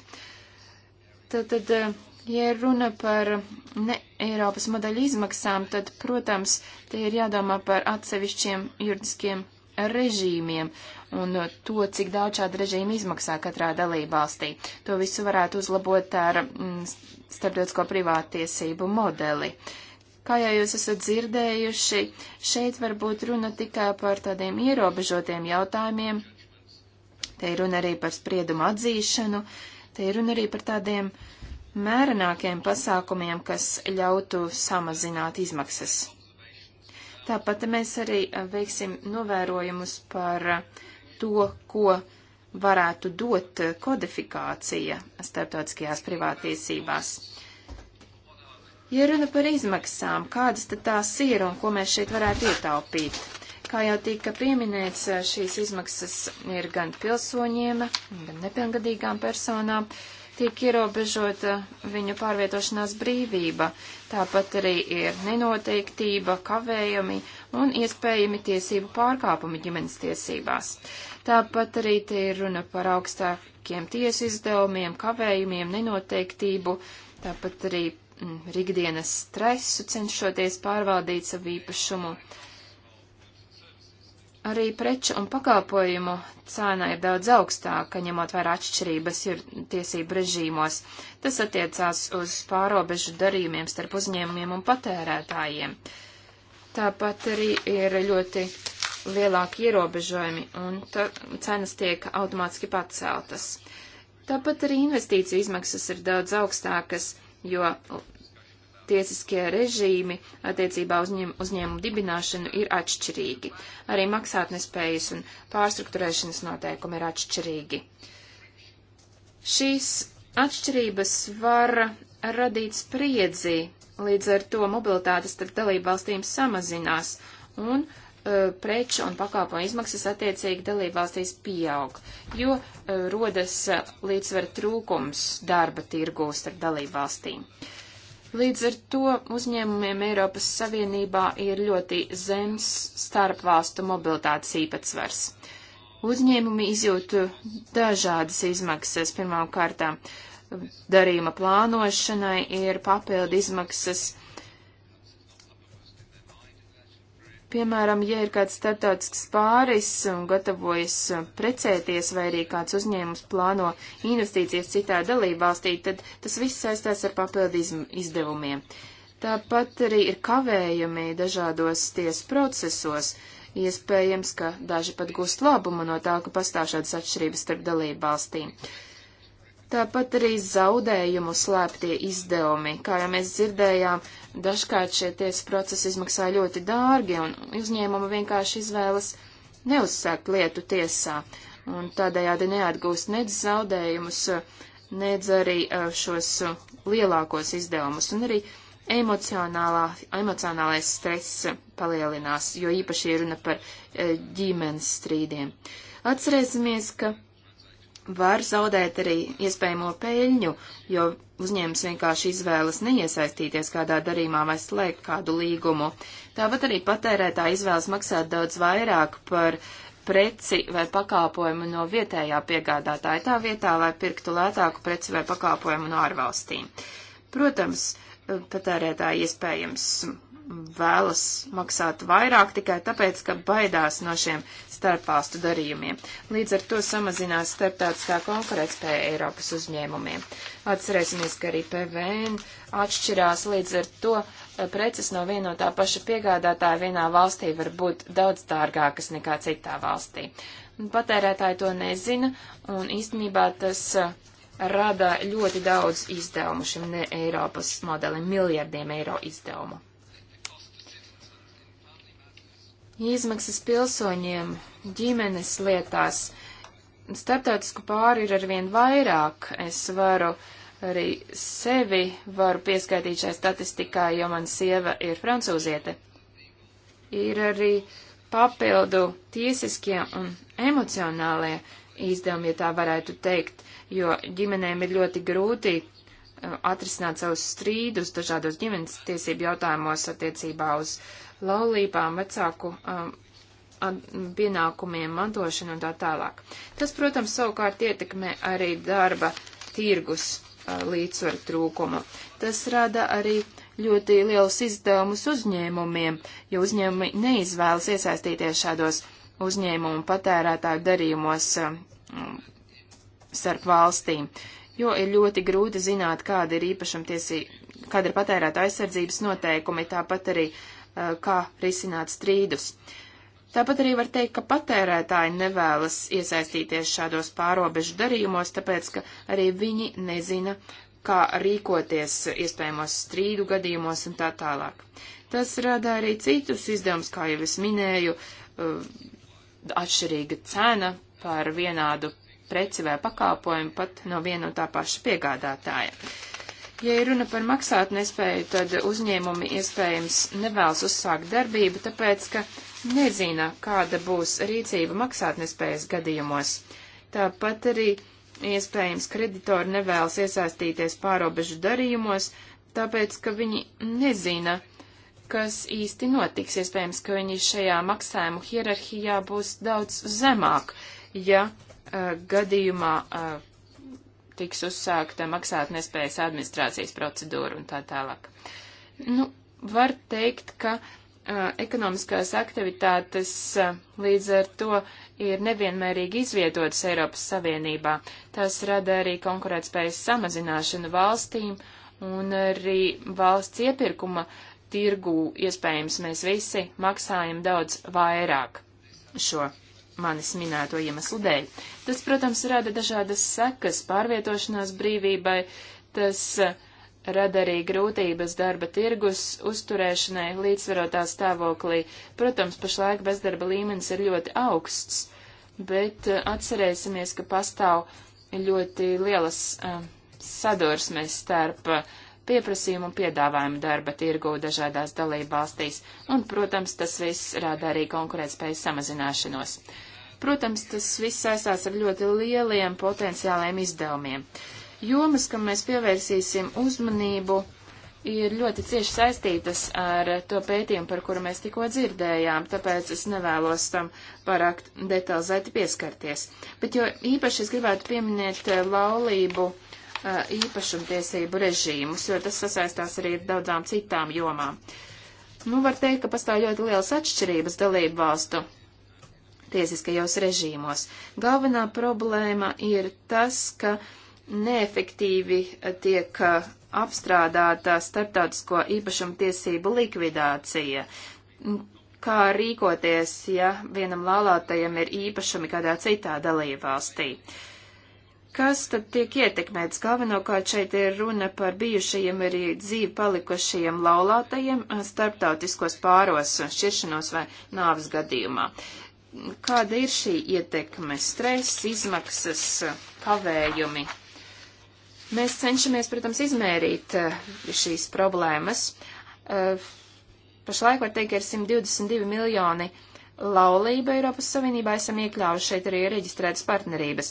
Tad, tad eh, Ja runa par ne Eiropas modeļu izmaksām, tad, protams, te ir jādomā par atsevišķiem juridiskiem režīmiem un to, cik daudz šāda režīma izmaksā katrā dalībvalstī. To visu varētu uzlabot ar mm, starptautisko privātiesību modeli. Uh, Kā jau jūs esat dzirdējuši, šeit varbūt runa tikai par tādiem ierobežotiem jautājumiem. Te ir runa arī par spriedumu atzīšanu, te ir runa arī par tādiem mērenākiem pasākumiem, kas ļautu samazināt izmaksas. Tāpat mēs arī veiksim novērojumus par to, ko varētu dot kodifikācija starptautiskajās privātiesībās. Ja runa par izmaksām, kādas tad tās ir un ko mēs šeit varētu ietaupīt? Kā jau tika pieminēts, šīs izmaksas ir gan pilsoņiem, gan nepilngadīgām personām. Tiek ierobežota viņu pārvietošanās brīvība, tāpat arī ir nenoteiktība, kavējumi un iespējami tiesību pārkāpumi ģimenes tiesībās. Tāpat arī te ir runa par augstākiem tiesu izdevumiem, kavējumiem, nenoteiktību, tāpat arī Mm, rīkdienas stresu, cenšoties pārvaldīt savu īpašumu. Arī preču un pakalpojumu cēna ir daudz augstāka, ņemot vērā atšķirības ir tiesību režīmos. Tas attiecās uz pārobežu darījumiem starp uzņēmumiem un patērētājiem. Tāpat arī ir ļoti lielāki ierobežojumi un cenas tiek automātiski paceltas. Tāpat arī investīciju izmaksas ir daudz augstākas jo tiesiskie režīmi attiecībā uz ņem, uzņēmumu dibināšanu ir atšķirīgi. Arī maksātnespējas un pārstruktūrēšanas noteikumi ir atšķirīgi. Šīs atšķirības var radīt spriedzi, līdz ar to mobilitātes starp dalību valstīm samazinās, un Uh, preču un pakāpojumu izmaksas attiecīgi dalībvalstīs pieaug, jo uh, rodas uh, līdzsver trūkums darba tirgū starp dalībvalstīm. Līdz ar to uzņēmumiem Eiropas Savienībā ir ļoti zems starpvalstu mobilitātes īpatsvars. Uzņēmumi izjūt dažādas izmaksas. Pirmām kārtām um, darījuma plānošanai ir papildu izmaksas Piemēram, ja ir kāds startautisks pāris un gatavojas uh, precēties, vai arī kāds uzņēmums plāno investīcijas citā dalībvalstī, tad tas viss saistās ar papildu izdevumiem. Tāpat arī ir kavējumi dažādos tiesu procesos. Iespējams, ka daži pat gūst labumu no tā, ka pastāv šādas atšķirības starp dalībvalstīm. Tāpat arī zaudējumu slēptie izdevumi. Kā jau mēs dzirdējām, Dažkārt šie tiesas procesi izmaksā ļoti dārgi, un uzņēmumi vienkārši izvēlas neuzsākt lietu tiesā, un tādējādi neatgūst nedz zaudējumus, nedz arī eh, šos eh, lielākos izdevumus, un arī emocionālais stress palielinās, jo īpaši ir runa par eh, ģimenes strīdiem. Atcerēsimies, ka var zaudēt arī iespējamo peļņu, jo uzņēmums vienkārši izvēlas neiesaistīties kādā darījumā vai slēgt kādu līgumu. Tāpat arī patērētā izvēlas maksāt daudz vairāk par preci vai pakāpojumu no vietējā piegādātāja tā vietā, lai pirktu lētāku preci vai pakāpojumu no ārvalstīm. Protams, patērētāji iespējams vēlas maksāt vairāk tikai tāpēc, ka baidās no šiem starpvalstu darījumiem. Līdz ar to samazinās starptautiskā konkurētspēja Eiropas uzņēmumiem. Atcerēsimies, ka arī PVN atšķirās līdz ar to eh, preces no vienotā paša piegādātāja vienā valstī var būt daudz dārgākas nekā citā valstī. Patērētāji to nezina, un īstenībā tas eh, rada ļoti daudz izdevumu šim ne Eiropas modelim, miljardiem eiro izdevumu. Izmaksas pilsoņiem ģimenes lietās starptautisku pāri ir arvien vairāk. Es varu arī sevi varu pieskaitīt šai statistikai, jo man sieva ir francūziete. Ir arī papildu tiesiskie un emocionālie izdevumi, ja tā varētu teikt, jo ģimenēm ir ļoti grūti uh, atrisināt savus strīdus dažādos ģimenes tiesību jautājumos attiecībā uz uh, laulībām, vecāku um, pienākumiem, mantošanu un tā tālāk. Tas, protams, savukārt ietekmē arī darba tirgus uh, līdzsvaru trūkumu. Tas rada arī ļoti lielus izdevumus uzņēmumiem, jo uzņēmumi neizvēlas iesaistīties šādos uzņēmumu patērētāju darījumos um, starp valstīm, jo ir ļoti grūti zināt, kāda ir īpašumtiesība, kāda ir patērēta aizsardzības noteikumi, tāpat arī uh, kā risināt strīdus. Tāpat arī var teikt, ka patērētāji nevēlas iesaistīties šādos pārobežu darījumos, tāpēc, ka arī viņi nezina, kā rīkoties iespējamos strīdu gadījumos un tā tālāk. Tas rada arī citus izdevumus, kā jau es minēju, atšķirīga cena par vienādu preci vai pakāpojumu pat no viena un tā paša piegādātāja. Ja ir runa par maksāt nespēju, tad uzņēmumi iespējams nevēlas uzsākt darbību, tāpēc, ka nezina, kāda būs rīcība maksāt nespējas gadījumos. Tāpat arī iespējams kreditori nevēlas iesaistīties pārobežu darījumos, tāpēc, ka viņi nezina, kas īsti notiks. Iespējams, ka viņi šajā maksājumu hierarhijā būs daudz zemāk, ja uh, gadījumā uh, tiks uzsākta maksātnespējas administrācijas procedūra un tā tālāk. Nu, var teikt, ka uh, ekonomiskās aktivitātes uh, līdz ar to ir nevienmērīgi izvietotas Eiropas Savienībā. Tas rada arī konkurētspējas samazināšanu valstīm un arī valsts iepirkuma tirgū iespējams mēs visi maksājam daudz vairāk šo manis minēto iemeslu dēļ. Tas, protams, rada dažādas sekas pārvietošanās brīvībai, tas eh, rada arī grūtības darba tirgus uzturēšanai līdzsvarotā stāvoklī. Protams, pašlaik bezdarba līmenis ir ļoti augsts, bet eh, atcerēsimies, ka pastāv ļoti lielas uh, sadursmes starp uh, pieprasījumu un piedāvājumu darba tirgu dažādās dalībvalstīs, un, protams, tas viss rada arī konkurētspējas samazināšanos. Protams, tas viss saistās ar ļoti lieliem potenciāliem izdevumiem. Jomas, kam mēs pievērsīsim uzmanību, ir ļoti cieši saistītas ar to pētījumu, par kuru mēs tikko dzirdējām, tāpēc es nevēlos tam pārāk detalizēti pieskarties. Bet jo īpaši es gribētu pieminēt eh, laulību eh, īpašumtiesību režīmus, jo tas sasaistās arī ar daudzām citām jomām. Nu, var teikt, ka pastāv ļoti lielas atšķirības dalību valstu tiesiskajos režīmos. Galvenā problēma ir tas, ka neefektīvi tiek uh, apstrādāta starptautisko īpašumu tiesību likvidācija. Kā rīkoties, ja vienam lālātajam ir īpašumi kādā citā dalībvalstī? Kas tad tiek ietekmēts? Galvenokārt šeit ir runa par bijušajiem arī dzīvi palikušajiem laulātajiem uh, starptautiskos pāros, uh, šķiršanos vai nāves gadījumā kāda ir šī ietekme - stress, izmaksas, kavējumi. Mēs cenšamies, protams, izmērīt eh, šīs problēmas. Eh, pašlaik var teikt, ka ir 122 miljoni laulība Eiropas Savienībā, esam iekļāvuši šeit arī reģistrētas partnerības.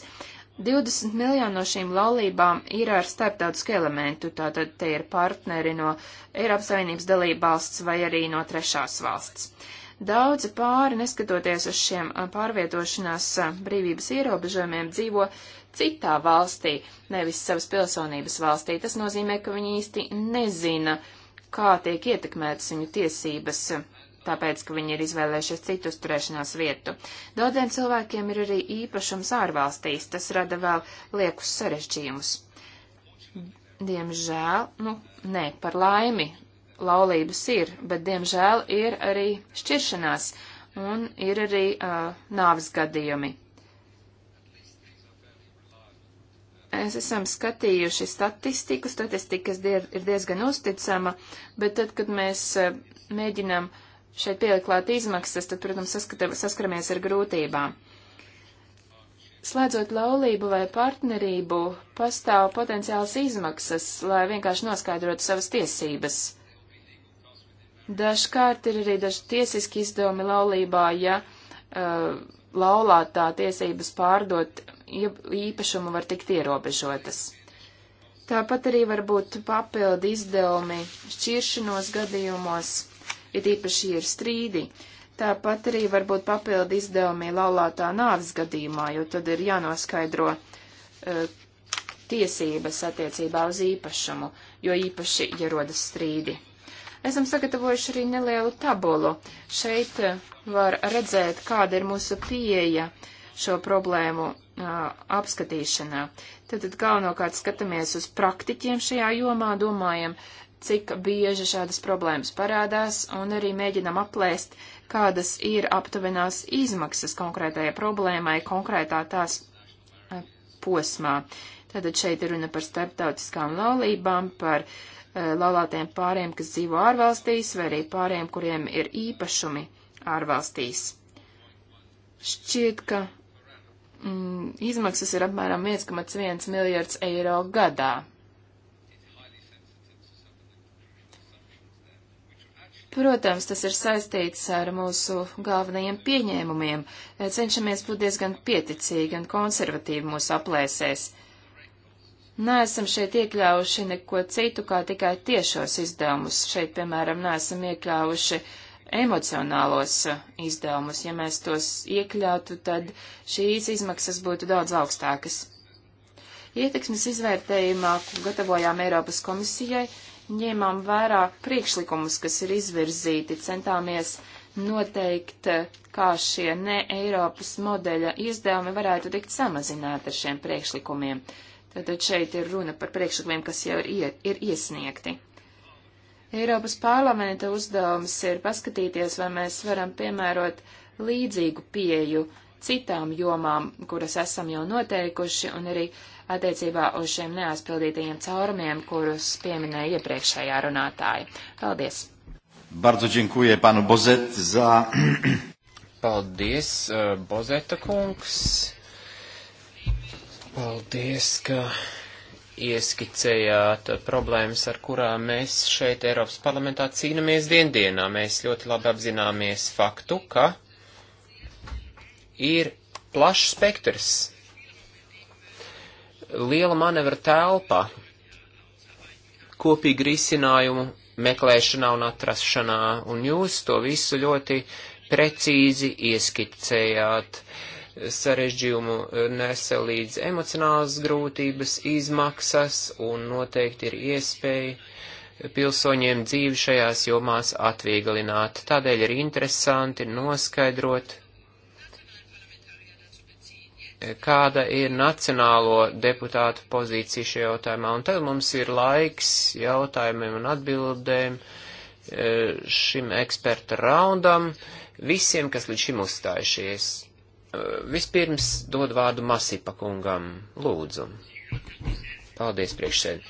20 miljoni no šīm laulībām ir ar starptautisku elementu, tātad te ir partneri no Eiropas Savienības dalība valsts vai arī no trešās valsts. Uh, Daudzi pāri, neskatoties uz šiem pārvietošanās brīvības ierobežojumiem, dzīvo citā valstī, nevis savas pilsonības valstī. Tas nozīmē, ka viņi īsti nezina, kā tiek ietekmētas viņu tiesības, tāpēc, ka viņi ir izvēlējušies citu uzturēšanās vietu. Daudziem cilvēkiem ir arī īpašums ārvalstīs, tas rada vēl liekus sarežģījumus. Diemžēl, nu, nē, par laimi, laulības ir, bet diemžēl ir arī šķiršanās un ir arī uh, nāvis gadījumi. Mēs es esam skatījuši statistiku, statistika ir diezgan uzticama, bet tad, kad mēs uh, mēģinām šeit pielikt klāt izmaksas, tad, protams, saskata, saskaramies ar grūtībām. Slēdzot laulību vai partnerību, pastāv potenciāls izmaksas, lai vienkārši noskaidrotu savas tiesības. Dažkārt ir arī daži tiesiski izdevumi laulībā, ja uh, laulātā tiesības pārdot īpašumu var tikt ierobežotas. Tāpat arī var būt papildi izdevumi šķiršanos gadījumos, ir īpaši ir strīdi. Tāpat arī var būt papildi izdevumi laulātā nāves gadījumā, jo tad ir jānoskaidro uh, tiesības attiecībā uz īpašumu, jo īpaši, ja rodas strīdi. Esam sagatavojuši arī nelielu tabulu. Šeit eh, var redzēt, kāda ir mūsu pieeja šo problēmu eh, apskatīšanā. Tad galvenokārt skatāmies uz praktiķiem šajā jomā, domājam, cik bieži šādas problēmas parādās, un arī mēģinam aplēst, kādas ir aptuvenās izmaksas konkrētajai problēmai konkrētā tās eh, posmā. Tātad šeit ir runa par starptautiskām laulībām, par uh, Eh, laulātiem pāriem, kas dzīvo ārvalstīs, vai arī pāriem, kuriem ir īpašumi ārvalstīs. Šķiet, ka mm, izmaksas ir apmēram 1,1 miljards eiro gadā. Protams, tas ir saistīts ar mūsu galvenajiem pieņēmumiem. Eh, cenšamies būt diezgan pieticīgi un konservatīvi mūsu aplēsēs. Uh, Neesam šeit iekļāvuši neko citu, kā tikai tiešos izdevumus. Šeit, piemēram, neesam iekļāvuši emocionālos uh, izdevumus. Ja mēs tos iekļautu, tad šīs izmaksas būtu daudz augstākas. Ietekmes izvērtējumā, ko gatavojām Eiropas komisijai, ņēmām vērā priekšlikumus, kas ir izvirzīti, centāmies noteikt, uh, kā šie ne Eiropas modeļa izdevumi varētu tikt samazināti ar šiem priekšlikumiem. Uh, Tad šeit ir runa par priekšlikumiem, kas jau ir, ir iesniegti. Eiropas parlamenta uzdevums ir paskatīties, vai mēs varam piemērot līdzīgu pieju citām jomām, kuras esam jau noteikuši, un arī attiecībā uz šiem neaizpildītajiem caurumiem, kurus pieminēja iepriekšējā runātāja. Paldies! Bardzo dziękuję panu Bozet za. Paldies, eh, Bozeta kungs. Paldies, ka ieskicējāt problēmas, ar kurām mēs šeit Eiropas parlamentā cīnāmies diendienā. Mēs ļoti labi apzināmies faktu, ka ir plašs spektrs, liela manevra telpa kopīgi risinājumu meklēšanā un atrašanā, un jūs to visu ļoti precīzi ieskicējāt. Uh, sarežģījumu e, nesa līdz emocionālas grūtības, izmaksas un noteikti ir iespēja pilsoņiem dzīvi šajās jomās atvieglināt. Tādēļ ir interesanti noskaidrot, e, kāda ir nacionālo deputātu pozīcija šajā jautājumā. Un tad mums ir laiks jautājumiem un atbildēm e, šim eksperta raundam visiem, kas līdz šim uzstājušies Vispirms dod vārdu Masipa kungam. Lūdzu. Paldies priekšsēd.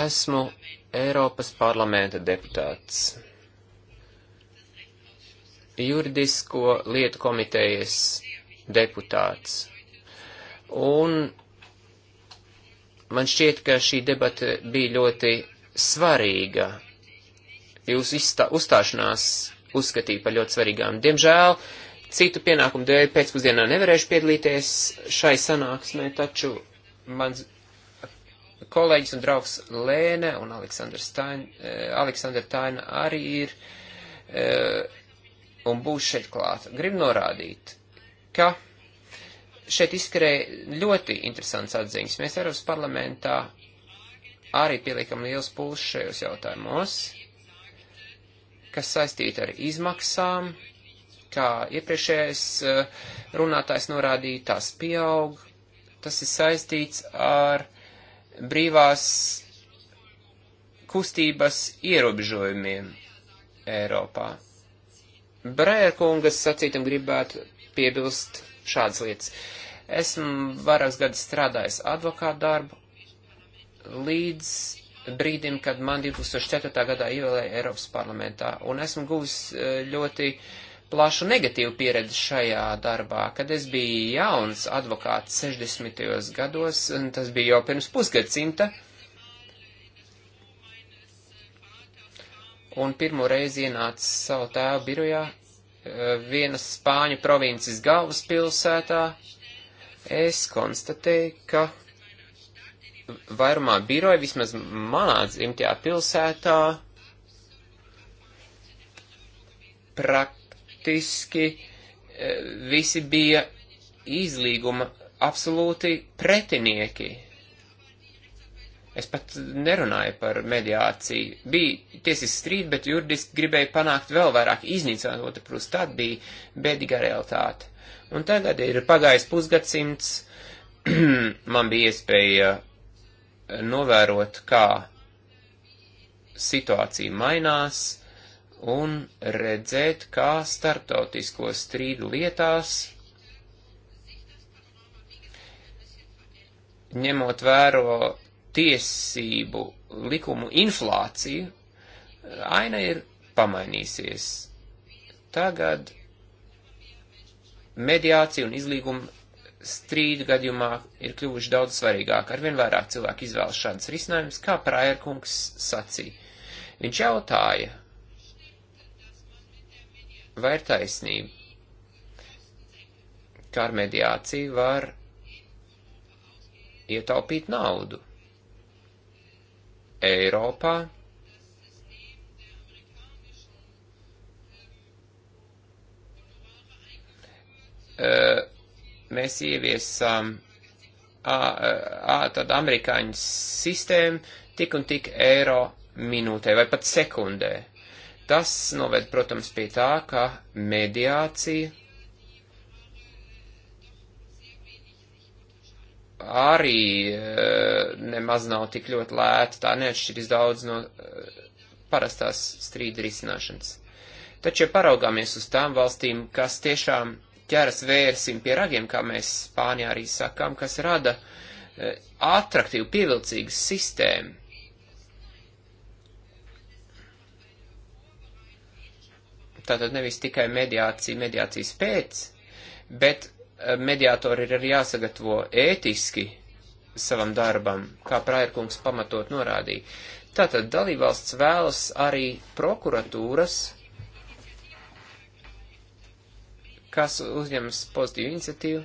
Esmu Eiropas parlamenta deputāts. Juridisko lietu komitejas deputāts. Un man šķiet, ka šī debata bija ļoti svarīga jūs izstā, uzstāšanās uzskatīju par ļoti svarīgām. Diemžēl citu pienākumu dēļ pēcpusdienā nevarēšu piedalīties šai sanāksmē, taču mans kolēģis un draugs Lēne un eh, Aleksandra Taina, Taina arī ir eh, un būs šeit klāt. Gribu norādīt, ka šeit izskrēja ļoti interesants atziņas. Mēs Eiropas parlamentā arī pieliekam liels pūles šajos jautājumos kas saistīta ar izmaksām, kā iepriekšējais eh, runātājs norādīja, tās pieaug. Tas ir saistīts ar brīvās kustības ierobežojumiem Eiropā. Brērkungas sacītam gribētu piebilst šādas lietas. Esmu vairākas gadus strādājis advokātu darbu, līdz brīdim, kad man 2004. gadā ievēlēja Eiropas parlamentā, un esmu guvis e, ļoti plašu negatīvu pieredzi šajā darbā. Kad es biju jauns advokāts 60. gados, un tas bija jau pirms pusgadsimta, un pirmo reizi ienāca savu tēvu birojā e, vienas Spāņu provinces galvaspilsētā, es konstatēju, ka vairumā biroja, vismaz manā dzimtajā pilsētā, praktiski e, visi bija izlīguma absolūti pretinieki. Es pat nerunāju par mediāciju. Bija tiesas strīd, bet juridiski gribēja panākt vēl vairāk iznīcināt otru pusi. Tad bija bēdīga realitāte. Un tagad ir pagājis pusgadsimts, man bija iespēja novērot, kā situācija mainās, un redzēt, kā starptautisko strīdu lietās, ņemot vēro tiesību likumu inflāciju, aina ir pamainīsies. Tagad mediācija un izlīguma strīdu gadījumā ir kļuvuši daudz svarīgāk. Arvien vairāk cilvēku izvēlas šādas risinājumus, kā Prajerkungs sacīja. Viņš jautāja, vai ir taisnība, kā ar mediāciju var ietaupīt naudu. Eiropā uh, mēs ieviesām ā, ā, tādu amerikāņu sistēmu tik un tik eiro minūtē vai pat sekundē. Tas noved, protams, pie tā, ka mediācija arī nemaz nav tik ļoti lēta, tā neatšķiras daudz no parastās strīda risināšanas. Taču, ja paraugāmies uz tām valstīm, kas tiešām ķeras vērsim pie ragiem, kā mēs Spānijā arī sakām, kas rada e, atraktīvu, pievilcīgu sistēmu. Tātad nevis tikai mediācija mediācijas pēc, bet e, mediātori ir arī jāsagatavo ētiski savam darbam, kā Prairkungs pamatot norādīja. Tātad dalībvalsts vēlas arī prokuratūras kas uzņemas pozitīvu iniciatīvu,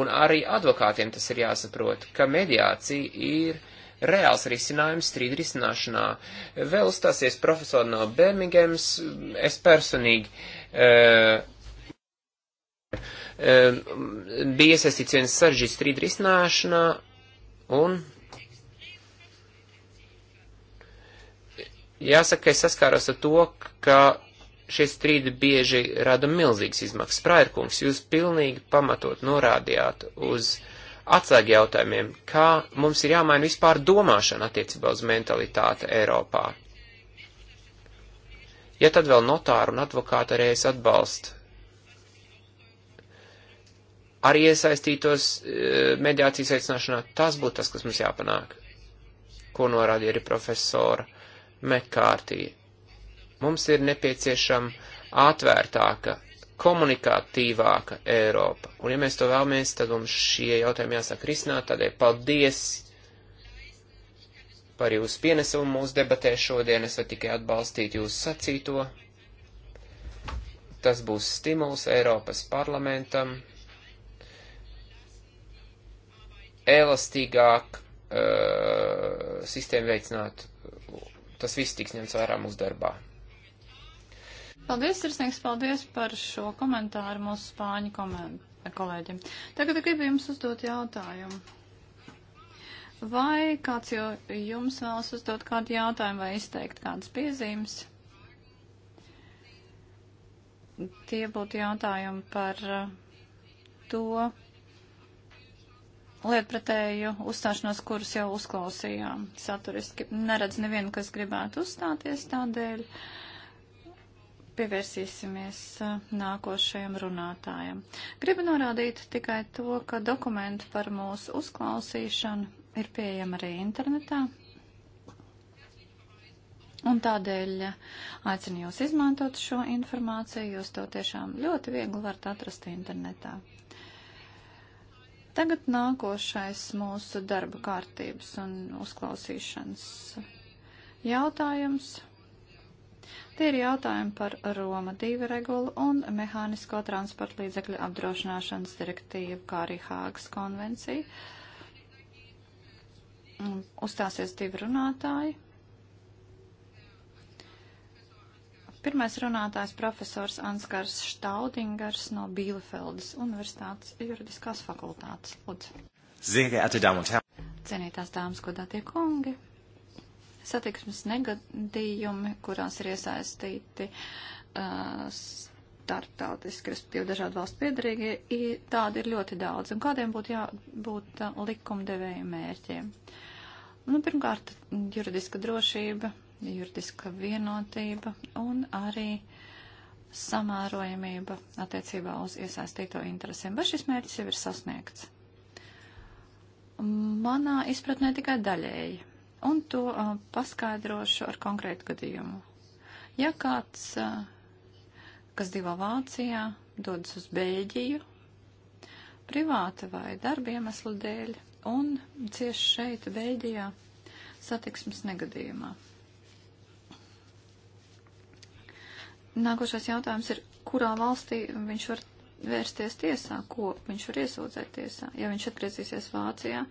un arī advokātiem tas ir jāsaprot, ka mediācija ir reāls risinājums strīd risināšanā. Vēl uzstāsies profesori no Birmingemas, es personīgi. Uh, eh, eh, bija iesaistīts viens saržģīts strīd risināšanā, un jāsaka, ka es saskāros ar to, ka šie strīdi bieži rada milzīgas izmaksas. Prairkungs, jūs pilnīgi pamatot norādījāt uz atsāgi jautājumiem, kā mums ir jāmaina vispār domāšana attiecībā uz mentalitāti Eiropā. Ja tad vēl notāru un advokātu arī es atbalstu, arī iesaistītos eh, mediācijas aicināšanā, tas būtu tas, kas mums jāpanāk, ko norādīja arī profesora Mekārtī Mums ir nepieciešama atvērtāka, komunikatīvāka Eiropa. Un ja mēs to vēlamies, tad mums šie jautājumi jāsāk risināt. Tādēļ paldies par jūsu pienesumu mūsu debatē šodien. Es varu tikai atbalstīt jūsu sacīto. Tas būs stimuls Eiropas parlamentam elastīgāk uh, sistēmu veicināt. Tas viss tiks ņemts vērā mūsu darbā. Paldies, sirsnīgs paldies par šo komentāru mūsu spāņu kolēģiem. Tagad gribu jums uzdot jautājumu. Vai kāds jau jums vēlas uzdot kādu jautājumu vai izteikt kādas piezīmes? Tie būtu jautājumi par uh, to lietpratēju uzstāšanos, kurus jau uzklausījām. Saturiski neredz nevienu, kas gribētu uzstāties tādēļ. Uh, pievērsīsimies nākošajam runātājam. Gribu norādīt tikai to, ka dokumenti par mūsu uzklausīšanu ir pieejami arī internetā. Un tādēļ aicinu jūs izmantot šo informāciju, jūs to tiešām ļoti viegli varat atrast internetā. Tagad nākošais mūsu darba kārtības un uzklausīšanas jautājums. Tie ir jautājumi par Roma 2 regulu un mehānisko transporta līdzekļu apdrošināšanas direktīvu, kā arī Hāgas konvenciju. Uzstāsies divi runātāji. Pirmais runātājs profesors Anskars Štaudingers no Bielefeldes Universitātes juridiskās fakultātes. Lūdzu. Cienītās dāmas, godātie kungi, satiksmes negadījumi, kurās ir iesaistīti uh, starptautiski, respektīvi dažādu valstu piedarīgie, tādi ir ļoti daudz. Un kādiem būtu jābūt uh, likumdevēju mērķiem? Nu, pirmkārt, juridiska drošība, juridiska vienotība un arī samērojamība attiecībā uz iesaistīto interesēm. Vai šis mērķis jau ir sasniegts? Manā izpratnē tikai daļēji un to uh, paskaidrošu ar konkrētu gadījumu. Ja kāds, uh, kas dzīvo Vācijā, dodas uz Bēļģiju, privāta vai darba iemeslu dēļ, un cieši šeit, Bēļģijā, satiksmes negadījumā. Nākošais jautājums ir, kurā valstī viņš var vērsties tiesā, ko viņš var iesūdzēt tiesā. Ja viņš atgriezīsies Vācijā,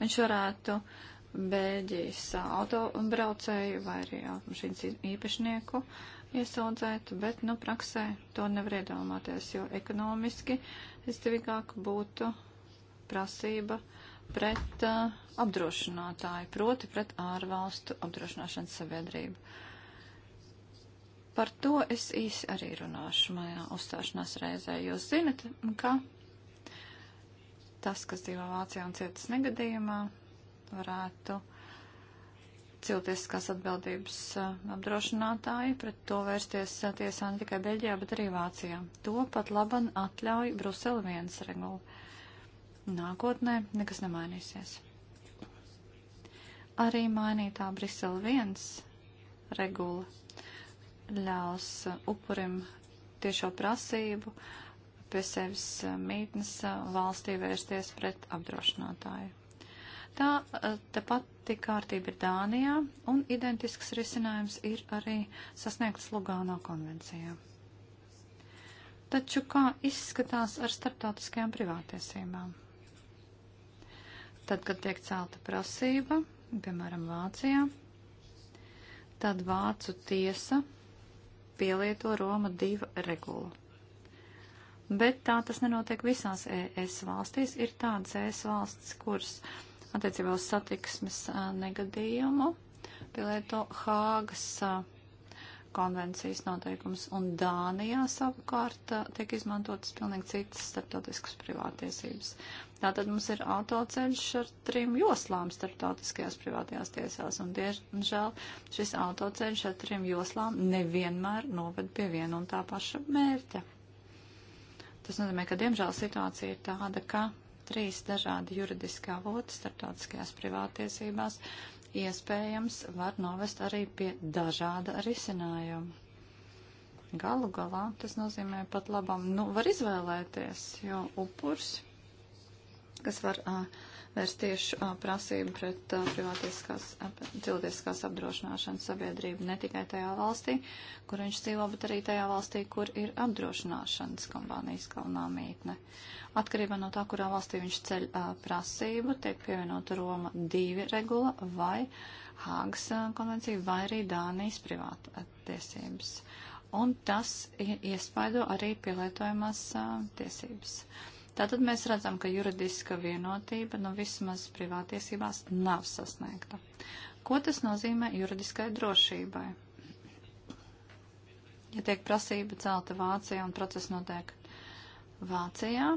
viņš varētu uh, Bēļģijas autobraucēju vai arī automašīnas īpašnieku iesaudzēt, bet, nu, praksē to nevar iedomāties, jo ekonomiski izdevīgāk būtu prasība pret uh, apdrošinātāju, proti pret ārvalstu apdrošināšanas sabiedrību. Par to es īsi arī runāšu manā uzstāšanās reizē. Jūs zinat, ka tas, kas dzīvo Vācijā un cietas negadījumā, varētu cilvēciskās atbildības eh, apdrošinātāji pret to vērsties eh, tiesā ne tikai Beļģijā, bet arī Vācijā. To pat laban atļauj Bruseli viens regula. Nākotnē nekas nemainīsies. Arī mainītā Brisele viens regula ļaus eh, upurim tiešo prasību pie sevis mītnes valstī vērsties pret apdrošinātāju. Tā eh, te pati kārtība ir Dānijā, un identisks risinājums ir arī sasniegts Lugānā konvencijā. Taču kā izskatās ar starptautiskajām privātiesībām? Tad, kad tiek celta prasība, piemēram, Vācijā, tad Vācu tiesa pielieto Roma divu regulu. Bet tā tas nenotiek visās ES valstīs. Ir tādas ES valsts, kuras attiecībā uz satiksmes negadījumu, pielieto Hāgas konvencijas noteikums, un Dānijā savukārt tiek izmantotas pilnīgi citas starptautiskas privātiesības. Tātad mums ir autoceļš ar trim joslām starptautiskajās privātajās tiesās, un diemžēl šis autoceļš ar trim joslām nevienmēr noved pie viena un tā paša mērķa. Tas nozīmē, ka diemžēl situācija ir tāda, ka trīs dažādi juridiski avoti starptautiskajās privātiesībās iespējams var novest arī pie dažāda risinājuma. Galu galā tas nozīmē pat labam, nu, var izvēlēties, jo upurs, kas var uh, vērst tiešu prasību pret privātiskās cilvēciskās apdrošināšanas sabiedrību ne tikai tajā valstī, kur viņš dzīvo, bet arī tajā valstī, kur ir apdrošināšanas kompānijas kalnā mītne. Atkarībā no tā, kurā valstī viņš ceļ prasību, tiek pievienota Roma 2 regula vai Hāgas konvencija vai arī Dānijas privātiesības. Un tas iespaido arī pielietojumās tiesības. Uh, Tātad mēs redzam, ka juridiska vienotība, nu vismaz privātiesībās, nav sasniegta. Ko tas nozīmē juridiskai drošībai? Ja tiek prasība celta Vācijā un process notiek Vācijā,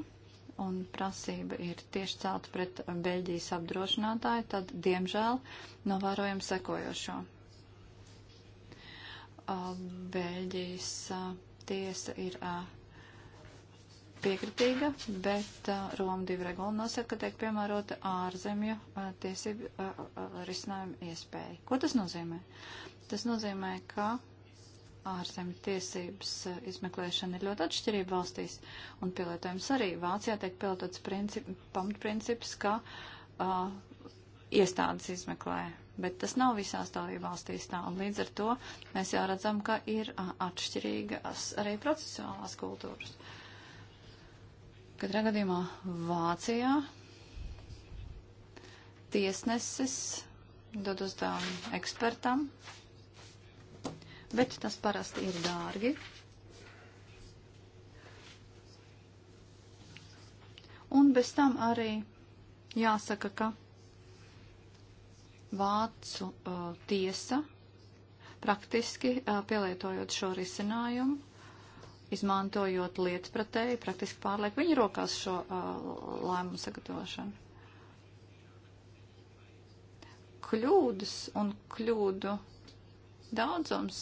un prasība ir tieši celta pret Beļģijas apdrošinātāju, tad, diemžēl, novērojam sekojošo. Beļģijas tiesa ir piekritīga, bet uh, Roma divu regulu nosaka, ka tiek piemērota ārzemju uh, tiesību uh, uh, risinājuma iespēja. Ko tas nozīmē? Tas nozīmē, ka ārzemju tiesības uh, izmeklēšana ir ļoti atšķirība valstīs, un pielietojums arī Vācijā tiek pielietots princip, pamatprincips, ka uh, iestādes izmeklē. Bet tas nav visās dalību valstīs tā, un līdz ar to mēs jau redzam, ka ir uh, atšķirīgas arī procesuālās kultūras. Uh, Katrā gadījumā Vācijā tiesneses dod uzdevumu ekspertam, bet tas parasti ir dārgi. Un bez tam arī jāsaka, ka Vācu uh, tiesa praktiski uh, pielietojot šo risinājumu izmantojot lietas pretēji, praktiski pārliek viņa rokās šo uh, lēmumu sagatavošanu. Kļūdas un kļūdu daudzums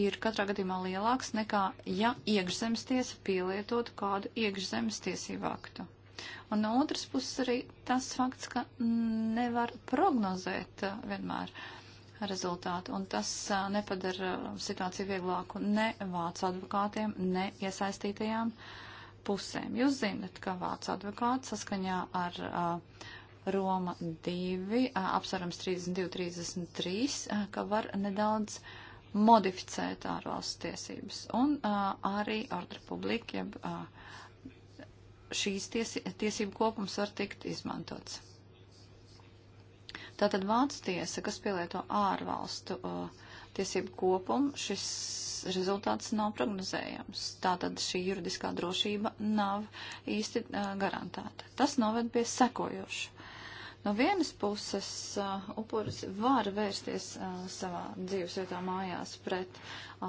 ir katrā gadījumā lielāks nekā, ja iekšzemes tiesa pielietotu kādu iekšzemes tiesību aktu. Un no otras puses arī tas fakts, ka nevar prognozēt uh, vienmēr. Uh, rezultātu, un tas nepadara situāciju vieglāku ne vācu advokātiem, ne iesaistītajām pusēm. Jūs zinat, ka vācu advokāts saskaņā ar uh, Roma 2, apsvarams 32, 33, ka var nedaudz modificēt ārvalstu tiesības. Un a, arī ordre publika, jeb a, šīs tiesi, tiesību kopums var tikt izmantots. Tātad Vācu tiesa, kas pielieto ārvalstu uh, tiesību kopumu, šis rezultāts nav prognozējams. Tātad šī juridiskā drošība nav īsti uh, garantēta. Tas noved pie sekojoša. No vienas puses uh, upuris var vērsties uh, savā dzīvesvietā mājās pret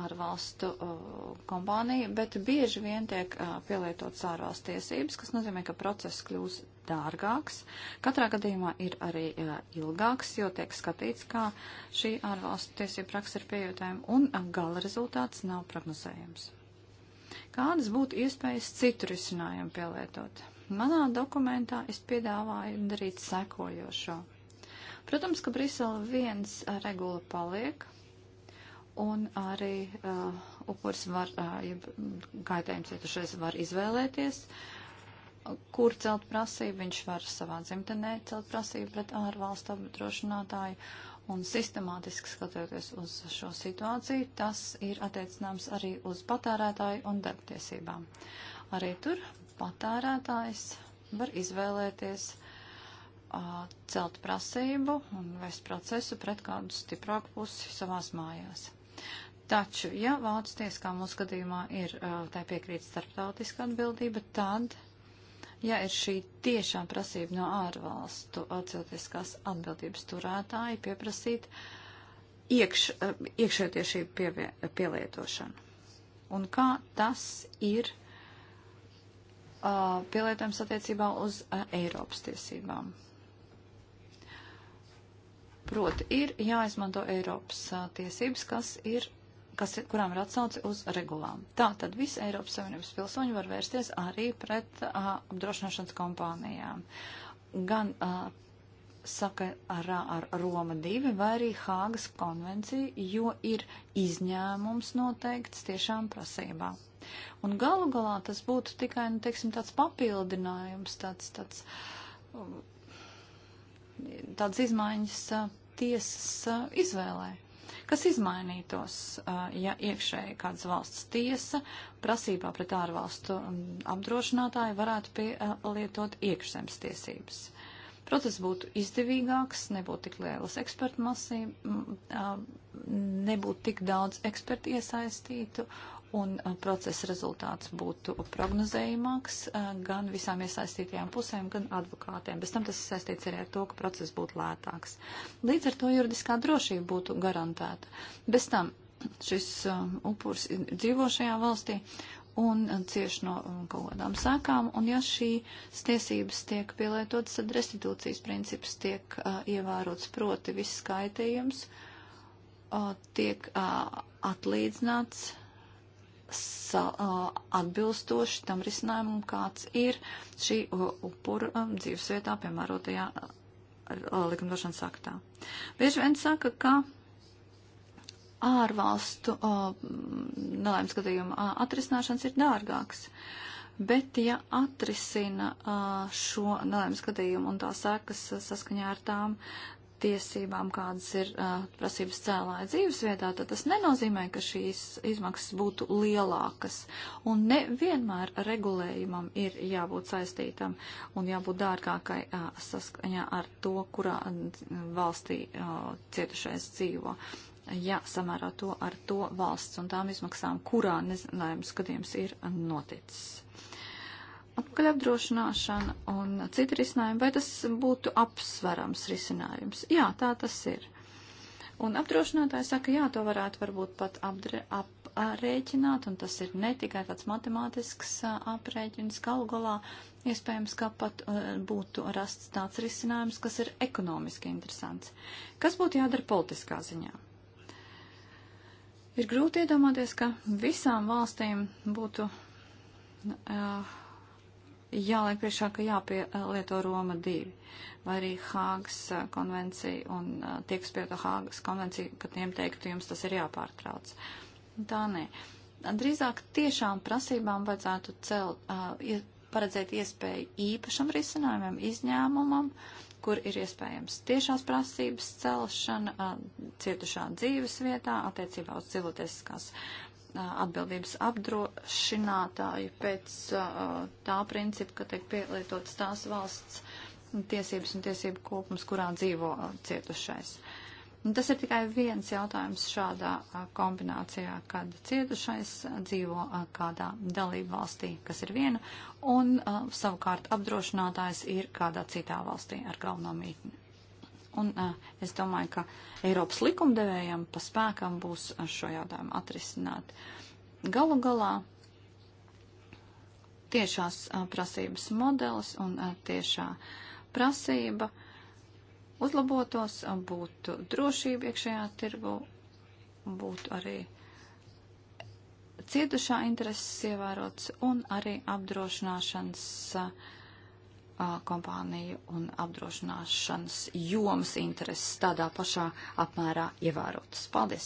ārvalstu uh, kompāniju, bet bieži vien tiek uh, pielietotas ārvalstu tiesības, kas nozīmē, ka process kļūs dārgāks. Katrā gadījumā ir arī uh, ilgāks, jo tiek skatīts, kā šī ārvalstu tiesību praksa ir pieejotājiem, un gala rezultāts nav prognozējams. Kādas būtu iespējas citu risinājumu pielietot? Manā dokumentā es piedāvāju darīt sekojošo. Protams, ka Brisele viens regula paliek, un arī uh, upuris var, uh, ja kaitējums cietušais var izvēlēties, uh, kur celt prasību, viņš var savā dzimtenē celt prasību pret ārvalstu apdrošinātāju. Un sistemātiski skatoties uz šo situāciju, tas ir attiecināms arī uz patērētāju un darbtiesībām. Arī tur patērētājs var izvēlēties uh, celt prasību un vēst procesu pret kādu stiprāku pusi savās mājās. Taču, ja vācu tieskā mūsu gadījumā ir, tā piekrīt starptautiska atbildība, tad ja ir šī tiešām prasība no ārvalstu cilvēciskās atbildības turētāji pieprasīt iekš, iekšē tiešību pievie, pielietošanu. Un kā tas ir uh, pielietojams attiecībā uz uh, Eiropas tiesībām? Proti, ir jāizmanto Eiropas uh, tiesības, kas ir kas, kurām ir atsauce uz regulām. Tā tad visi Eiropas Savienības pilsoņi var vērsties arī pret uh, apdrošināšanas kompānijām. Gan uh, saka ar, ar Roma 2 vai arī Hāgas konvenciju, jo ir izņēmums noteikts tiešām prasībā. Un galu galā tas būtu tikai, nu, teiksim, tāds papildinājums, tāds, tāds, um, tāds tādas izmaiņas tiesas izvēlē. Kas izmainītos, uh, ja iekšēji kādas valsts tiesa prasībā pret ārvalstu um, apdrošinātāju varētu pielietot uh, iekšzemes tiesības? Process būtu izdevīgāks, nebūtu tik lielas ekspertu masīva, mm, uh, nebūtu tik daudz ekspertu iesaistītu un procesa rezultāts būtu prognozējumāks gan visām iesaistītajām pusēm, gan advokātiem. Bez tam tas ir saistīts arī ar to, ka process būtu lētāks. Līdz ar to juridiskā drošība būtu garantēta. Bez tam šis upurs dzīvo šajā valstī un cieši no kaut kādām sākām, un ja šīs tiesības tiek pielietotas, tad restitūcijas princips tiek uh, ievērots proti viss skaitījums, uh, tiek uh, atlīdzināts atbilstoši tam risinājumam, kāds ir šī upuru dzīvesvietā piemērotajā likumdošanas aktā. Bieži vien saka, ka ārvalstu nelaimes gadījuma atrisināšanas ir dārgāks. Bet, ja atrisina šo nelaimes gadījumu un tā sekas saskaņā ar tām tiesībām, kādas ir uh, prasības cēlāja dzīvesvietā, tad tas nenozīmē, ka šīs izmaksas būtu lielākas. Un nevienmēr regulējumam ir jābūt saistītam un jābūt dārgākai uh, saskaņā ar to, kurā valstī uh, cietušais dzīvo. Ja samērā to ar to valsts un tām izmaksām, kurā nezinājums gadījums ir noticis apkaļapdrošināšana un citi risinājumi, vai tas būtu apsverams risinājums? Jā, tā tas ir. Un apdrošinātāji saka, jā, to varētu varbūt pat apdre, ap, aprēķināt, un tas ir ne tikai tāds matemātisks aprēķins, galu galā iespējams, ka pat būtu rasts tāds risinājums, kas ir ekonomiski interesants. Kas būtu jādara politiskā ziņā? Ir grūti iedomāties, ka visām valstīm būtu uh, jāliek priekšā, ka jāpielieto Roma 2 vai arī Hāgas uh, konvencija un uh, tieks pie to Hāgas konvencija, ka tiem teiktu, jums tas ir jāpārtrauc. Tā nē. Drīzāk tiešām prasībām vajadzētu celt, uh, paredzēt iespēju īpašam risinājumam, izņēmumam, kur ir iespējams tiešās prasības celšana uh, cietušā dzīves vietā attiecībā uz cilvēciskās atbildības apdrošinātāji pēc tā principa, ka tiek pielietotas tās valsts tiesības un tiesību kopums, kurā dzīvo cietušais. Tas ir tikai viens jautājums šādā kombinācijā, kad cietušais dzīvo kādā dalību valstī, kas ir viena, un savukārt apdrošinātājs ir kādā citā valstī ar galveno mītni. Un uh, es domāju, ka Eiropas likumdevējiem pa spēkam būs šo jautājumu atrisināt. Galu galā tiešās a, prasības modelis un a, tiešā prasība uzlabotos, a, būtu drošība iekšējā tirgu, būtu arī cietušā intereses ievērots un arī apdrošināšanas uh, kompāniju un apdrošināšanas jomas intereses tādā pašā apmērā ievērotas. Paldies!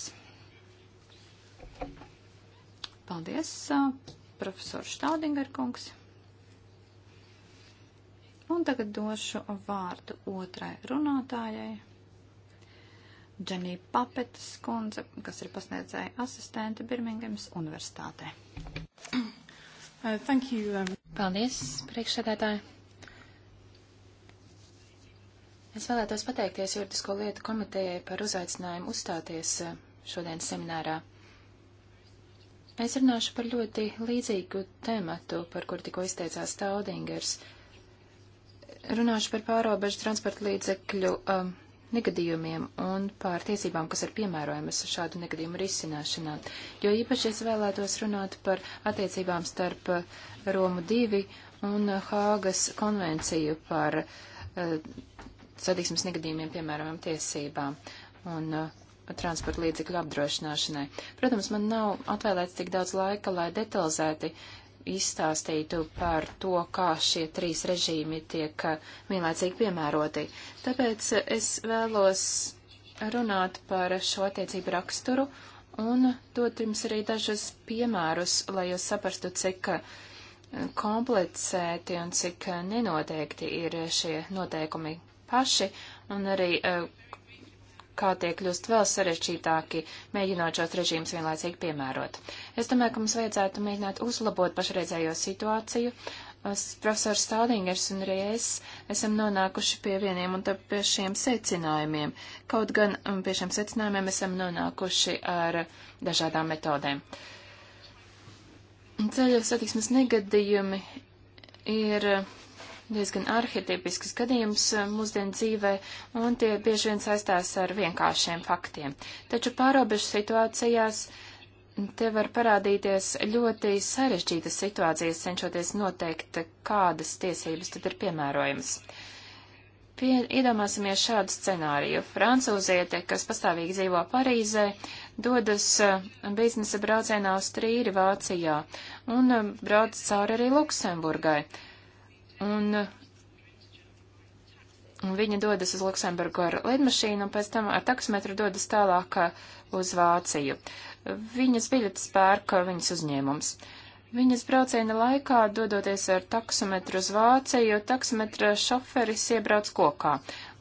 Paldies, profesors Štādinger kungs! Un tagad došu vārdu otrai runātājai. Dženī Papetas kundze, kas ir pasniedzēja asistente Birmingemas universitātē. Uh, thank you. Um... Paldies, priekšsēdētāji. Es vēlētos pateikties Juridisko lietu komitejai par uzaicinājumu uzstāties eh, šodienas seminārā. Es runāšu par ļoti līdzīgu tematu, par kur tikko izteicās Staudingers. Runāšu par pārobežu transporta līdzekļu um, negadījumiem un par tiesībām, kas ir piemērojamas šādu negadījumu risināšanā. Jo īpaši es vēlētos runāt par attiecībām starp eh, Romu 2 un eh, Hāgas konvenciju par uh, satiksmes negadījumiem piemērojām tiesībām un uh, transporta līdzekļu apdrošināšanai. Protams, man nav atvēlēts tik daudz laika, lai detalizēti izstāstītu par to, kā šie trīs režīmi tiek uh, vienlaicīgi piemēroti. Tāpēc uh, es vēlos runāt par šo attiecību raksturu un dot jums arī dažus piemērus, lai jūs saprastu, cik uh, komplicēti un cik nenoteikti ir šie noteikumi, paši, un arī eh, kā tie kļūst vēl sarežģītāki, mēģinot šos režīmus vienlaicīgi piemērot. Es domāju, ka mums vajadzētu mēģināt uzlabot pašreizējo situāciju. Profesors Stādingers un arī es esam nonākuši pie vieniem un pie šiem secinājumiem. Kaut gan um, pie šiem secinājumiem esam nonākuši ar dažādām metodēm. Ceļu satiksmes negadījumi ir diezgan arhetipisks gadījums eh, mūsdienu dzīvē, un tie bieži vien saistās ar vienkāršiem faktiem. Taču pārobežu situācijās te var parādīties ļoti sarežģītas situācijas, cenšoties noteikt, eh, kādas tiesības tad ir piemērojamas. Pie, iedomāsimies šādu scenāriju. Francūziete, kas pastāvīgi dzīvo Parīzē, dodas eh, biznesa braucienā uz Trīri Vācijā un brauc cauri arī Luksemburgai un, un viņa dodas uz Luksemburgu ar lidmašīnu, un pēc tam ar taksmetru dodas tālāk uz Vāciju. Viņas biļetes pērka viņas uzņēmums. Viņas brauciena laikā, dodoties ar taksometru uz Vāciju, taksometra šoferis iebrauc kokā,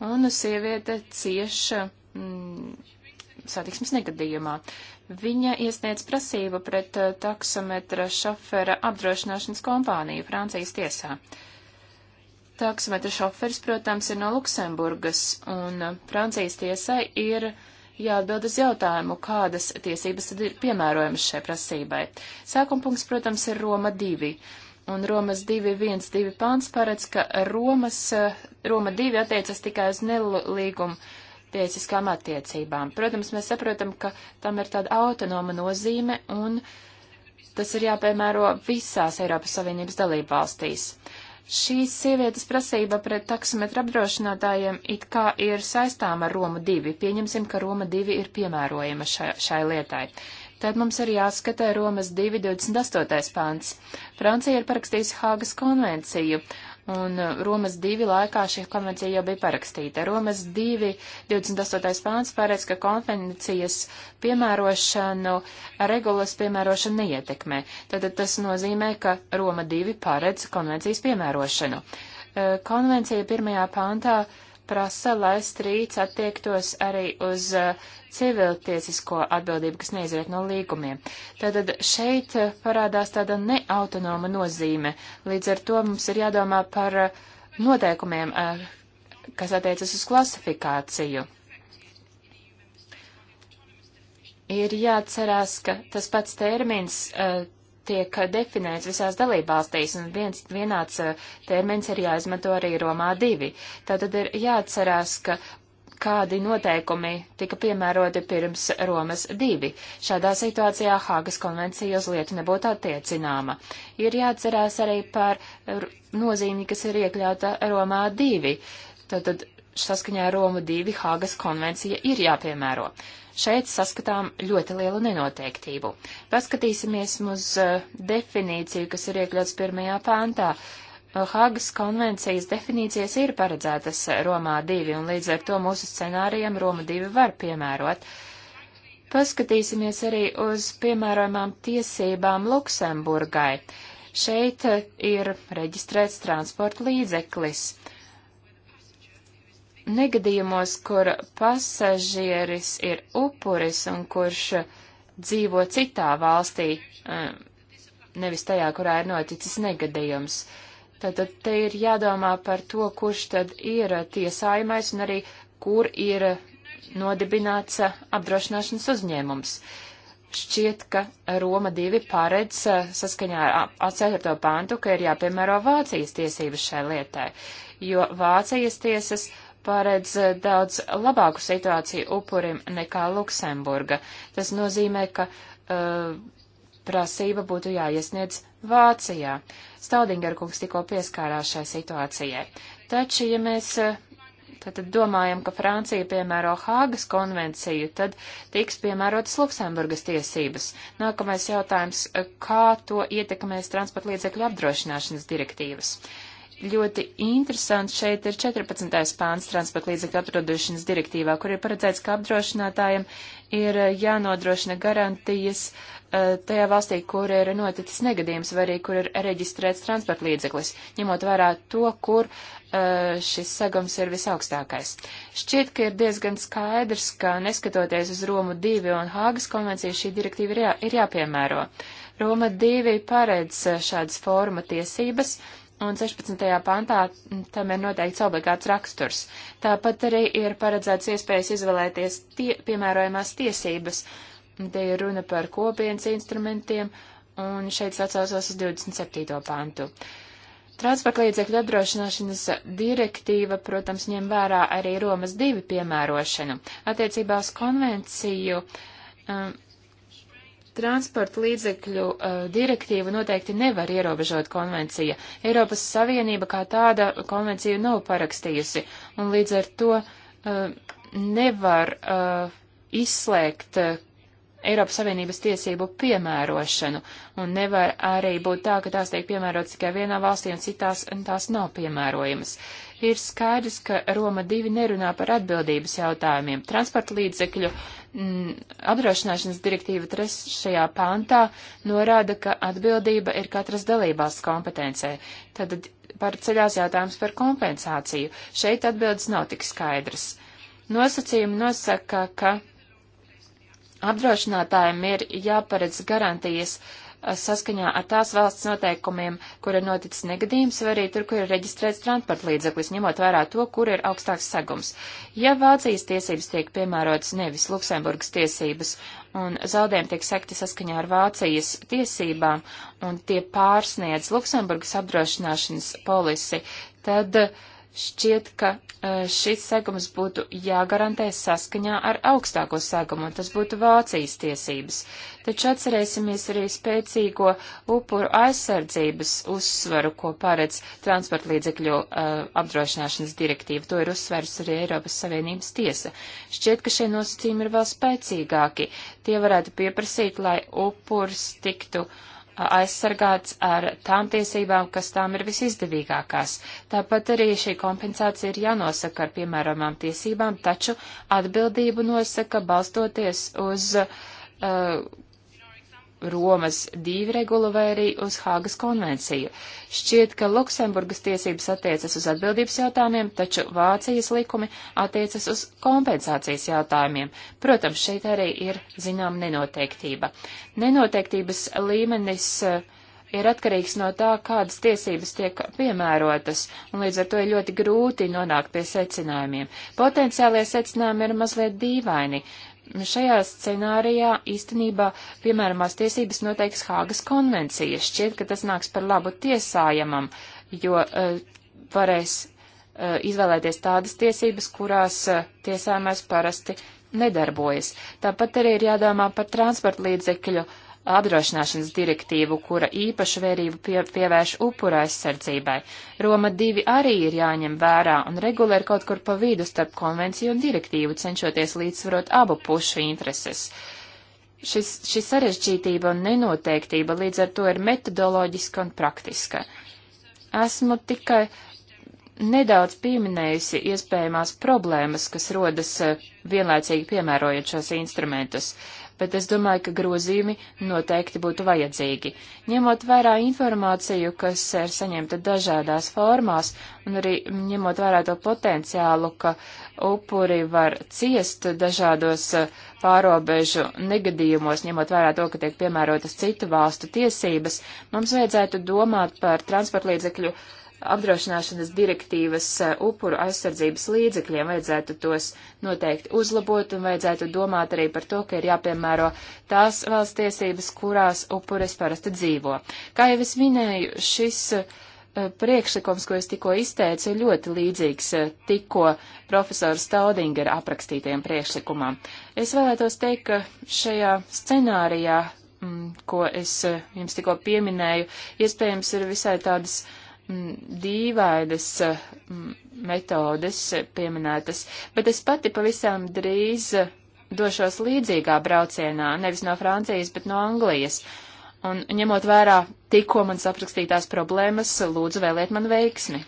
un sieviete cieš mm, satiksmes negadījumā. Viņa iesniedz prasību pret taksometra šofera apdrošināšanas kompāniju Francijas tiesā. Uh, Taksometra šoferis, protams, ir no Luksemburgas, un Francijas tiesai ir jāatbild uz jautājumu, kādas tiesības tad ir piemērojamas šai prasībai. Sākumpunkts, protams, ir Roma 2 un Romas 2.1.2 pāns paredz, ka Romas, Roma 2 attiecas tikai uz nelīgumu tiesiskām attiecībām. Protams, mēs saprotam, ka tam ir tāda autonoma nozīme un tas ir jāpiemēro visās Eiropas Savienības dalību valstīs. Šīs sievietes prasība pret taksometru apdrošinātājiem it kā ir saistām ar Roma 2. Pieņemsim, ka Roma 2 ir piemērojama šai, šai lietai. Tad mums ir jāskatē Romas 2.28. pāns. Francija ir parakstījusi Hāgas konvenciju, un uh, Romas 2 laikā šī konvencija jau bija parakstīta. Romas 2 28. pāns paredz, ka konvencijas piemērošanu regulas piemērošana neietekmē. Tātad tas nozīmē, ka Roma 2 paredz konvencijas piemērošanu. Uh, konvencija pirmajā pāntā uh, prasa, lai strīds attiektos arī uz uh, civiltiesisko atbildību, kas neizriet no līgumiem. Tātad šeit uh, parādās tāda neautonoma nozīme. Līdz ar to mums ir jādomā par uh, noteikumiem, kas attiecas uz klasifikāciju. Ir jāatcerās, ka tas pats termins tiek definēts visās dalībvalstīs, un viens vienāds eh, termins ir jāizmanto arī Romā divi. Tātad ir jāatcerās, ka kādi noteikumi tika piemēroti pirms Romas divi. Šādā situācijā Hāgas konvencija uz lietu nebūtu attiecināma. Ir jāatcerās arī par nozīmi, kas ir iekļauta Romā divi. Tātad saskaņā ar Romu 2 Hāgas konvencija ir jāpiemēro. Šeit saskatām ļoti lielu nenoteiktību. Paskatīsimies uz uh, definīciju, kas ir iekļauts pirmajā pāntā. Eh, Hāgas konvencijas definīcijas ir paredzētas Romā 2, un līdz ar to mūsu scenārijam Roma 2 var piemērot. Paskatīsimies arī uz piemērojumām tiesībām Luksemburgai. Šeit eh, ir reģistrēts transporta līdzeklis. Uh, Negadījumos, kur pasažieris ir upuris un kurš dzīvo citā valstī, um, nevis tajā, kurā ir noticis negadījums. Tātad te ir jādomā par to, kurš tad ir tiesājumais un arī kur ir nodibināts apdrošināšanas uzņēmums. Šķiet, ka Roma 2 paredz uh, saskaņā ar 4. pāntu, ka ir jāpiemēro Vācijas tiesības šai lietai, jo Vācijas tiesas uh, paredz eh, daudz labāku situāciju upurim nekā Luksemburga. Tas nozīmē, ka uh, prasība būtu jāiesniedz Vācijā. Staudingerkungs tikko pieskārās šai situācijai. Taču, ja mēs tātad eh, domājam, ka Francija piemēro Hāgas konvenciju, tad tiks piemērotas Luksemburgas tiesības. Nākamais jautājums, kā to ietekmēs transporta līdzekļu apdrošināšanas direktīvas ļoti interesants šeit ir 14. pāns transporta līdzekļu apdrošināšanas direktīvā, kur ir paredzēts, ka apdrošinātājiem ir eh, jānodrošina garantijas eh, tajā valstī, kur ir noticis negadījums vai arī kur ir reģistrēts transporta līdzeklis, ņemot vērā to, kur eh, šis segums ir visaugstākais. Šķiet, ka ir diezgan skaidrs, ka neskatoties uz Romu 2 un Hāgas konvenciju, šī direktīva ir, jā, ir jāpiemēro. Roma 2 paredz šādas forma tiesības, un 16. pantā tam ir noteikts obligāts raksturs. Tāpat arī ir paredzēts iespējas izvēlēties tie, piemērojamās tiesības. Te ir runa par kopienas instrumentiem, un šeit atsaucos uz 27. pantu. Transporta līdzekļu apdrošināšanas direktīva, protams, ņem vērā arī Romas divi piemērošanu. Attiecībā uz konvenciju um, Transporta līdzekļu uh, direktīvu noteikti nevar ierobežot konvencija. Eiropas Savienība kā tāda konvenciju nav parakstījusi, un līdz ar to uh, nevar uh, izslēgt uh, Eiropas Savienības tiesību piemērošanu, un nevar arī būt tā, ka tās tiek piemērotas tikai vienā valstī un citās un tās nav piemērojamas. Ir skaidrs, ka Roma divi nerunā par atbildības jautājumiem. Transporta līdzekļu uh, Mm, apdrošināšanas direktīva trešajā pāntā norāda, ka atbildība ir katras dalībās kompetencē. Tad par ceļās jautājums par kompensāciju. Šeit atbildes nav tik skaidras. Nosacījumi nosaka, ka apdrošinātājiem ir jāparedz garantijas uh, saskaņā ar tās valsts noteikumiem, kur ir noticis negadījums, vai arī tur, kur ir reģistrēts transporta līdzeklis, ņemot vērā to, kur ir augstāks segums. Ja Vācijas tiesības tiek piemērotas nevis Luksemburgas tiesības, un zaudējumi tiek sekti saskaņā ar Vācijas tiesībām, un tie pārsniedz Luksemburgas apdrošināšanas polisi, tad uh, Šķiet, ka e, šis segums būtu jāgarantē saskaņā ar augstāko segumu, un tas būtu Vācijas tiesības. Taču atcerēsimies arī spēcīgo upuru aizsardzības uzsvaru, ko paredz transporta līdzekļu uh, apdrošināšanas direktīva. To ir uzsvers arī Eiropas Savienības tiesa. Šķiet, ka šie nosacījumi ir vēl spēcīgāki. Tie varētu pieprasīt, lai upurs tiktu uh, aizsargāts ar tām tiesībām, kas tām ir visizdevīgākās. Tāpat arī šī kompensācija ir jānosaka ar piemēramām tiesībām, taču atbildību nosaka balstoties uz uh, Romas divu regulu vai arī uz Hāgas konvenciju. Šķiet, ka Luksemburgas tiesības attiecas uz atbildības jautājumiem, taču Vācijas likumi attiecas uz kompensācijas jautājumiem. Protams, šeit arī ir zinām nenoteiktība. Nenoteiktības līmenis uh, ir atkarīgs no tā, kādas tiesības tiek piemērotas, un līdz ar to ir ļoti grūti nonākt pie secinājumiem. Potenciālie secinājumi ir mazliet dīvaini, šajā scenārijā īstenībā piemēramās tiesības noteiks Hāgas konvencija. Šķiet, ka tas nāks par labu tiesājamam, jo uh, varēs uh, izvēlēties tādas tiesības, kurās uh, eh, tiesājumais parasti nedarbojas. Tāpat arī ir jādomā par transporta līdzekļu uh, apdrošināšanas direktīvu, kura īpašu vērību pie, pievērš upura aizsardzībai. Roma 2 arī ir jāņem vērā un regulē kaut kur pa vidu starp konvenciju un direktīvu, cenšoties līdzsvarot abu pušu intereses. Šis, šī sarežģītība un nenoteiktība līdz ar to ir metodoloģiska un praktiska. Esmu tikai nedaudz pieminējusi iespējamās problēmas, kas rodas eh, vienlaicīgi piemērojot šos instrumentus bet es domāju, ka grozījumi noteikti būtu vajadzīgi. Ņemot vērā informāciju, kas ir saņemta dažādās formās, un arī ņemot vērā to potenciālu, ka upuri var ciest dažādos eh, pārobežu negadījumos, ņemot vērā to, ka tiek piemērotas citu valstu tiesības, mums vajadzētu domāt par transportlīdzekļu līdzekļu apdrošināšanas direktīvas eh, upuru aizsardzības līdzekļiem vajadzētu tos noteikti uzlabot un vajadzētu domāt arī par to, ka ir jāpiemēro tās valsts tiesības, kurās upuris parasti dzīvo. Kā jau es minēju, šis eh, priekšlikums, ko es tikko izteicu, ir ļoti līdzīgs eh, tikko profesora Staudingera aprakstītajam priekšlikumam. Es vēlētos teikt, ka šajā scenārijā, mm, ko es jums tikko pieminēju, iespējams ir visai tādas uh, Mm, dīvainas eh, metodes pieminētas, bet es pati pavisam drīz eh, došos līdzīgā braucienā, nevis no Francijas, bet no Anglijas. Un ņemot vērā tikko man saprakstītās problēmas, lūdzu vēliet man veiksmi.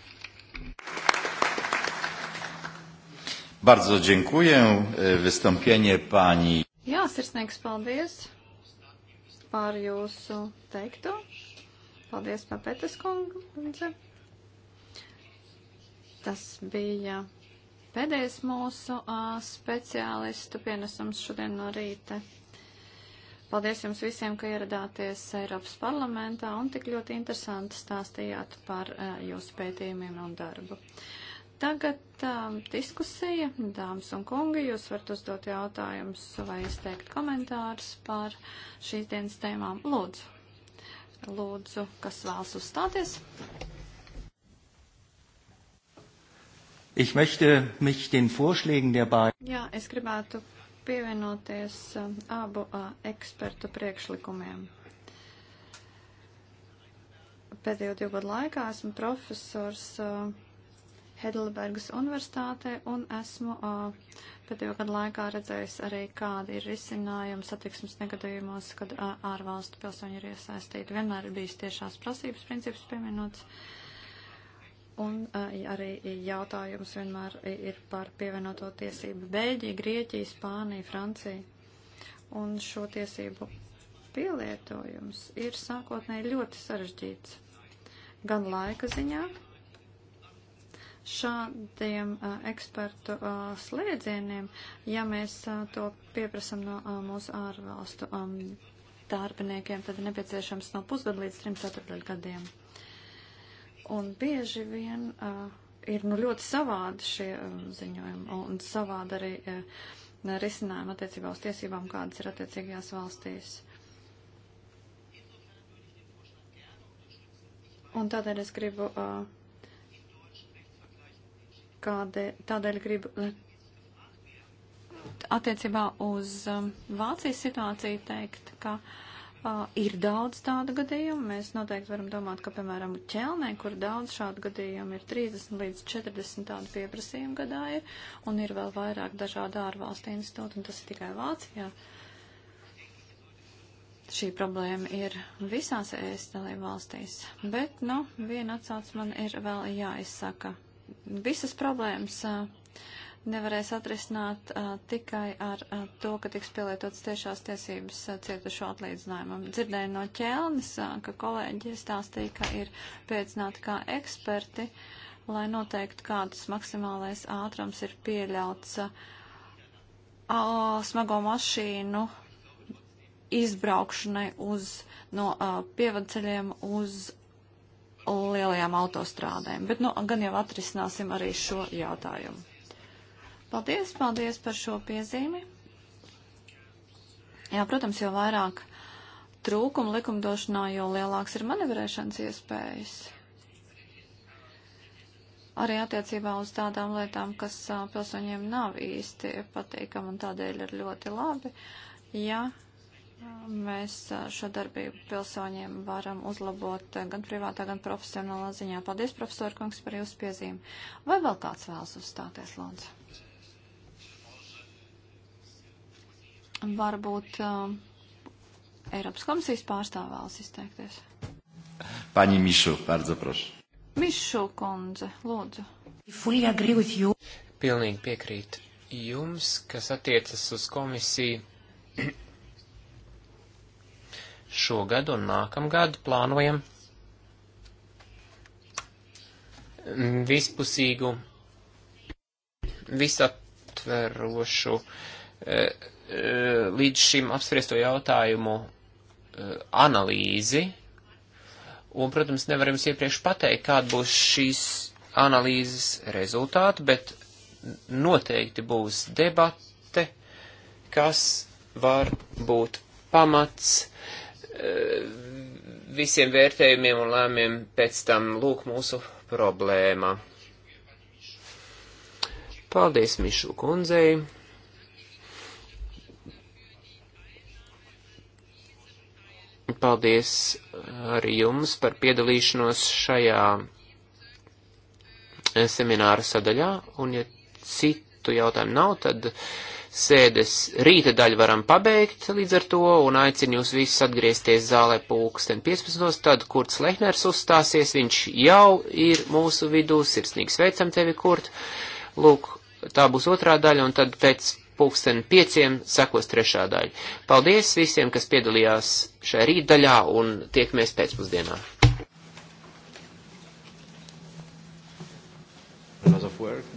Bardzo dziękuję. Wystąpienie pani. Jā, sirsnīgs paldies par jūsu teikto. Paldies, Papetas kundze. Tas bija pēdējais mūsu uh, speciālistu pienesums šodien no rīta. Paldies jums visiem, ka ieradāties Eiropas parlamentā un tik ļoti interesanti stāstījāt par uh, jūsu pētījumiem un darbu. Tagad uh, diskusija, dāmas un kungi, jūs varat uzdot jautājumus vai izteikt komentārus par šīs dienas tēmām. Lūdzu! Lūdzu, kas vēlas uzstāties? Ich möchte mich den Vorschlägen der beiden. Jā, es gribētu pievienoties um, abu uh, ekspertu priekšlikumiem. Pēdējo divu gadu laikā esmu profesors uh, Heidelbergas universitātē un esmu pēdējo gadu laikā redzējis arī, kāda ir risinājuma satiksmes negadījumos, kad ārvalstu pilsoņi ir iesaistīti. Vienmēr ir bijis tiešās prasības princips pieminots. Un arī jautājums vienmēr ir par pievienoto tiesību Beļģija, Grieķija, Spānija, Francija. Un šo tiesību pielietojums ir sākotnēji ļoti sarežģīts. Gan laika ziņā, šādiem a, ekspertu a, slēdzieniem, ja mēs a, to pieprasam no mūsu ārvalstu darbiniekiem, tad ir nepieciešams no pusgada līdz trim ceturtdaļu gadiem. Un bieži vien ir nu, ļoti savādi šie ziņojumi un savādi arī risinājumi attiecībā uz tiesībām, kādas ir attiecīgajās valstīs. Un tādēļ es gribu uh, Kādē, tādēļ gribu eh, attiecībā uz um, Vācijas situāciju teikt, ka uh, ir daudz tādu gadījumu. Mēs noteikti varam domāt, ka, piemēram, ķelnē, kur daudz šādu gadījumu ir 30 līdz 40 tādu pieprasījumu gadā ir, un ir vēl vairāk dažādu ārvalstu institūtu, un tas ir tikai Vācijā. Šī problēma ir visās ēst dalību valstīs, bet, nu, viena atsauc man ir vēl jāizsaka visas problēmas nevarēs atrisināt uh, tikai ar uh, to, ka tiks pielietots tiešās tiesības uh, cietušo atlīdzinājumam. Dzirdēju no ķēlnis, uh, ka kolēģi stāstīja, ka ir pēcināti kā eksperti, lai noteiktu, kādas maksimālais ātrums ir pieļauts uh, smago mašīnu izbraukšanai uz, no uh, pievadceļiem uz lielajām autostrādēm. Bet nu, gan jau atrisināsim arī šo jautājumu. Paldies, paldies par šo piezīmi. Jā, protams, jo vairāk trūkumu likumdošanā, jo lielāks ir manevrēšanas iespējas. Arī attiecībā uz tādām lietām, kas pilsoņiem nav īsti patīkam un tādēļ ir ļoti labi, ja mēs šo darbību pilsoņiem varam uzlabot gan privātā, gan profesionālā ziņā. Paldies, profesor Kungs, par jūsu piezīmi. Vai vēl kāds vēlas uzstāties, lūdzu? Varbūt uh, Eiropas komisijas pārstāv vēlas izteikties. Paņi Mišu, bardzo prošu. Mišu kundze, lūdzu. Pilnīgi piekrīt jums, kas attiecas uz komisiju šogad un nākamgad plānojam vispusīgu, visaptverošu e, e, līdz šim apspriesto jautājumu e, analīzi, un, protams, nevaram jums iepriekš pateikt, kāda būs šīs analīzes rezultāti, bet noteikti būs debate, kas var būt pamats Eh, visiem vērtējumiem un lēmiem pēc tam lūk mūsu problēma. Paldies Mišu kundzei. Paldies arī jums par piedalīšanos šajā eh, semināra sadaļā, un ja citu jautājumu nav, tad uh, sēdes rīta daļu varam pabeigt līdz ar to un aicinu jūs visus atgriezties zālē pulksten 15. Tad Kurts Lehners uzstāsies, viņš jau ir mūsu vidū, sirsnīgi sveicam tevi, Kurt. Lūk, tā būs otrā daļa un tad pēc pulksten pieciem sekos trešā daļa. Paldies visiem, kas piedalījās šajā rītdaļā un tiekamies pēcpusdienā. A lot of work.